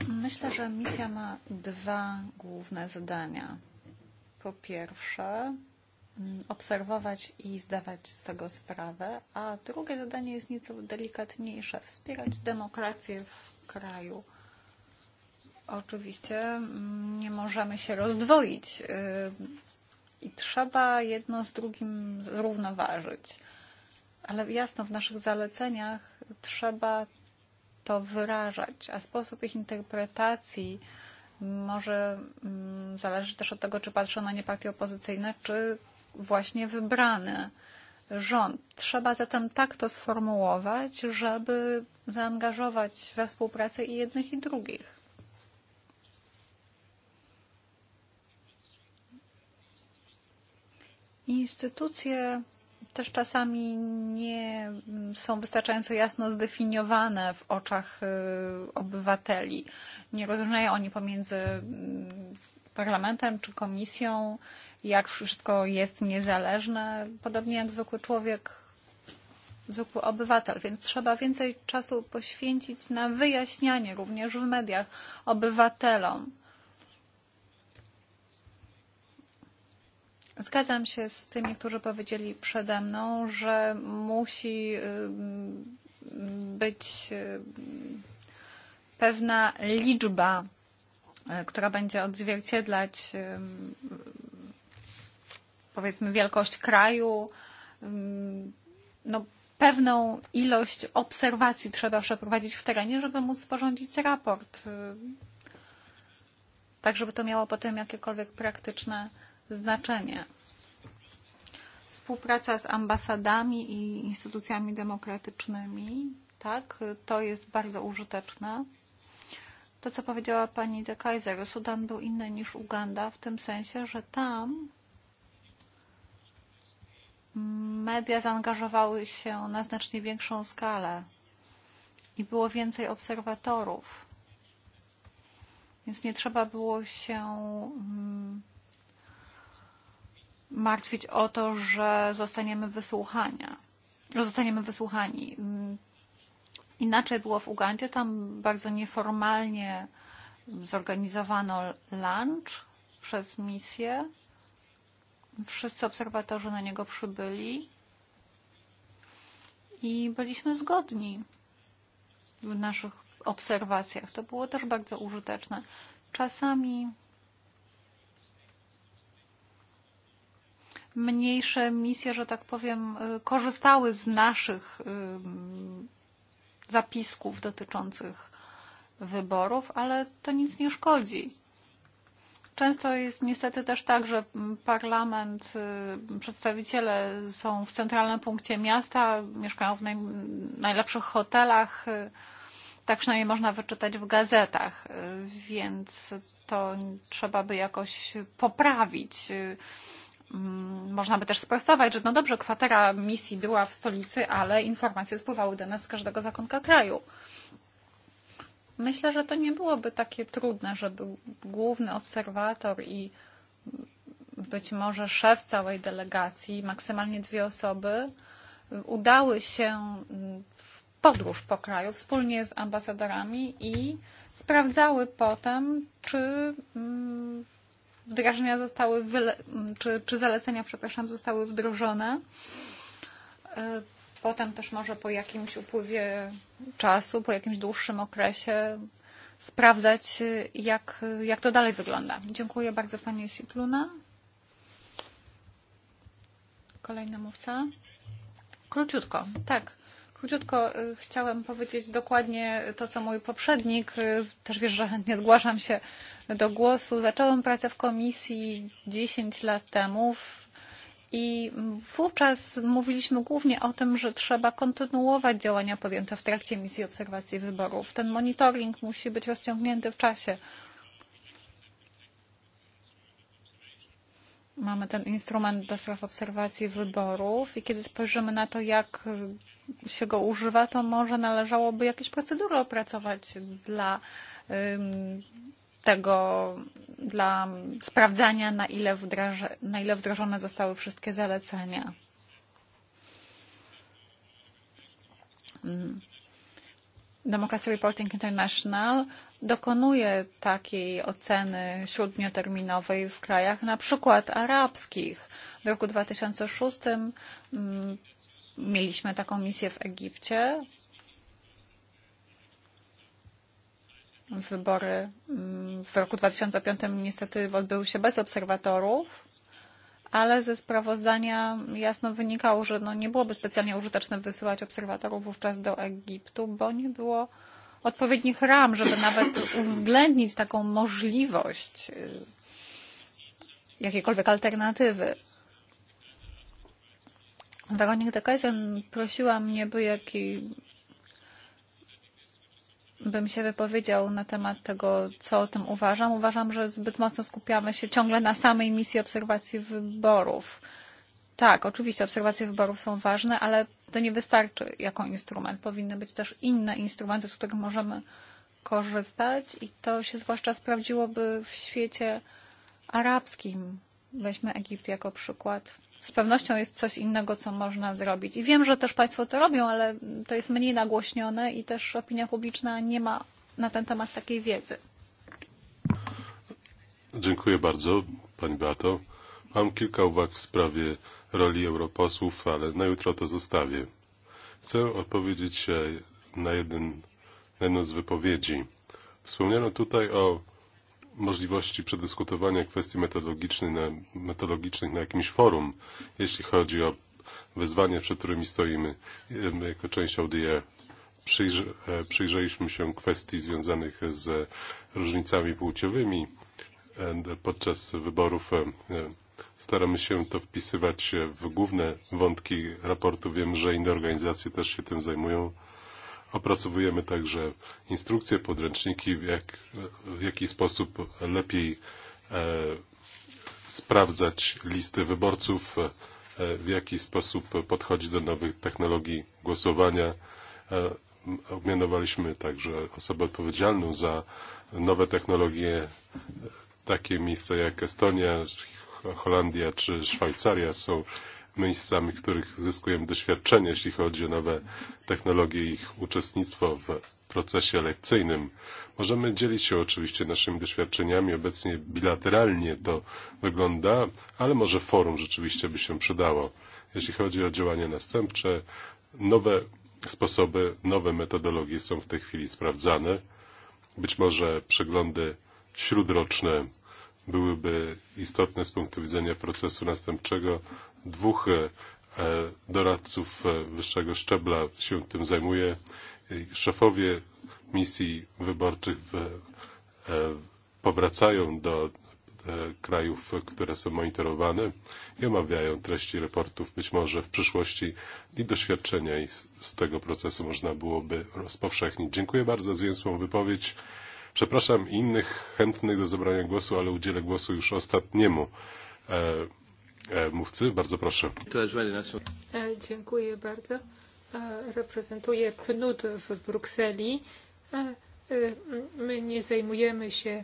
[SPEAKER 1] Myślę, że misja ma dwa główne zadania po pierwsze mm, obserwować i zdawać z tego sprawę, a drugie zadanie jest nieco delikatniejsze wspierać demokrację w kraju. Oczywiście mm, nie możemy się rozdwoić i trzeba jedno z drugim zrównoważyć. Ale jasno, w naszych zaleceniach trzeba to wyrażać, a sposób ich interpretacji Może mm, zależy też od tego, czy patrzą na nie partie opozycyjne, czy właśnie wybrany rząd. Trzeba zatem tak to sformułować, żeby zaangażować we współpracę i jednych, i drugich. Instytucje też czasami nie są wystarczająco jasno zdefiniowane w oczach obywateli. Nie rozróżniają oni pomiędzy mm, parlamentem czy komisją, jak wszystko jest niezależne, podobnie jak zwykły człowiek, zwykły obywatel, więc trzeba więcej czasu poświęcić na wyjaśnianie również w mediach obywatelom Zgadzam się z tymi, którzy powiedzieli przede mną, że musi być pewna liczba, która będzie odzwierciedlać powiedzmy wielkość kraju. No, pewną ilość obserwacji trzeba przeprowadzić w terenie, żeby móc sporządzić raport. Tak, żeby to miało potem jakiekolwiek praktyczne znaczenie. Współpraca z ambasadami i instytucjami demokratycznymi, tak, to jest bardzo użyteczne. To, co powiedziała pani de Kaiser, Sudan był inny niż Uganda w tym sensie, że tam media zaangażowały się na znacznie większą skalę i było więcej obserwatorów. Więc nie trzeba było się mm, martwić o to, że zostaniemy wysłuchania, że zostaniemy wysłuchani. Mm, inaczej było w Ugandzie, tam bardzo nieformalnie zorganizowano lunch przez misję. Wszyscy obserwatorzy na niego przybyli i byliśmy zgodni w naszych obserwacjach. To było też bardzo użyteczne. Czasami mniejsze misje, że tak powiem, korzystały z naszych zapisków dotyczących wyborów, ale to nic nie szkodzi. Często jest niestety też tak, że parlament, przedstawiciele są w centralnym punkcie miasta, mieszkają w naj, najlepszych hotelach. Tak przynajmniej można wyczytać w gazetach, więc to trzeba by jakoś poprawić. Mm, można by też sprostować, że no dobrze, kwatera misji była w stolicy, ale informacje spływały do nas z każdego zakątka kraju. Myślę, że to nie byłoby takie trudne, żeby główny obserwator i być może szef całej delegacji, maksymalnie dwie osoby, udały się mm, w podróż po kraju wspólnie z ambasadorami i sprawdzały potem, czy mm, wdrażania zostały, wyle, czy, czy zalecenia, przepraszam, zostały wdrożone. E, potem też może po jakimś upływie czasu, po jakimś dłuższym okresie sprawdzać, jak, jak to dalej wygląda. Dziękuję bardzo Pani Sikluna. Kolejny mówca. Króciutko, tak. Króciutko chciałem powiedzieć dokładnie to, co mój poprzednik. Też wiesz, że chętnie zgłaszam się do głosu. Zacząłem pracę w komisji 10 lat temu i wówczas mówiliśmy głównie o tym, że trzeba kontynuować działania podjęte w trakcie misji obserwacji wyborów. Ten monitoring musi być rozciągnięty w czasie. Mamy ten instrument do spraw obserwacji wyborów i kiedy spojrzymy na to, jak się go używa, to może należałoby jakieś procedury opracować dla tego, dla sprawdzania, na ile, wdraże, na ile wdrożone zostały wszystkie zalecenia. Mm. Democracy Reporting International dokonuje takiej oceny śródnioterminowej w krajach na przykład arabskich. W roku 2006 Mieliśmy taką misję w Egipcie. Wybory mm, w roku 2005 niestety odbyły się bez obserwatorów, ale ze sprawozdania jasno wynikało, że no nie byłoby specjalnie użyteczne wysyłać obserwatorów wówczas do Egiptu, bo nie było odpowiednich ram, żeby nawet uwzględnić taką możliwość jakiejkolwiek alternatywy. Weronika Kaiser prosiła mnie, by jaki bym się wypowiedział na temat tego, co o tym uważam. Uważam, że zbyt mocno skupiamy się ciągle na samej misji obserwacji wyborów. Tak, oczywiście obserwacje wyborów są ważne, ale to nie wystarczy jako instrument. Powinny być też inne instrumenty, z których możemy korzystać i to się zwłaszcza sprawdziłoby w świecie arabskim. Weźmy Egipt jako przykład z pewnością jest coś innego, co można zrobić. I wiem, że też Państwo to robią, ale to jest mniej nagłośnione i też opinia publiczna nie ma na ten temat takiej wiedzy.
[SPEAKER 2] Dziękuję bardzo, Pani Beato. Mam kilka uwag w sprawie roli europosłów, ale na jutro to zostawię. Chcę odpowiedzieć na, jeden, na jedną z wypowiedzi. Wspomniano tutaj o możliwości przedyskutowania kwestii metodologicznych na, metodologicznych na jakimś forum, jeśli chodzi o wyzwanie, przed którymi stoimy my jako część ODR. E Przyjrze, przyjrzeliśmy się kwestii związanych z różnicami płciowymi podczas wyborów. E, staramy się to wpisywać w główne wątki raportu. Wiem, że inne organizacje też się tym zajmują. Opracowujemy także instrukcje, podręczniki, jak, w jaki sposób lepiej e, sprawdzać listy wyborców, e, w jaki sposób podchodzić do nowych technologii głosowania. E, mianowaliśmy także osobę odpowiedzialną za nowe technologie, e, takie miejsca jak Estonia, Holandia czy Szwajcaria są miejscami, w których zyskujemy doświadczenie, jeśli chodzi o nowe technologie i ich uczestnictwo w procesie lekcyjnym. Możemy dzielić się oczywiście naszymi doświadczeniami. Obecnie bilateralnie to wygląda, ale może forum rzeczywiście by się przydało. Jeśli chodzi o działania następcze, nowe sposoby, nowe metodologie są w tej chwili sprawdzane. Być może przeglądy śródroczne byłyby istotne z punktu widzenia procesu następczego, dwóch e, doradców e, wyższego szczebla się tym zajmuje. Szefowie misji wyborczych e, powracają do krajów, które są monitorowane i omawiają treści raportów. Być może w przyszłości i doświadczenia i z tego procesu można byłoby rozpowszechnić. Dziękuję bardzo za zwięzłą wypowiedź. Przepraszam innych chętnych do zabrania głosu, ale udzielę głosu już ostatniemu E, mówcy. Bardzo proszę.
[SPEAKER 3] E, dziękuję bardzo. E, reprezentuję PNUD w Brukseli. My nie zajmujemy się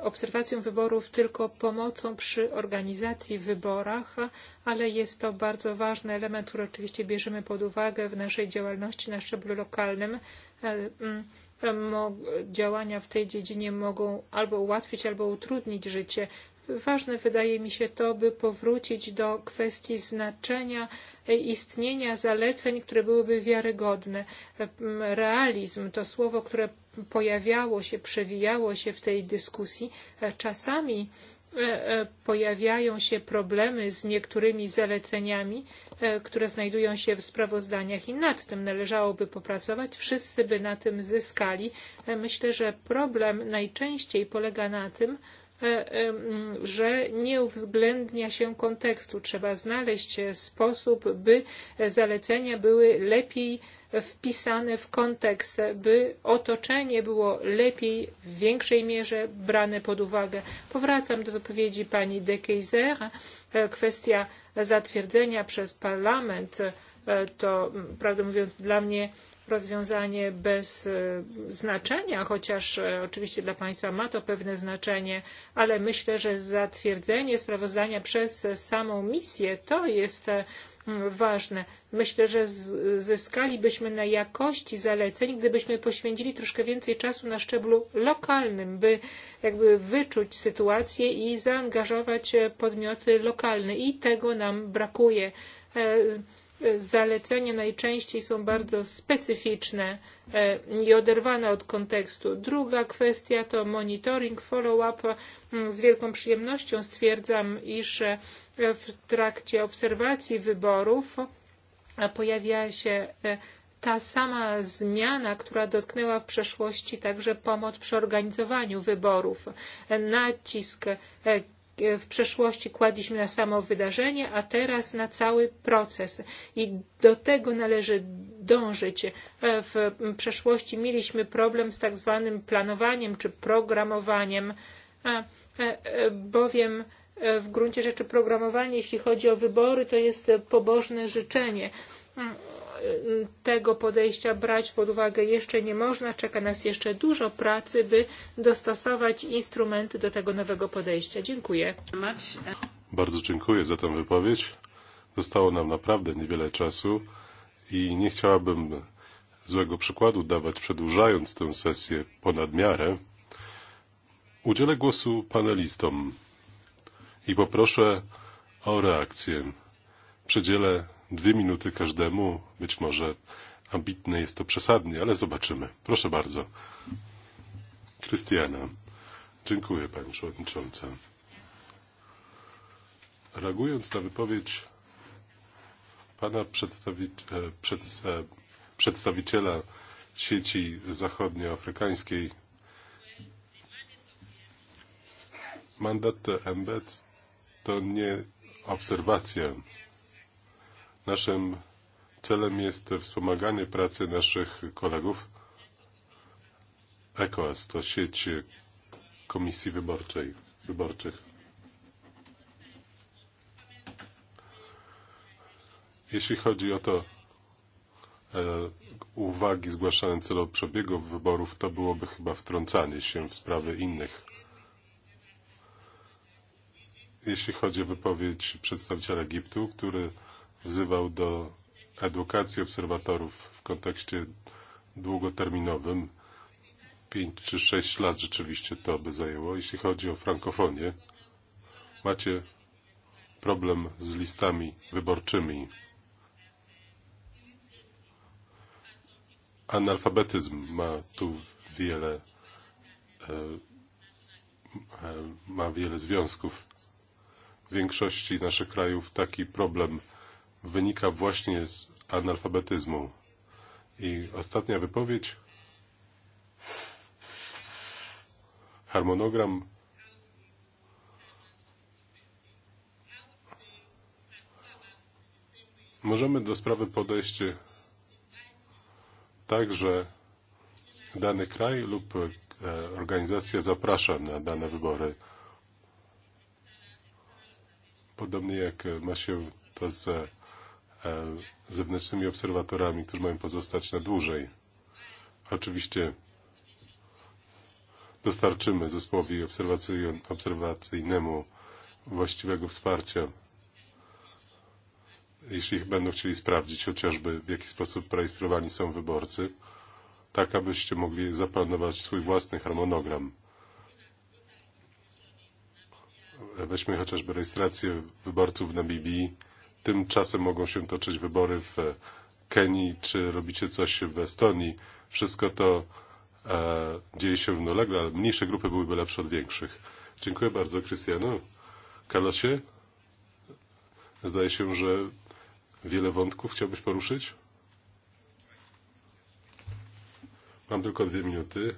[SPEAKER 3] obserwacją wyborów, tylko pomocą przy organizacji wyborach, ale jest to bardzo ważny element, który oczywiście bierzemy pod uwagę w naszej działalności na szczeblu lokalnym. Działania w tej dziedzinie mogą albo ułatwić, albo utrudnić życie Ważne wydaje mi się to, by powrócić do kwestii znaczenia istnienia zaleceń, które byłyby wiarygodne. Realizm to słowo, które pojawiało się, przewijało się w tej dyskusji. Czasami e, e, pojawiają się problemy z niektórymi zaleceniami, e, które znajdują się w sprawozdaniach i nad tym należałoby popracować. Wszyscy by na tym zyskali. Myślę, że problem najczęściej polega na tym, E, że nie uwzględnia się kontekstu. Trzeba znaleźć sposób, by zalecenia były lepiej wpisane w kontekst, by otoczenie było lepiej, w większej mierze brane pod uwagę. Powracam do wypowiedzi pani de Keyser. E, kwestia zatwierdzenia przez parlament e, to, prawdę mówiąc, dla mnie rozwiązanie bez e, znaczenia, chociaż e, oczywiście dla Państwa ma to pewne znaczenie, ale myślę, że zatwierdzenie sprawozdania przez samą misję to jest e, ważne. Myślę, że zyskalibyśmy na jakości zaleceń, gdybyśmy poświęcili troszkę więcej czasu na szczeblu lokalnym, by jakby wyczuć sytuację i zaangażować podmioty lokalne. I tego nam brakuje zalecenia najczęściej są bardzo specyficzne e, i oderwane od kontekstu. Druga kwestia to monitoring, follow-up. Mm, z wielką przyjemnością stwierdzam, iż e, w trakcie obserwacji wyborów e, pojawia się ta sama zmiana, która dotknęła w przeszłości także pomoc przy organizowaniu wyborów, nacisk w przeszłości kładliśmy na samo wydarzenie, a teraz na cały proces. I do tego należy dążyć. E, w przeszłości mieliśmy problem z tak zwanym planowaniem czy programowaniem, e, e, bowiem w gruncie rzeczy programowanie, jeśli chodzi o wybory, to jest pobożne życzenie mm, tego podejścia brać pod uwagę jeszcze nie można. Czeka nas jeszcze dużo pracy, by dostosować instrumenty do tego nowego podejścia. Dziękuję.
[SPEAKER 2] Bardzo dziękuję za tę wypowiedź. Zostało nam naprawdę niewiele czasu i nie chciałabym złego przykładu dawać, przedłużając tę sesję ponad miarę. Udzielę głosu panelistom i poproszę o reakcję. Przedzielę dwie minuty każdemu. Być może ambitne jest to przesadnie, ale zobaczymy. Proszę bardzo. Krystiana. Dziękuję Pani Przewodnicząca. Reagując na wypowiedź Pana przedstawi e, przed, e, przedstawiciela sieci zachodnioafrykańskiej, mandat MBET to nie obserwacja, Naszym celem jest wspomaganie pracy naszych kolegów. ECOAS to sieć komisji wyborczej, wyborczych. Jeśli chodzi o to, e, uwagi zgłaszane co do przebiegu wyborów, to byłoby chyba wtrącanie się w sprawy innych. Jeśli chodzi o wypowiedź przedstawiciela Egiptu, który wzywał do edukacji obserwatorów w kontekście długoterminowym. Pięć czy sześć lat rzeczywiście to by zajęło. Jeśli chodzi o frankofonię, macie problem z listami wyborczymi. Analfabetyzm ma tu wiele, e, e, ma wiele związków. W większości naszych krajów taki problem wynika właśnie z analfabetyzmu. I ostatnia wypowiedź. Harmonogram możemy do sprawy podejść tak, że dany kraj lub e, organizacja zaprasza na dane wybory. Podobnie jak ma się to z E, zewnętrznymi obserwatorami, którzy mają pozostać na dłużej. Oczywiście dostarczymy zespołowi obserwacyjnemu właściwego wsparcia, jeśli będą chcieli sprawdzić chociażby w jaki sposób rejestrowani są wyborcy, tak abyście mogli zaplanować swój własny harmonogram. Weźmy chociażby rejestrację wyborców na Namibii, Tymczasem mogą się toczyć wybory w Kenii, czy robicie coś w Estonii. Wszystko to e, dzieje się równolegle, ale mniejsze grupy byłyby lepsze od większych. Dziękuję bardzo, Krystianu. Kalosie, zdaje się, że wiele wątków chciałbyś poruszyć? Mam tylko dwie minuty.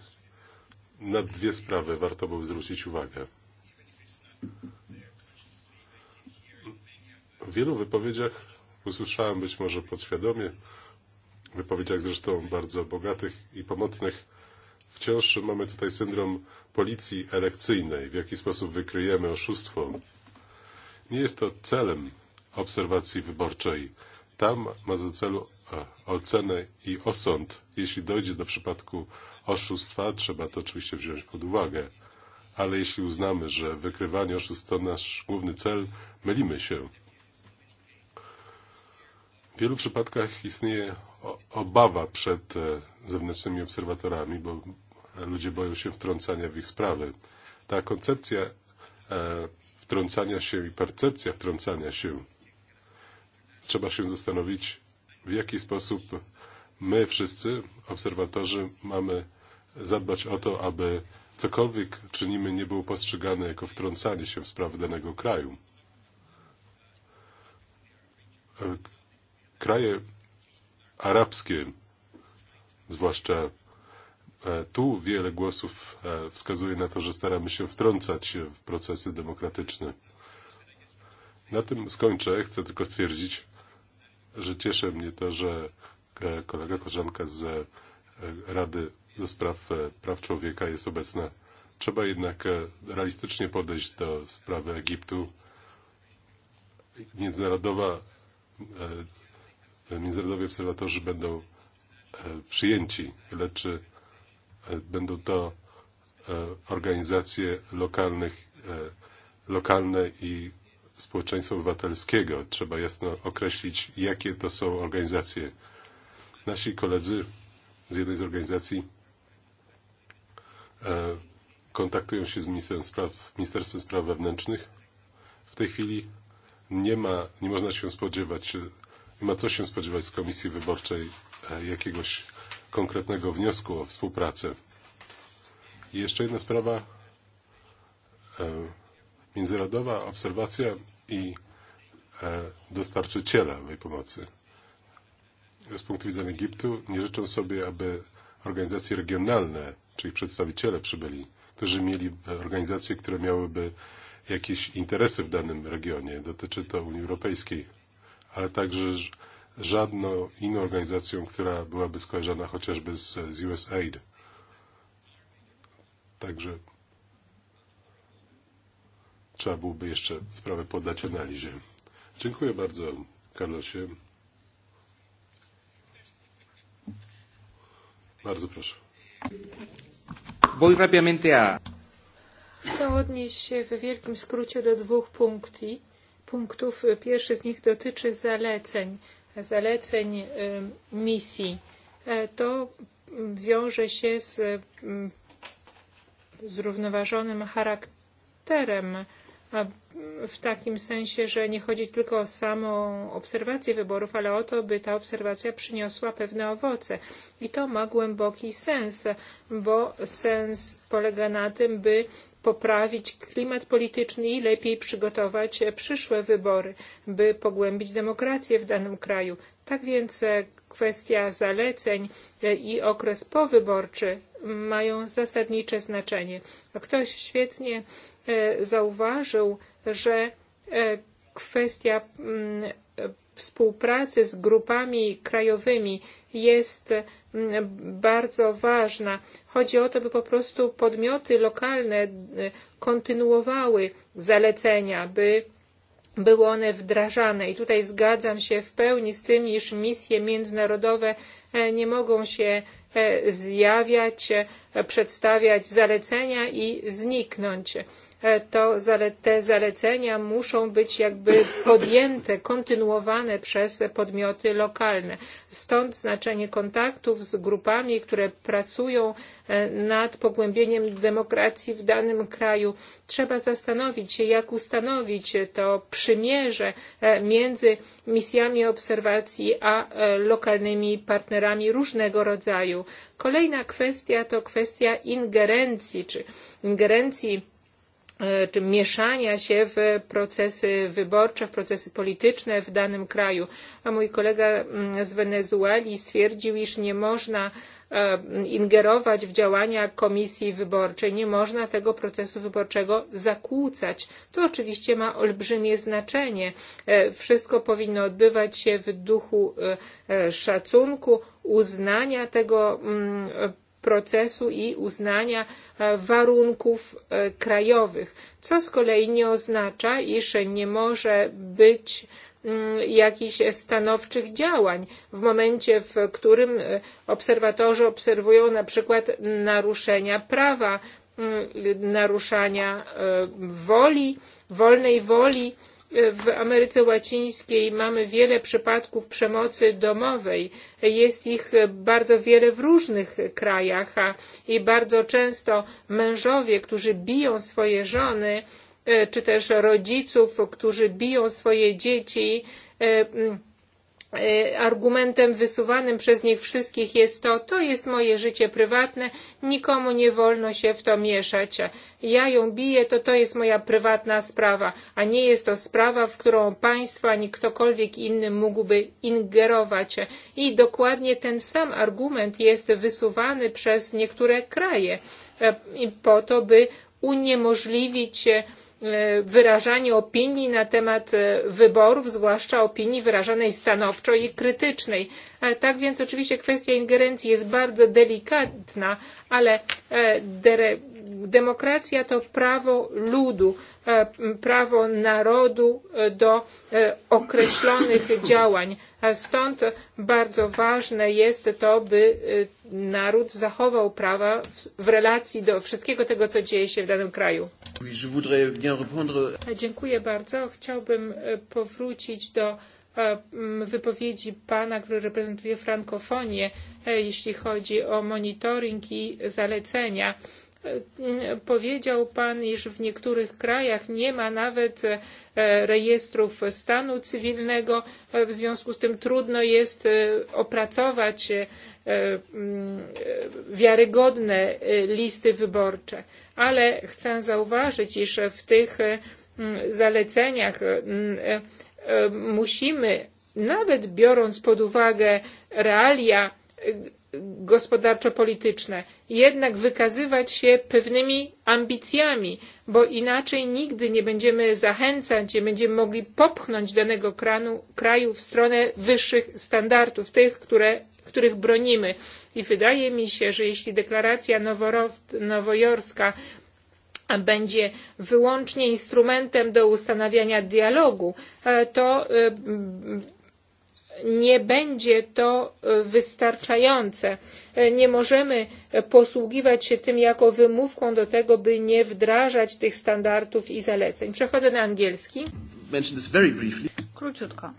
[SPEAKER 2] Na dwie sprawy warto by zwrócić uwagę. Thank you W wielu wypowiedziach usłyszałem być może podświadomie, w wypowiedziach zresztą bardzo bogatych i pomocnych, wciąż mamy tutaj syndrom policji elekcyjnej, w jaki sposób wykryjemy oszustwo. Nie jest to celem obserwacji wyborczej. Tam ma za celu e, ocenę i osąd. Jeśli dojdzie do przypadku oszustwa, trzeba to oczywiście wziąć pod uwagę. Ale jeśli uznamy, że wykrywanie oszustw to nasz główny cel, mylimy się wielu przypadkach istnieje obawa przed e, zewnętrznymi obserwatorami, bo ludzie boją się wtrącania w ich sprawy. Ta koncepcja e, wtrącania się i percepcja wtrącania się, trzeba się zastanowić, w jaki sposób my wszyscy, obserwatorzy, mamy zadbać o to, aby cokolwiek czynimy nie było postrzegane jako wtrącanie się w sprawy danego kraju e, kraje arabskie, zwłaszcza e, tu wiele głosów e, wskazuje na to, że staramy się wtrącać się w procesy demokratyczne. Na tym skończę. Chcę tylko stwierdzić, że cieszy mnie to, że e, kolega, koleżanka z Rady do Spraw Praw Człowieka jest obecna. Trzeba jednak realistycznie podejść do sprawy Egiptu. Międzynarodowa międzynarodowi obserwatorzy będą e, przyjęci, lecz e, będą to e, organizacje lokalnych, lokalne i społeczeństwa obywatelskiego. Trzeba jasno określić, jakie to są organizacje. Nasi koledzy z jednej z organizacji kontaktują się z Ministerstwem Spraw, Ministerstwem Spraw Wewnętrznych. W tej chwili nie ma, nie można się spodziewać ma co się spodziewać z Komisji Wyborczej e, jakiegoś konkretnego wniosku o współpracę. I jeszcze jedna sprawa. E, międzynarodowa obserwacja i e, dostarczyciela mojej pomocy. Z punktu widzenia Egiptu nie życzą sobie, aby organizacje regionalne, czyli przedstawiciele przybyli, którzy mieli organizacje, które miałyby jakieś interesy w danym regionie. Dotyczy to Unii Europejskiej ale także żadną inną organizacją, która byłaby skojarzona chociażby z, z USAID. Także trzeba byłoby jeszcze sprawę poddać analizie. Dziękuję bardzo, Karlosie. Bardzo proszę. Voy rápidamente a...
[SPEAKER 3] Chcę odnieść się w wielkim skrócie do dwóch punktów punktów. Pierwszy z nich dotyczy zaleceń, zaleceń misji. E, to wiąże się z mm, zrównoważonym charakterem w takim sensie, że nie chodzi tylko o samą obserwację wyborów, ale o to, by ta obserwacja przyniosła pewne owoce. I to ma głęboki sens, bo sens polega na tym, by poprawić klimat polityczny i lepiej przygotować przyszłe wybory, by pogłębić demokrację w danym kraju. Tak więc e, kwestia zaleceń e, i okres powyborczy mają zasadnicze znaczenie. Ktoś świetnie e, zauważył, że kwestia mm, współpracy z grupami krajowymi jest bardzo ważna. Chodzi o to, by po prostu podmioty lokalne e, kontynuowały zalecenia, by były one wdrażane. I tutaj zgadzam się w pełni z tym, iż misje międzynarodowe e, nie mogą się e, zjawiać, przedstawiać zalecenia i zniknąć. E, to te zalecenia muszą być jakby podjęte, kontynuowane przez podmioty lokalne. Stąd znaczenie kontaktów z grupami, które pracują e, nad pogłębieniem demokracji w danym kraju. Trzeba zastanowić się, jak ustanowić to przymierze e, między misjami obserwacji a lokalnymi partnerami różnego rodzaju. Kolejna kwestia to kwestia ingerencji, czy ingerencji E, czy mieszania się w procesy wyborcze, w procesy polityczne w danym kraju. A mój kolega mm, z Wenezueli stwierdził, iż nie można e, ingerować w działania komisji wyborczej, nie można tego procesu wyborczego zakłócać. To oczywiście ma olbrzymie znaczenie. E, wszystko powinno odbywać się w duchu szacunku, uznania tego mm, procesu i uznania e, warunków e, krajowych, co z kolei nie oznacza, iż nie może być mm, jakichś stanowczych działań. W momencie, w którym e, obserwatorzy obserwują na przykład naruszenia prawa, mm, naruszania woli, wolnej woli, W Ameryce Łacińskiej mamy wiele przypadków przemocy domowej. Jest ich bardzo wiele w różnych krajach a, i bardzo często mężowie, którzy biją swoje żony, e, czy też rodziców, którzy biją swoje dzieci, e, E, argumentem wysuwanym przez nich wszystkich jest to, to jest moje życie prywatne, nikomu nie wolno się w to mieszać. Ja ją biję, to to jest moja prywatna sprawa, a nie jest to sprawa, w którą państwo ani ktokolwiek inny mógłby ingerować. I dokładnie ten sam argument jest wysuwany przez niektóre kraje e, po to, by uniemożliwić e, E, wyrażanie opinii na temat e, wyborów, zwłaszcza opinii wyrażanej stanowczo i krytycznej. E, tak więc oczywiście kwestia ingerencji jest bardzo delikatna, ale demokracja to prawo ludu, e, prawo narodu e, do e, określonych działań. stąd bardzo ważne jest to, by naród zachował prawa w relacji do wszystkiego tego, co dzieje się w danym kraju. Dziękuję bardzo. Chciałbym powrócić do wypowiedzi pana, który reprezentuje frankofonię, jeśli chodzi o monitoring i zalecenia. Powiedział Pan, iż w niektórych krajach nie ma nawet e, rejestrów stanu cywilnego, w związku z tym trudno jest e, opracować e, wiarygodne listy wyborcze. Ale chcę zauważyć, iż w tych zaleceniach musimy, nawet biorąc pod uwagę realia gospodarczo-polityczne, jednak wykazywać się pewnymi ambicjami, bo inaczej nigdy nie będziemy zachęcać, nie będziemy mogli popchnąć danego kranu, kraju w stronę wyższych standardów, tych, które, których bronimy. I wydaje mi się, że jeśli deklaracja nowojorska będzie wyłącznie instrumentem do ustanawiania dialogu, e, to e, nie będzie to e, wystarczające. E, nie możemy e, posługiwać się tym jako wymówką do tego, by nie wdrażać tych standardów i zaleceń. Przechodzę na angielski. Króciutko.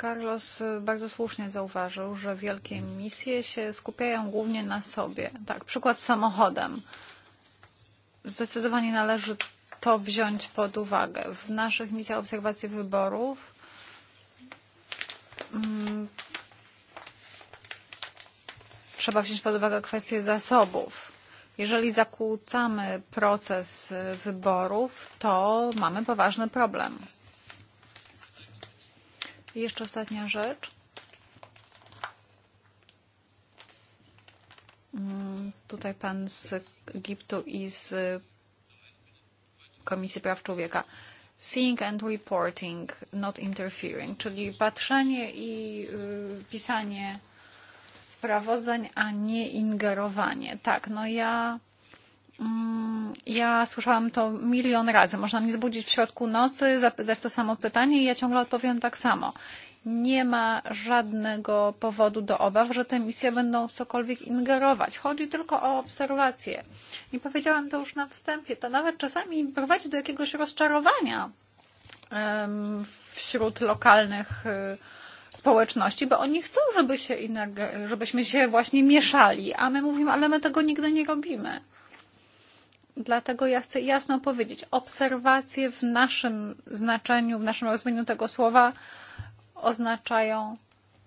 [SPEAKER 3] Carlos bardzo słusznie zauważył, że wielkie
[SPEAKER 1] misje się skupiają głównie na sobie. Tak, przykład samochodem. Zdecydowanie należy to wziąć pod uwagę. W naszych misjach obserwacji wyborów Mm. trzeba wziąć pod uwagę kwestię zasobów. Jeżeli zakłócamy proces wyborów, to mamy poważny problem. I jeszcze ostatnia rzecz. Mm, tutaj pan z Egiptu i z Komisji Praw Człowieka seeing and reporting, not interfering, czyli patrzenie i y, pisanie sprawozdań, a nie ingerowanie. Tak, no ja, mm, ja słyszałam to milion razy. Można mnie zbudzić w środku nocy, zapytać to samo pytanie i ja ciągle odpowiem tak samo nie ma żadnego powodu do obaw, że te misje będą w cokolwiek ingerować. Chodzi tylko o obserwacje. I powiedziałam to już na wstępie. To nawet czasami prowadzi do jakiegoś rozczarowania wśród lokalnych społeczności, bo oni chcą, żeby się żebyśmy się właśnie mieszali, a my mówimy, ale my tego nigdy nie robimy. Dlatego ja chcę jasno powiedzieć, obserwacje w naszym znaczeniu, w naszym rozumieniu tego słowa oznaczają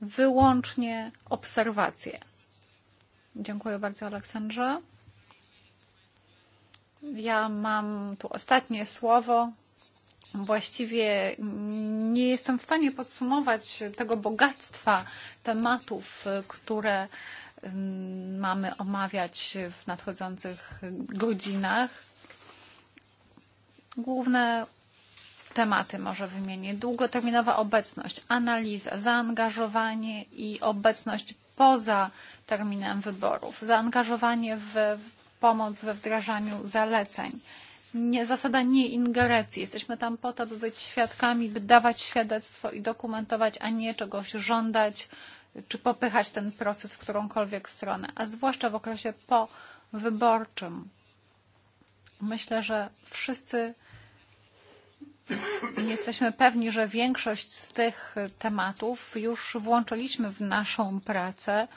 [SPEAKER 1] wyłącznie obserwacje. Dziękuję bardzo, Aleksandrze. Ja mam tu ostatnie słowo. Właściwie nie jestem w stanie podsumować tego bogactwa tematów, które mm, mamy omawiać w nadchodzących godzinach. Główne tematy może wymienię. Długoterminowa obecność, analiza, zaangażowanie i obecność poza terminem wyborów, zaangażowanie w pomoc we wdrażaniu zaleceń. Nie, zasada nie ingerencji. Jesteśmy tam po to, by być świadkami, by dawać świadectwo i dokumentować, a nie czegoś żądać czy popychać ten proces w którąkolwiek stronę, a zwłaszcza w okresie powyborczym. Myślę, że wszyscy Jesteśmy pewni, że większość z tych tematów już włączyliśmy w naszą pracę.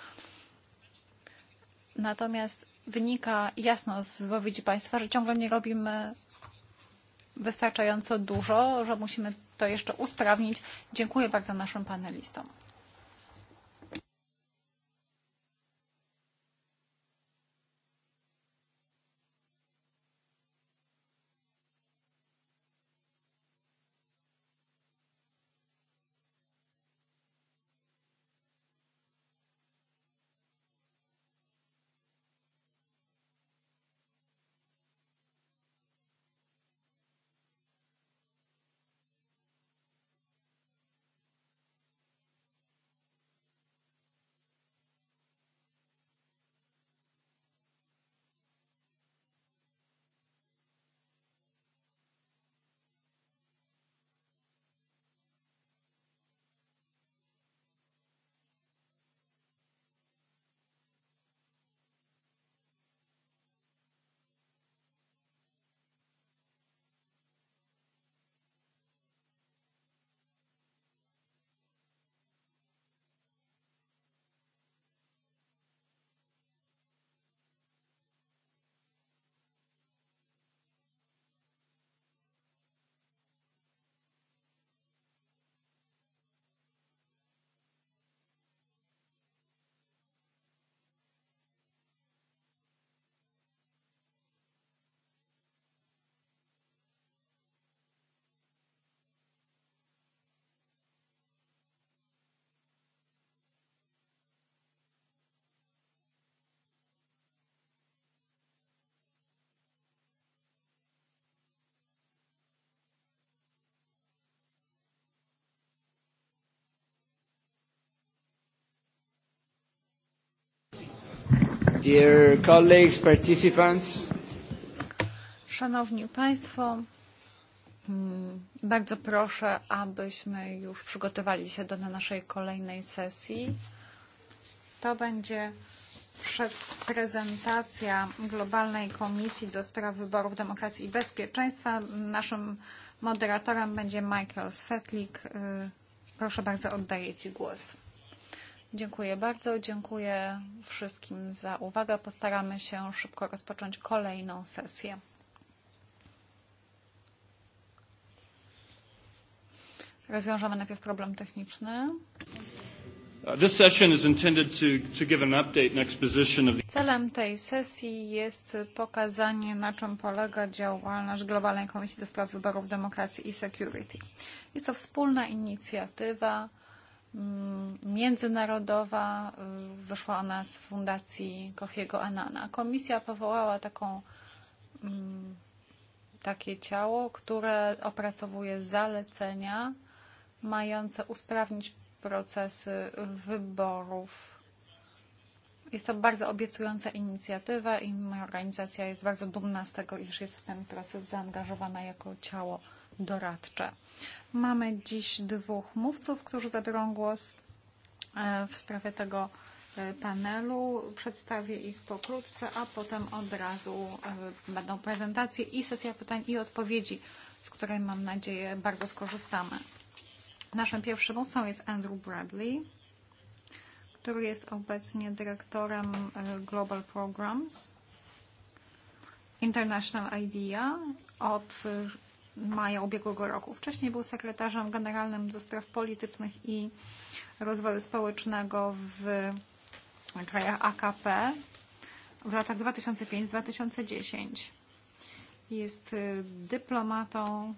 [SPEAKER 1] Natomiast wynika jasno z wypowiedzi Państwa, że ciągle nie robimy wystarczająco dużo, że musimy to jeszcze usprawnić. Dziękuję bardzo naszym panelistom.
[SPEAKER 3] Dear colleagues, participants.
[SPEAKER 1] Szanowni Państwo, mm, bardzo proszę, abyśmy już przygotowali się do naszej kolejnej sesji. To będzie prezentacja Globalnej Komisji do Spraw Wyborów Demokracji i Bezpieczeństwa. Naszym moderatorem będzie Michael Svetlik. Proszę bardzo, oddaję Ci głos. Dziękuję bardzo, dziękuję wszystkim za uwagę. Postaramy się szybko rozpocząć kolejną sesję. Rozwiążemy najpierw problem techniczny. Uh, Celem tej sesji jest pokazanie, na czym polega działalność Globalnej Komisji do Spraw Wyborów Demokracji i Security. Jest to wspólna inicjatywa Mm, międzynarodowa. Wyszła ona z fundacji Kofiego Anana. Komisja powołała taką, mm, takie ciało, które opracowuje zalecenia mające usprawnić procesy wyborów Jest to bardzo obiecująca inicjatywa i moja organizacja jest bardzo dumna z tego, iż jest w ten proces zaangażowana jako ciało doradcze. Mamy dziś dwóch mówców, którzy zabiorą głos e, w sprawie tego e, panelu. Przedstawię ich pokrótce, a potem od razu e, będą prezentacje i sesja pytań i odpowiedzi, z której mam nadzieję bardzo skorzystamy. Naszym pierwszym mówcą jest Andrew Bradley który jest obecnie dyrektorem e, Global Programs International IDEA od e, maja ubiegłego roku. Wcześniej był sekretarzem generalnym do spraw politycznych i rozwoju społecznego w krajach AKP w latach 2005-2010. Jest e, dyplomatą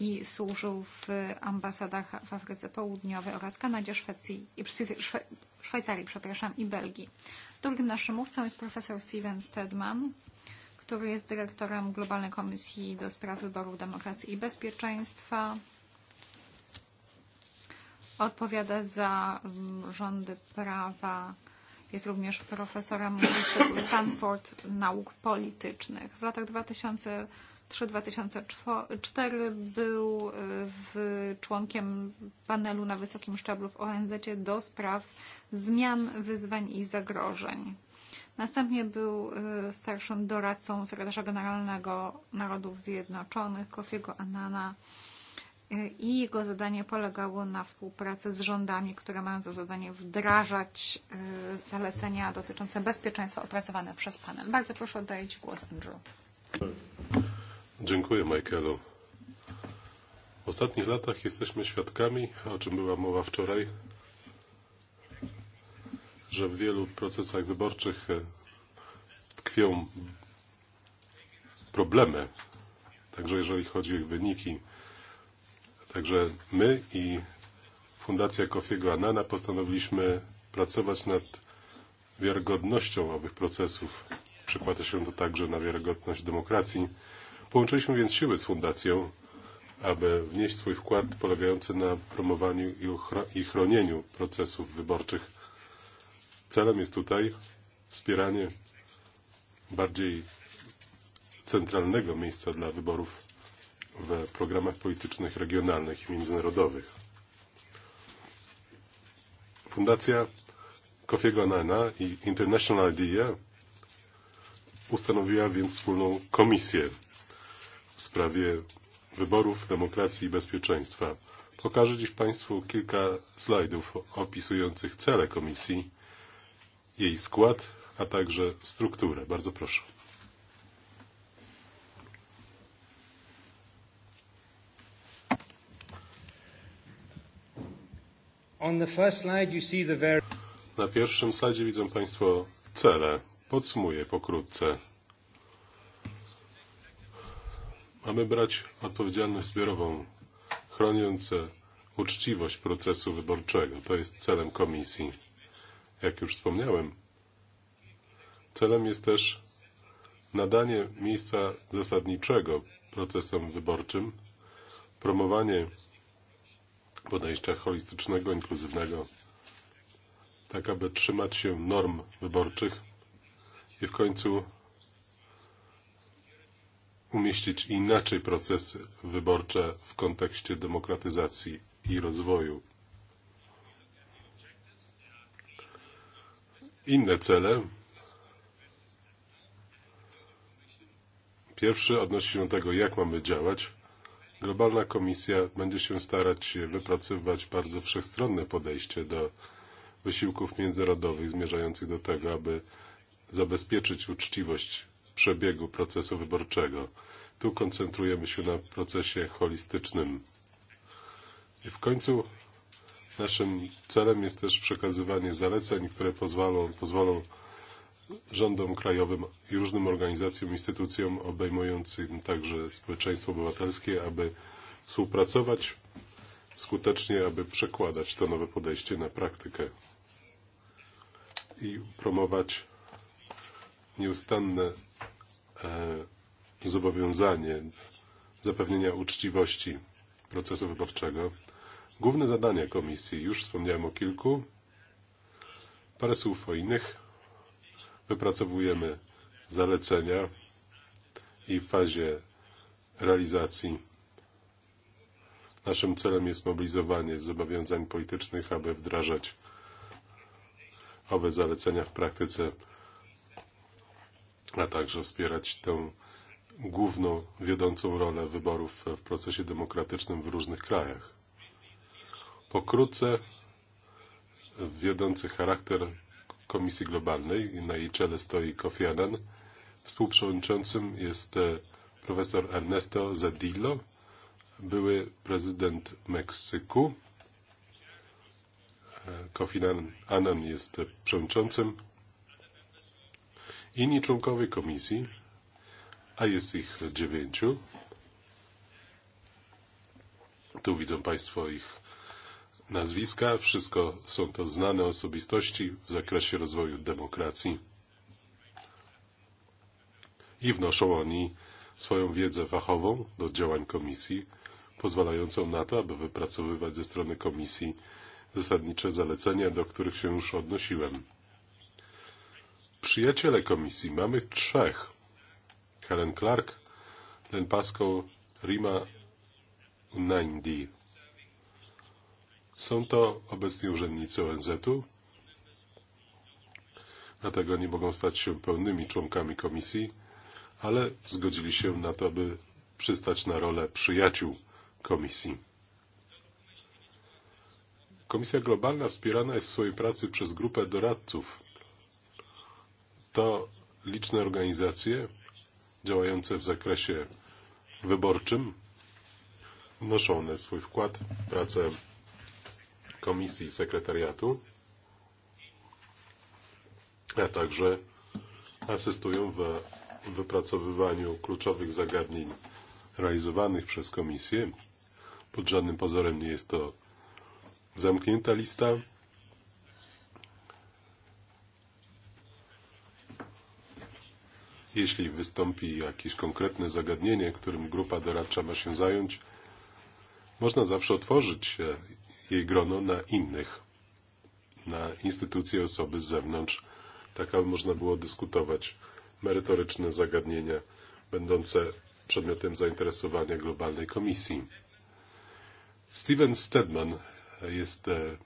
[SPEAKER 1] i służył w ambasadach w Afryce Południowej oraz Kanadzie, Szwecji i Szwe Szwajcarii, przepraszam, i Belgii. Drugim naszym mówcą jest profesor Steven Stedman, który jest dyrektorem Globalnej Komisji do Spraw Wyborów Demokracji i Bezpieczeństwa. Odpowiada za mm, rządy prawa. Jest również profesorem Stanford Nauk Politycznych. W latach 2000 3-2004 był e, w, członkiem panelu na wysokim szczeblu w ONZ do spraw zmian, wyzwań i zagrożeń. Następnie był e, starszym doradcą sekretarza generalnego Narodów Zjednoczonych Kofiego Anana e, i jego zadanie polegało na współpracy z rządami, które mają za zadanie wdrażać zalecenia dotyczące bezpieczeństwa opracowane przez panel. Bardzo proszę oddać głos, Andrew.
[SPEAKER 2] Dziękuję, Michaelu. W ostatnich latach jesteśmy świadkami, o czym była mowa wczoraj, że w wielu procesach wyborczych e, tkwią problemy, także jeżeli chodzi o ich wyniki. Także my i Fundacja Kofiego Anana postanowiliśmy pracować nad wiarygodnością owych procesów. Przekłada się to także na wiarygodność demokracji Połączyliśmy więc siły z fundacją, aby wnieść swój wkład polegający na promowaniu i i chronieniu procesów wyborczych. Celem jest tutaj wspieranie bardziej centralnego miejsca dla wyborów w programach politycznych regionalnych i międzynarodowych. Fundacja Kofiego Anana i International Idea ustanowiła więc wspólną komisję w sprawie wyborów, demokracji i bezpieczeństwa. Pokażę dziś Państwu kilka slajdów opisujących cele komisji, jej skład, a także strukturę. Bardzo proszę. Na pierwszym slajdzie widzą Państwo cele. Podsumuję pokrótce. Mamy brać odpowiedzialność zbiorową, chroniąc e, uczciwość procesu wyborczego. To jest celem komisji. Jak już wspomniałem, celem jest też nadanie miejsca zasadniczego procesom wyborczym, promowanie podejścia holistycznego, inkluzywnego, tak aby trzymać się norm wyborczych i w końcu umieścić inaczej procesy wyborcze w kontekście demokratyzacji i rozwoju. Inne cele. Pierwszy odnosi się do tego, jak mamy działać. Globalna Komisja będzie się starać wypracowywać bardzo wszechstronne podejście do wysiłków międzynarodowych zmierzających do tego, aby zabezpieczyć uczciwość przebiegu procesu wyborczego. Tu koncentrujemy się na procesie holistycznym. I w końcu naszym celem jest też przekazywanie zaleceń, które pozwolą, pozwolą rządom krajowym i różnym organizacjom, instytucjom obejmującym także społeczeństwo obywatelskie, aby współpracować skutecznie, aby przekładać to nowe podejście na praktykę i promować nieustanne E, zobowiązanie zapewnienia uczciwości procesu wyborczego. Główne zadania komisji, już wspomniałem o kilku, parę słów o innych. Wypracowujemy zalecenia i w fazie realizacji naszym celem jest mobilizowanie zobowiązań politycznych, aby wdrażać owe zalecenia w praktyce a także wspierać tę główną, wiodącą rolę wyborów w procesie demokratycznym w różnych krajach. Pokrótce wiodący charakter Komisji Globalnej i na jej czele stoi Kofi Annan. Współprzewodniczącym jest e, profesor Ernesto Zedillo, były prezydent Meksyku. E, Kofi Annan jest e, przewodniczącym Inni członkowie komisji, a jest ich dziewięciu, tu widzą Państwo ich nazwiska, wszystko są to znane osobistości w zakresie rozwoju demokracji i wnoszą oni swoją wiedzę fachową do działań komisji, pozwalającą na to, aby wypracowywać ze strony komisji zasadnicze zalecenia, do których się już odnosiłem przyjaciele komisji. Mamy trzech. Helen Clark, Len Pascoe, Rima Unaindi. Są to obecni urzędnicy ONZ-u, dlatego nie mogą stać się pełnymi członkami komisji, ale zgodzili się na to, by przystać na rolę przyjaciół komisji. Komisja Globalna wspierana jest w swojej pracy przez grupę doradców, to liczne organizacje działające w zakresie wyborczym Noszą one swój wkład w pracę komisji sekretariatu, a także asystują w wypracowywaniu kluczowych zagadnień realizowanych przez komisję. Pod żadnym pozorem nie jest to zamknięta lista Jeśli wystąpi jakieś konkretne zagadnienie, którym grupa doradcza ma się zająć, można zawsze otworzyć się jej grono na innych, na instytucje, osoby z zewnątrz, tak aby można było dyskutować merytoryczne zagadnienia będące przedmiotem zainteresowania globalnej komisji. Steven Stedman jest e,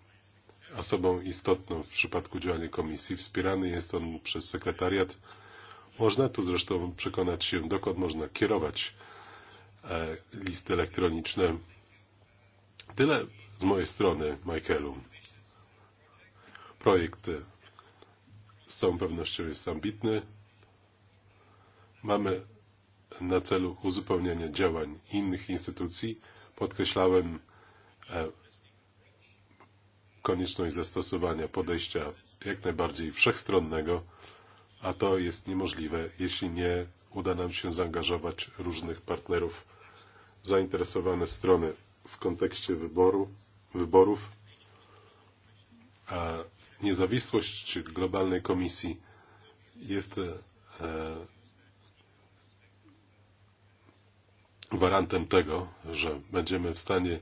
[SPEAKER 2] osobą istotną w przypadku działania komisji. Wspierany jest on przez sekretariat Można tu zresztą przekonać się, dokąd można kierować e, listy elektroniczne. Tyle z mojej strony, Michaelu. Projekt e, z całą pewnością jest ambitny. Mamy na celu uzupełnienie działań innych instytucji. Podkreślałem e, konieczność zastosowania podejścia jak najbardziej wszechstronnego a to jest niemożliwe, jeśli nie uda nam się zaangażować różnych partnerów, zainteresowane strony w kontekście wyboru, wyborów, a niezawisłość globalnej komisji jest e, gwarantem tego, że będziemy w stanie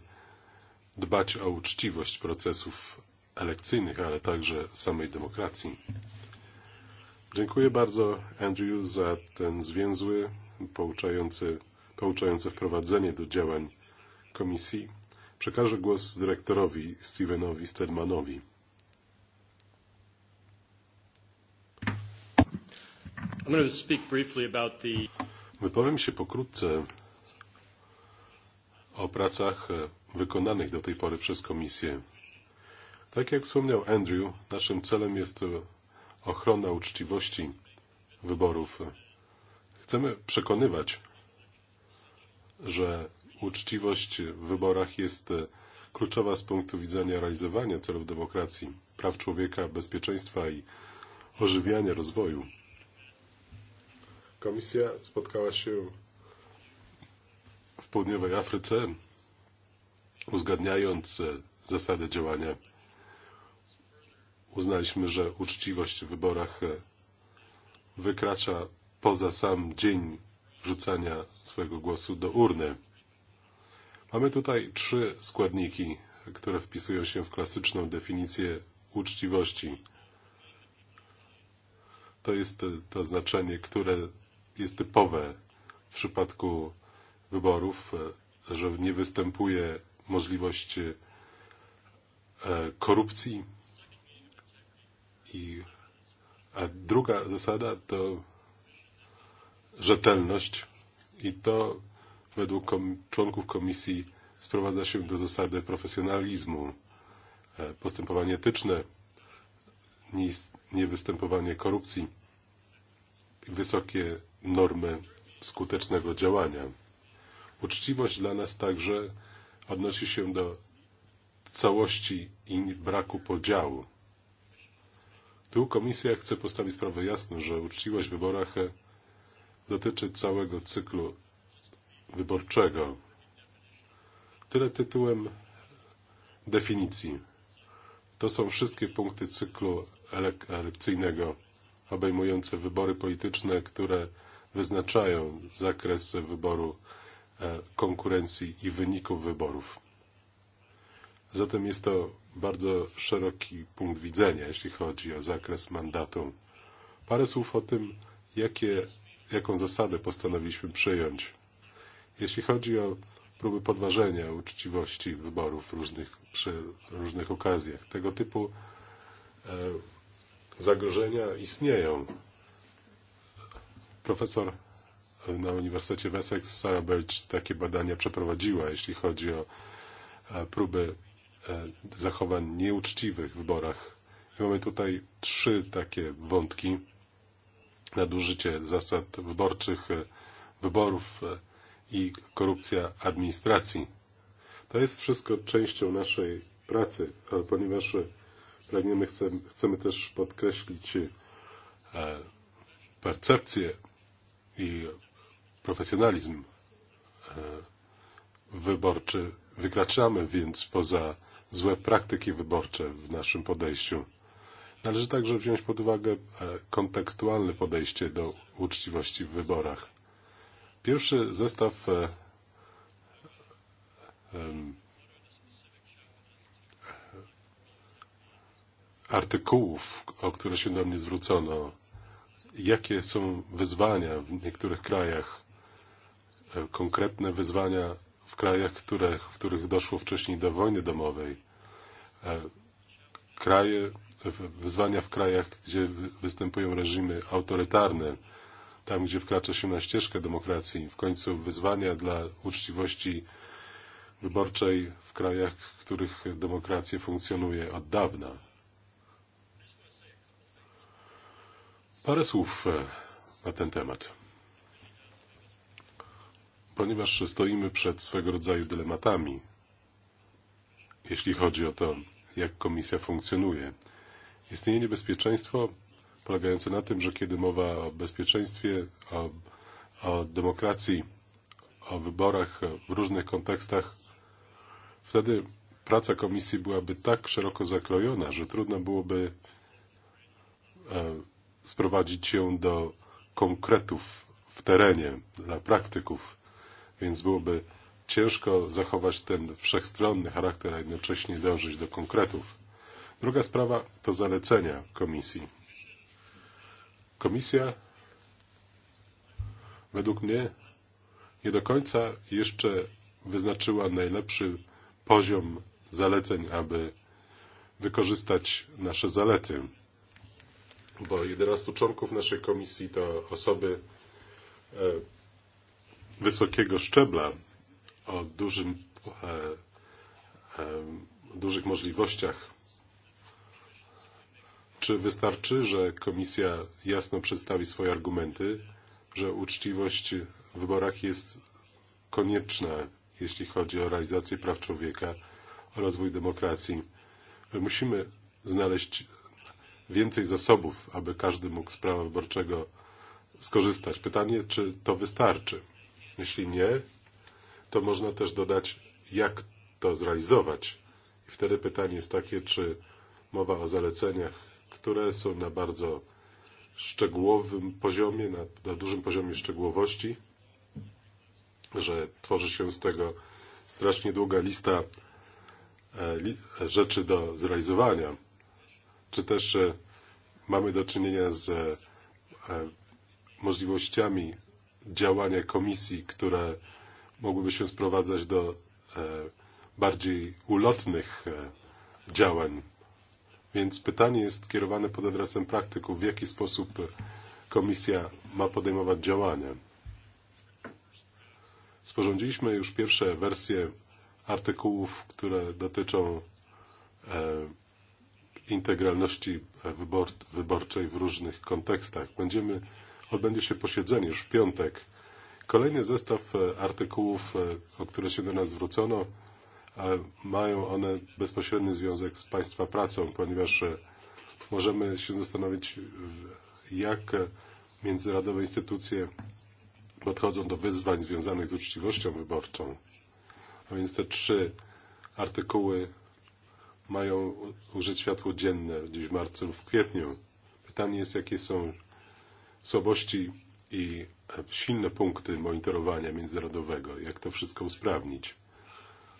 [SPEAKER 2] dbać o uczciwość procesów elekcyjnych, ale także samej demokracji. Dziękuję bardzo Andrew za ten zwięzły, pouczający, pouczające wprowadzenie do działań komisji. Przekażę głos dyrektorowi Stevenowi Stedmanowi. Wypowiem się pokrótce o pracach e, wykonanych do tej pory przez Komisję. Tak jak wspomniał Andrew, naszym celem jest e, ochronę uczciwości wyborów. Chcemy przekonywać, że uczciwość w wyborach jest kluczowa z punktu widzenia realizowania celów demokracji, praw człowieka, bezpieczeństwa i ożywiania rozwoju. Komisja spotkała się w południowej Afryce, uzgadniając zasady działania uznaliśmy, że uczciwość w wyborach e, wykracza poza sam dzień rzucania swojego głosu do urny. Mamy tutaj trzy składniki, które wpisują się w klasyczną definicję uczciwości. To jest e, to znaczenie, które jest typowe w przypadku wyborów, e, że nie występuje możliwość korupcji, I a druga zasada to rzetelność i to według kom członków komisji sprowadza się do zasady profesjonalizmu. E, postępowanie etyczne, niewystępowanie korupcji, wysokie normy skutecznego działania. Uczciwość dla nas także odnosi się do całości i braku podziału. Tu komisja chce postawić sprawę jasno, że uczciwość w wyborach e, dotyczy całego cyklu wyborczego. Tyle tytułem definicji. To są wszystkie punkty cyklu elekcyjnego obejmujące wybory polityczne, które wyznaczają zakres wyboru e, konkurencji i wyników wyborów. Zatem jest to bardzo szeroki punkt widzenia, jeśli chodzi o zakres mandatu. Parę słów o tym, jakie, jaką zasadę postanowiliśmy przyjąć. Jeśli chodzi o próby podważenia uczciwości wyborów różnych, przy różnych okazjach, tego typu e, zagrożenia istnieją. Profesor na Uniwersytecie Wessex, Sarah Belch, takie badania przeprowadziła, jeśli chodzi o e, próby E, zachowań nieuczciwych w wyborach. I mamy tutaj trzy takie wątki. Nadużycie zasad wyborczych, e, wyborów e, i korupcja administracji. To jest wszystko częścią naszej pracy, ale ponieważ pragniemy, chcemy, chcemy też podkreślić percepcję i profesjonalizm wyborczy wykraczamy więc poza złe praktyki wyborcze w naszym podejściu. Należy także wziąć pod uwagę e, kontekstualne podejście do uczciwości w wyborach. Pierwszy zestaw e, artykułów, o które się do mnie zwrócono, jakie są wyzwania w niektórych krajach, e, konkretne wyzwania w krajach, które, w których doszło wcześniej do wojny domowej. E, kraje, wyzwania w krajach, gdzie występują reżimy autorytarne, tam gdzie wkracza się na ścieżkę demokracji, w końcu wyzwania dla uczciwości wyborczej w krajach, w których demokracja funkcjonuje od dawna. Parę słów e, na ten temat ponieważ stoimy przed swego rodzaju dylematami, jeśli chodzi o to, jak komisja funkcjonuje. Istnieje niebezpieczeństwo polegające na tym, że kiedy mowa o bezpieczeństwie, o, o demokracji, o wyborach w różnych kontekstach, wtedy praca komisji byłaby tak szeroko zakrojona, że trudno byłoby e, sprowadzić ją do konkretów w terenie dla praktyków więc byłoby ciężko zachować ten wszechstronny charakter, a jednocześnie dążyć do konkretów. Druga sprawa to zalecenia komisji. Komisja według mnie nie do końca jeszcze wyznaczyła najlepszy poziom zaleceń, aby wykorzystać nasze zalety. Bo 11 członków naszej komisji to osoby e, wysokiego szczebla o dużym, e, e, dużych możliwościach. Czy wystarczy, że komisja jasno przedstawi swoje argumenty, że uczciwość w wyborach jest konieczna, jeśli chodzi o realizację praw człowieka, o rozwój demokracji? My Musimy znaleźć więcej zasobów, aby każdy mógł z prawa wyborczego skorzystać. Pytanie, czy to wystarczy? Jeśli nie, to można też dodać, jak to zrealizować. I wtedy pytanie jest takie, czy mowa o zaleceniach, które są na bardzo szczegółowym poziomie, na, na dużym poziomie szczegółowości, że tworzy się z tego strasznie długa lista e, li, rzeczy do zrealizowania, czy też e, mamy do czynienia z e, możliwościami działania komisji, które mogłyby się sprowadzać do e, bardziej ulotnych e, działań. Więc pytanie jest skierowane pod adresem praktyków, w jaki sposób komisja ma podejmować działania. Sporządziliśmy już pierwsze wersje artykułów, które dotyczą e, integralności wybor wyborczej w różnych kontekstach. Będziemy odbędzie się posiedzenie już w piątek. Kolejny zestaw e, artykułów, e, o które się do nas zwrócono, e, mają one bezpośredni związek z Państwa pracą, ponieważ możemy się zastanowić, jak międzynarodowe instytucje podchodzą do wyzwań związanych z uczciwością wyborczą. A więc te trzy artykuły mają użyć światło dzienne gdzieś w marcu lub w kwietniu. Pytanie jest, jakie są słabości i silne punkty monitorowania międzynarodowego, jak to wszystko usprawnić.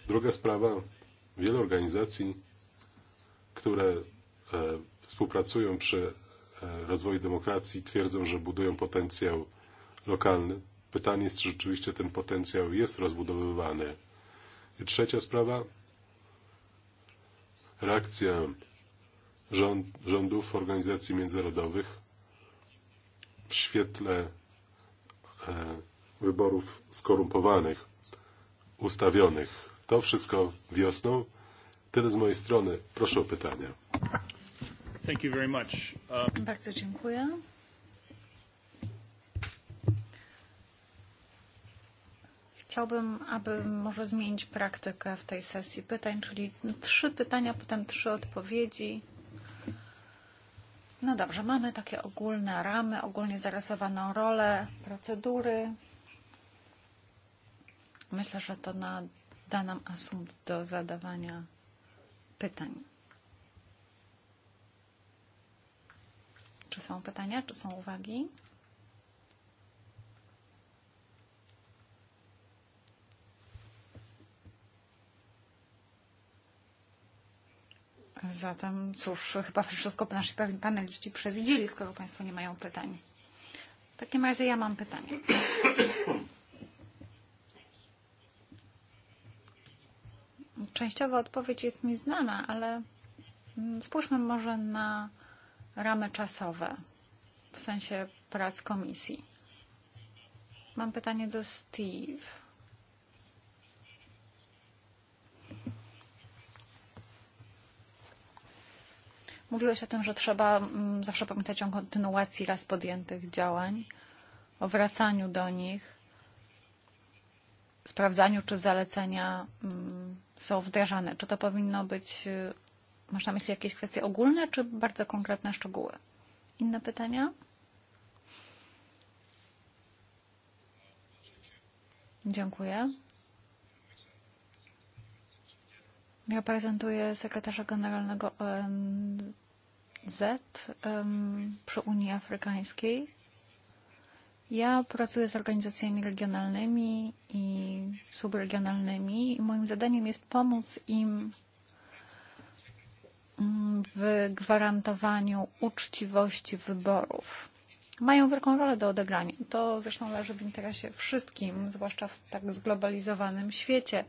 [SPEAKER 2] Druga sprawa, wiele organizacji, które e, współpracują przy e, rozwoju demokracji, twierdzą, że budują potencjał lokalny. Pytanie jest, czy rzeczywiście ten potencjał jest rozbudowywany. I trzecia sprawa, reakcja rząd, rządów, organizacji międzynarodowych w świetle e, wyborów skorumpowanych, ustawionych. To wszystko wiosną. Tyle z mojej strony. Proszę o pytania. Thank you very much.
[SPEAKER 1] Uh... Bardzo dziękuję. Chciałbym, aby może zmienić praktykę w tej sesji pytań, czyli trzy pytania, potem trzy odpowiedzi. No dobrze, mamy takie ogólne ramy, ogólnie zarysowaną rolę, procedury. Myślę, że to na, da nam asumpt do zadawania pytań. Czy są pytania, czy są uwagi? Zatem cóż, chyba wszystko nasi paneliści przewidzieli, skoro Państwo nie mają pytań. W takim razie ja mam pytanie. Częściowa odpowiedź jest mi znana, ale spójrzmy może na ramy czasowe w sensie prac komisji. Mam pytanie do Steve Mówiłeś o tym, że trzeba mm, zawsze pamiętać o kontynuacji raz podjętych działań, o wracaniu do nich, sprawdzaniu, czy zalecenia mm, są wdrażane. Czy to powinno być, można myśleć, jakieś kwestie ogólne, czy bardzo konkretne szczegóły? Inne pytania? Dziękuję. Ja prezentuję sekretarza generalnego ONZ um, przy Unii Afrykańskiej. Ja pracuję z organizacjami regionalnymi i subregionalnymi i moim zadaniem jest pomóc im mm, w gwarantowaniu uczciwości wyborów. Mają wielką rolę do odegrania. To zresztą leży w interesie wszystkim, zwłaszcza w tak zglobalizowanym świecie.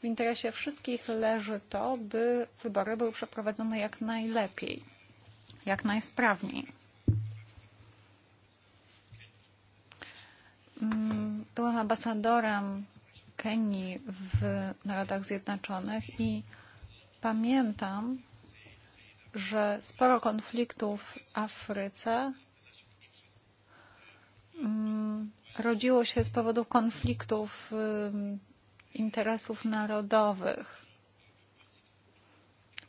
[SPEAKER 1] W interesie wszystkich leży to, by wybory były przeprowadzone jak najlepiej, jak najsprawniej. Mm, Byłem ambasadorem Kenii w Narodach Zjednoczonych i pamiętam, że sporo konfliktów w Afryce mm, rodziło się z powodu konfliktów interesów narodowych.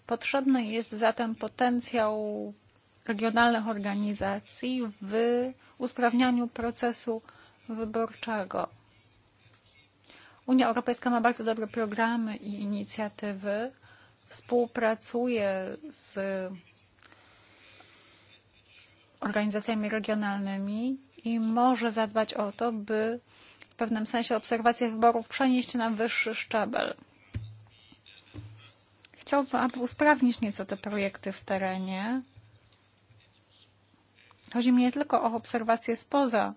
[SPEAKER 1] Potrzebny jest zatem potencjał regionalnych organizacji w usprawnianiu procesu wyborczego. Unia Europejska ma bardzo dobre programy i inicjatywy. Współpracuje z organizacjami regionalnymi i może zadbać o to, by pewnym sensie obserwację wyborów przenieść na wyższy szczebel. Chciałbym, aby usprawnić nieco te projekty w terenie. Chodzi mi nie tylko o obserwacje spoza,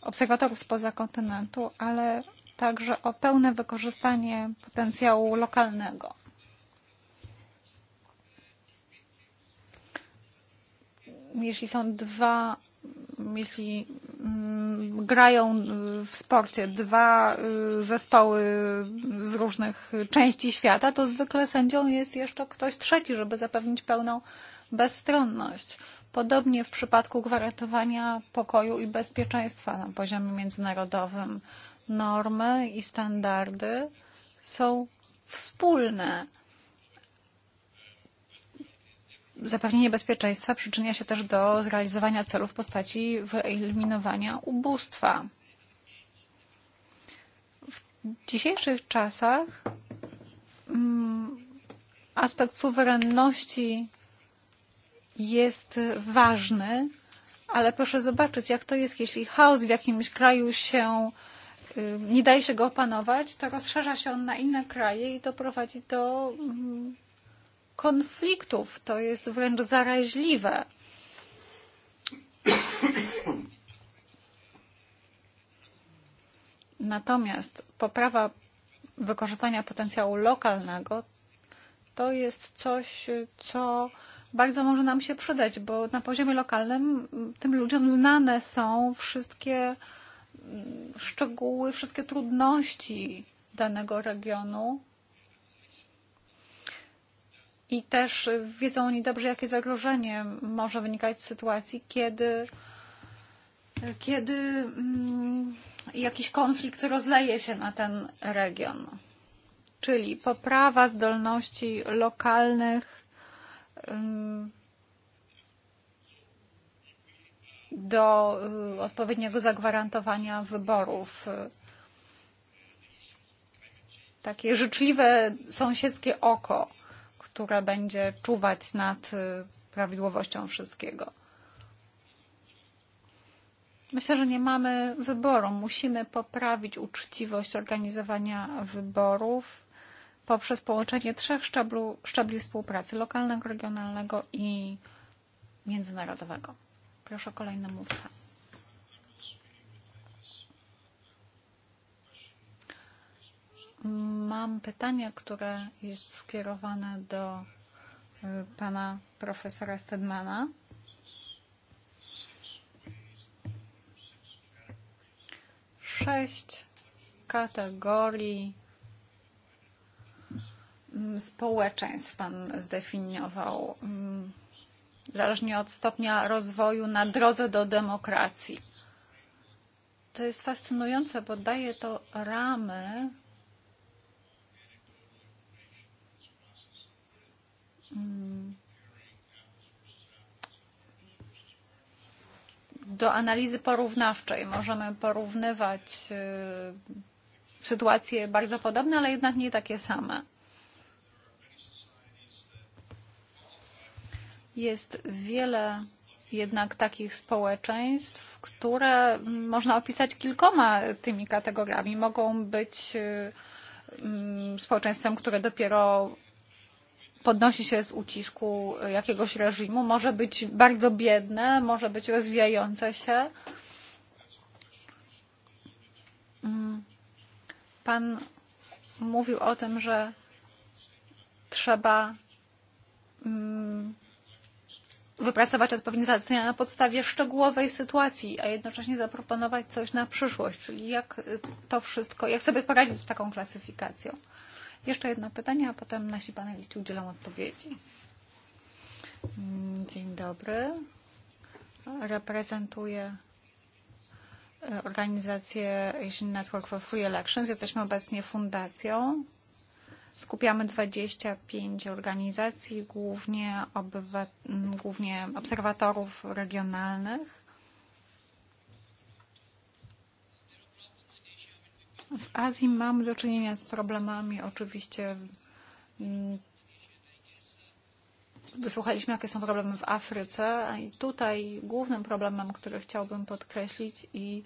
[SPEAKER 1] obserwatorów spoza kontynentu, ale także o pełne wykorzystanie potencjału lokalnego. Jeśli są dwa jeśli mm, grają w sporcie dwa zespoły z różnych części świata, to zwykle sędzią jest jeszcze ktoś trzeci, żeby zapewnić pełną bezstronność. Podobnie w przypadku gwarantowania pokoju i bezpieczeństwa na poziomie międzynarodowym normy i standardy są wspólne zapewnienie bezpieczeństwa przyczynia się też do zrealizowania celów w postaci wyeliminowania ubóstwa. W dzisiejszych czasach mm, aspekt suwerenności jest ważny, ale proszę zobaczyć, jak to jest, jeśli chaos w jakimś kraju się nie daje się go opanować, to rozszerza się on na inne kraje i to prowadzi do mm, konfliktów. To jest wręcz zaraźliwe. Natomiast poprawa wykorzystania potencjału lokalnego to jest coś, co bardzo może nam się przydać, bo na poziomie lokalnym tym ludziom znane są wszystkie mm, szczegóły, wszystkie trudności danego regionu. I też wiedzą oni dobrze, jakie zagrożenie może wynikać z sytuacji, kiedy, kiedy mm, jakiś konflikt rozleje się na ten region. Czyli poprawa zdolności lokalnych mm, do odpowiedniego zagwarantowania wyborów takie życzliwe sąsiedzkie oko które będzie czuwać nad prawidłowością wszystkiego. Myślę, że nie mamy wyboru. Musimy poprawić uczciwość organizowania wyborów poprzez połączenie trzech szczeblu, szczebli współpracy lokalnego, regionalnego i międzynarodowego. Proszę o kolejny mówca. Mam pytanie, które jest skierowane do e, pana profesora Stedmana. Sześć kategorii mm, społeczeństw pan zdefiniował, mm, zależnie od stopnia rozwoju na drodze do demokracji. To jest fascynujące, bo daje to ramy do analizy porównawczej. Możemy porównywać sytuacje bardzo podobne, ale jednak nie takie same. Jest wiele jednak takich społeczeństw, które mm, można opisać kilkoma tymi kategoriami. Mogą być mm, społeczeństwem, które dopiero podnosi się z ucisku jakiegoś reżimu, może być bardzo biedne, może być rozwijające się. Mm. Pan mówił o tym, że trzeba mm, wypracować odpowiednie zalecenia na podstawie szczegółowej sytuacji, a jednocześnie zaproponować coś na przyszłość, czyli jak to wszystko, jak sobie poradzić z taką klasyfikacją. Jeszcze jedno pytanie, a potem nasi paneliści udzielą odpowiedzi. Mm, dzień dobry. Reprezentuję e, organizację Asian Network for Free Elections. Jesteśmy obecnie fundacją. Skupiamy 25 organizacji, głównie, obywat- głównie obserwatorów regionalnych. W Azji mamy do czynienia z problemami oczywiście. Mm, wysłuchaliśmy, jakie są problemy w Afryce i tutaj głównym problemem, który chciałbym podkreślić i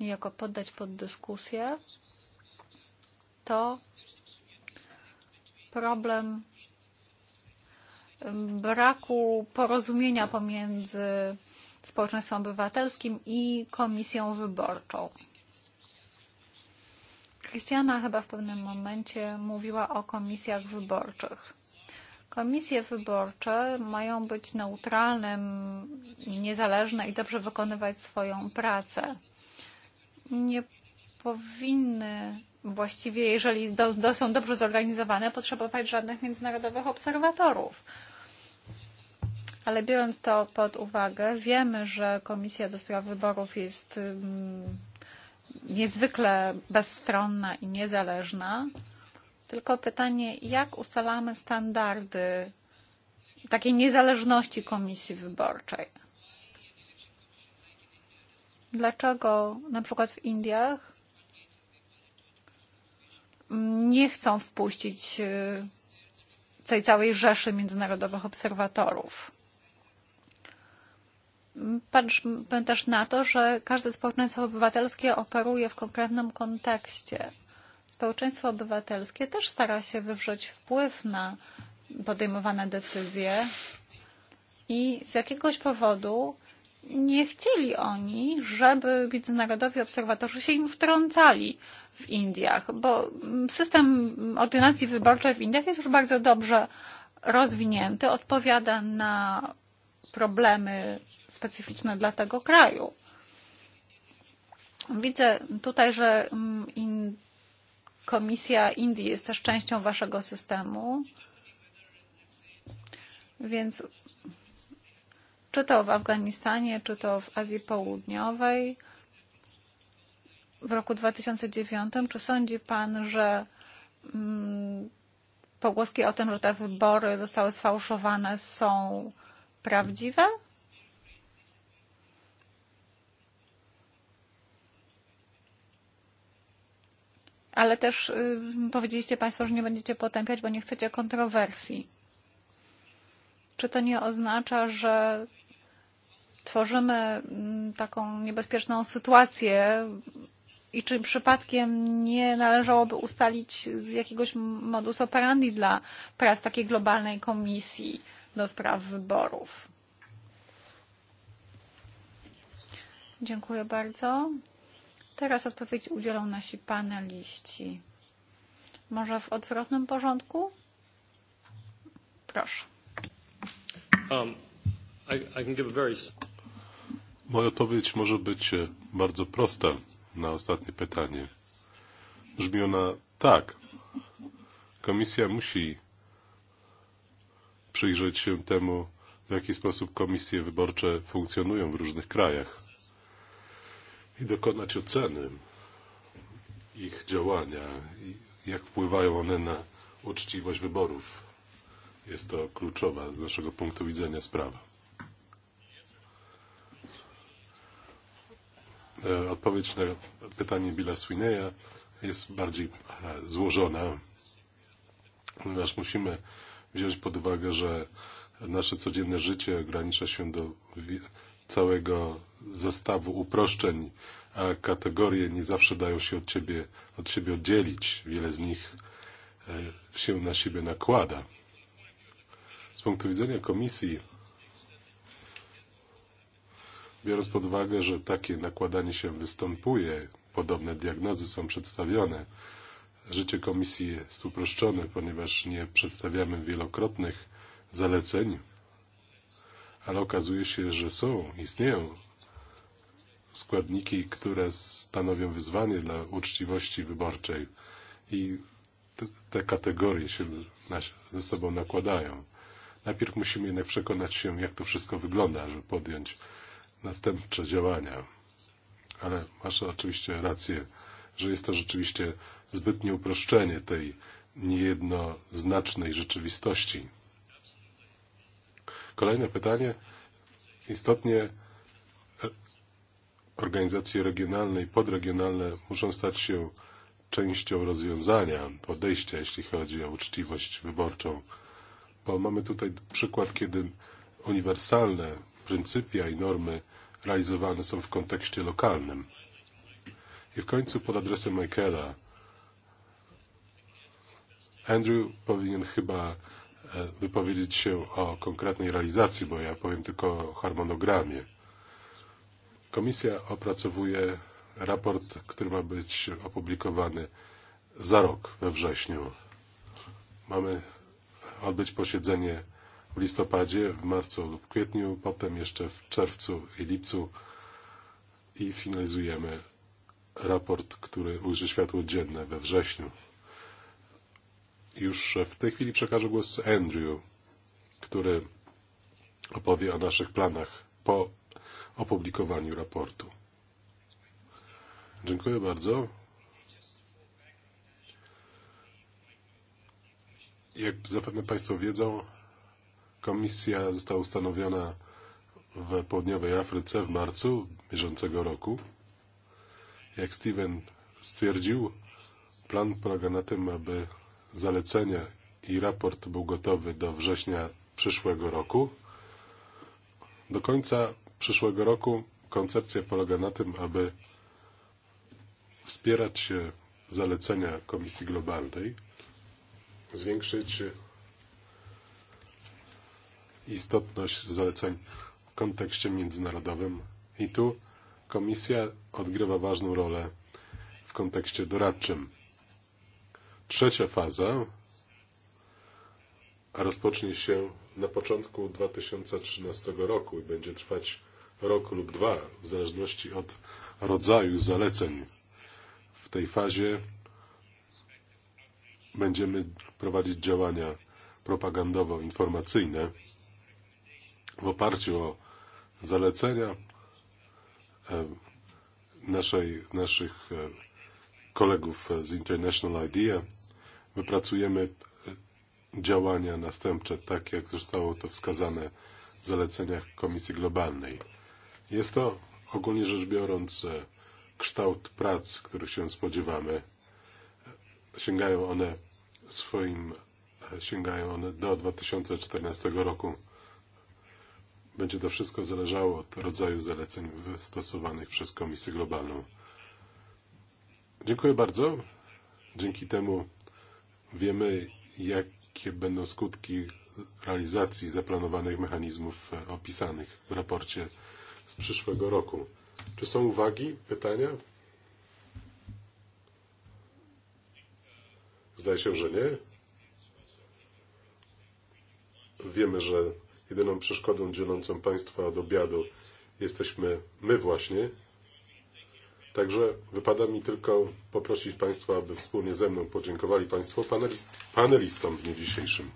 [SPEAKER 1] niejako poddać pod dyskusję, to problem mm, braku porozumienia pomiędzy społeczeństwem obywatelskim i komisją wyborczą. Krystiana chyba w pewnym momencie mówiła o komisjach wyborczych. Komisje wyborcze mają być neutralne, niezależne i dobrze wykonywać swoją pracę. Nie powinny właściwie, jeżeli do, do są dobrze zorganizowane, potrzebować żadnych międzynarodowych obserwatorów. Ale biorąc to pod uwagę, wiemy, że Komisja do Spraw Wyborów jest mm, niezwykle bezstronna i niezależna. Tylko pytanie, jak ustalamy standardy takiej niezależności komisji wyborczej? Dlaczego na przykład w Indiach nie chcą wpuścić tej całej rzeszy międzynarodowych obserwatorów? patrzmy też na to, że każde społeczeństwo obywatelskie operuje w konkretnym kontekście. Społeczeństwo obywatelskie też stara się wywrzeć wpływ na podejmowane decyzje i z jakiegoś powodu nie chcieli oni, żeby międzynarodowi obserwatorzy się im wtrącali w Indiach, bo system ordynacji wyborczej w Indiach jest już bardzo dobrze rozwinięty, odpowiada na problemy specyficzne dla tego kraju. Widzę tutaj, że mm, in, Komisja Indii jest też częścią waszego systemu, więc czy to w Afganistanie, czy to w Azji Południowej w roku 2009, czy sądzi pan, że mm, pogłoski o tym, że te wybory zostały sfałszowane są prawdziwe? ale też y, powiedzieliście Państwo, że nie będziecie potępiać, bo nie chcecie kontrowersji. Czy to nie oznacza, że tworzymy mm, taką niebezpieczną sytuację i czy przypadkiem nie należałoby ustalić z jakiegoś modus operandi dla prac takiej globalnej komisji do spraw wyborów? Dziękuję bardzo. Teraz odpowiedzi udzielą nasi paneliści. Może w odwrotnym porządku?
[SPEAKER 2] Proszę. Um, I, I can give a very... Moja odpowiedź może być e, bardzo prosta na ostatnie pytanie. Brzmi ona tak. Komisja musi przyjrzeć się temu, w jaki sposób komisje wyborcze funkcjonują w różnych krajach i dokonać oceny ich działania i jak wpływają one na uczciwość wyborów. Jest to kluczowa z naszego punktu widzenia sprawa. E, odpowiedź na pytanie Billa Swineya jest bardziej e, złożona, ponieważ musimy wziąć pod uwagę, że nasze codzienne życie ogranicza się do całego zestawu uproszczeń, a kategorie nie zawsze dają się od, ciebie, od siebie oddzielić. Wiele z nich e, się na siebie nakłada. Z punktu widzenia komisji, biorąc pod uwagę, że takie nakładanie się występuje, podobne diagnozy są przedstawione, życie komisji jest uproszczone, ponieważ nie przedstawiamy wielokrotnych zaleceń, ale okazuje się, że są, istnieją składniki, które stanowią wyzwanie dla uczciwości wyborczej i te, kategorie się ze sobą nakładają. Najpierw musimy jednak przekonać się, jak to wszystko wygląda, żeby podjąć następcze działania. Ale masz oczywiście rację, że jest to rzeczywiście zbytnie uproszczenie tej niejednoznacznej rzeczywistości. Kolejne pytanie. Istotnie organizacje regionalne i podregionalne muszą stać się częścią rozwiązania, podejścia, jeśli chodzi o uczciwość wyborczą. Bo mamy tutaj przykład, kiedy uniwersalne pryncypia i normy realizowane są w kontekście lokalnym. I w końcu pod adresem Michaela Andrew powinien chyba e, wypowiedzieć się o konkretnej realizacji, bo ja powiem tylko o harmonogramie. Komisja opracowuje raport, który ma być opublikowany za rok we wrześniu. Mamy odbyć posiedzenie w listopadzie, w marcu lub kwietniu, potem jeszcze w czerwcu i lipcu i sfinalizujemy raport, który ujrzy światło dzienne we wrześniu. Już w tej chwili przekażę głos Andrew, który opowie o naszych planach po opublikowaniu raportu. Dziękuję bardzo. Jak zapewne Państwo wiedzą, komisja została ustanowiona w południowej Afryce w marcu bieżącego roku. Jak Steven stwierdził, plan polega na tym, aby zalecenia i raport był gotowy do września przyszłego roku. Do końca przyszłego roku koncepcja polega na tym, aby wspierać się e, zalecenia Komisji Globalnej, zwiększyć e, istotność zaleceń w kontekście międzynarodowym. I tu Komisja odgrywa ważną rolę w kontekście doradczym. Trzecia faza rozpocznie się na początku 2013 roku i będzie trwać rok lub dwa, w zależności od rodzaju zaleceń. W tej fazie będziemy prowadzić działania propagandowo-informacyjne w oparciu o zalecenia e, naszej, naszych e, kolegów z International IDEA. Wypracujemy e, działania następcze, tak jak zostało to wskazane w zaleceniach Komisji Globalnej. Jest to ogólnie rzecz biorąc e, kształt prac, których się spodziewamy. Sięgają one swoim, e, sięgają one do 2014 roku. Będzie to wszystko zależało od rodzaju zaleceń wystosowanych przez Komisję Globalną. Dziękuję bardzo. Dzięki temu wiemy, jakie będą skutki realizacji zaplanowanych mechanizmów e, opisanych w raporcie z przyszłego roku. Czy są uwagi, pytania? Zdaje się, że nie. Wiemy, że jedyną przeszkodą dzielącą państwa od obiadu jesteśmy my właśnie. Także wypada mi tylko poprosić Państwa, aby wspólnie ze mną podziękowali Państwo panelist, panelistom w dniu dzisiejszym.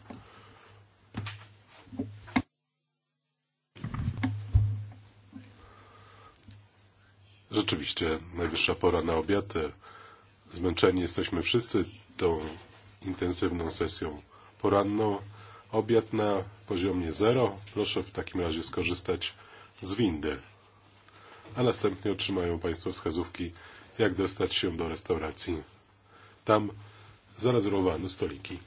[SPEAKER 2] Rzeczywiście najwyższa pora na obiad. Zmęczeni jesteśmy wszyscy tą intensywną sesją poranną. Obiad na poziomie zero. Proszę w takim razie skorzystać z windy. A następnie otrzymają Państwo wskazówki, jak dostać się do restauracji. Tam zarezerwowano stoliki.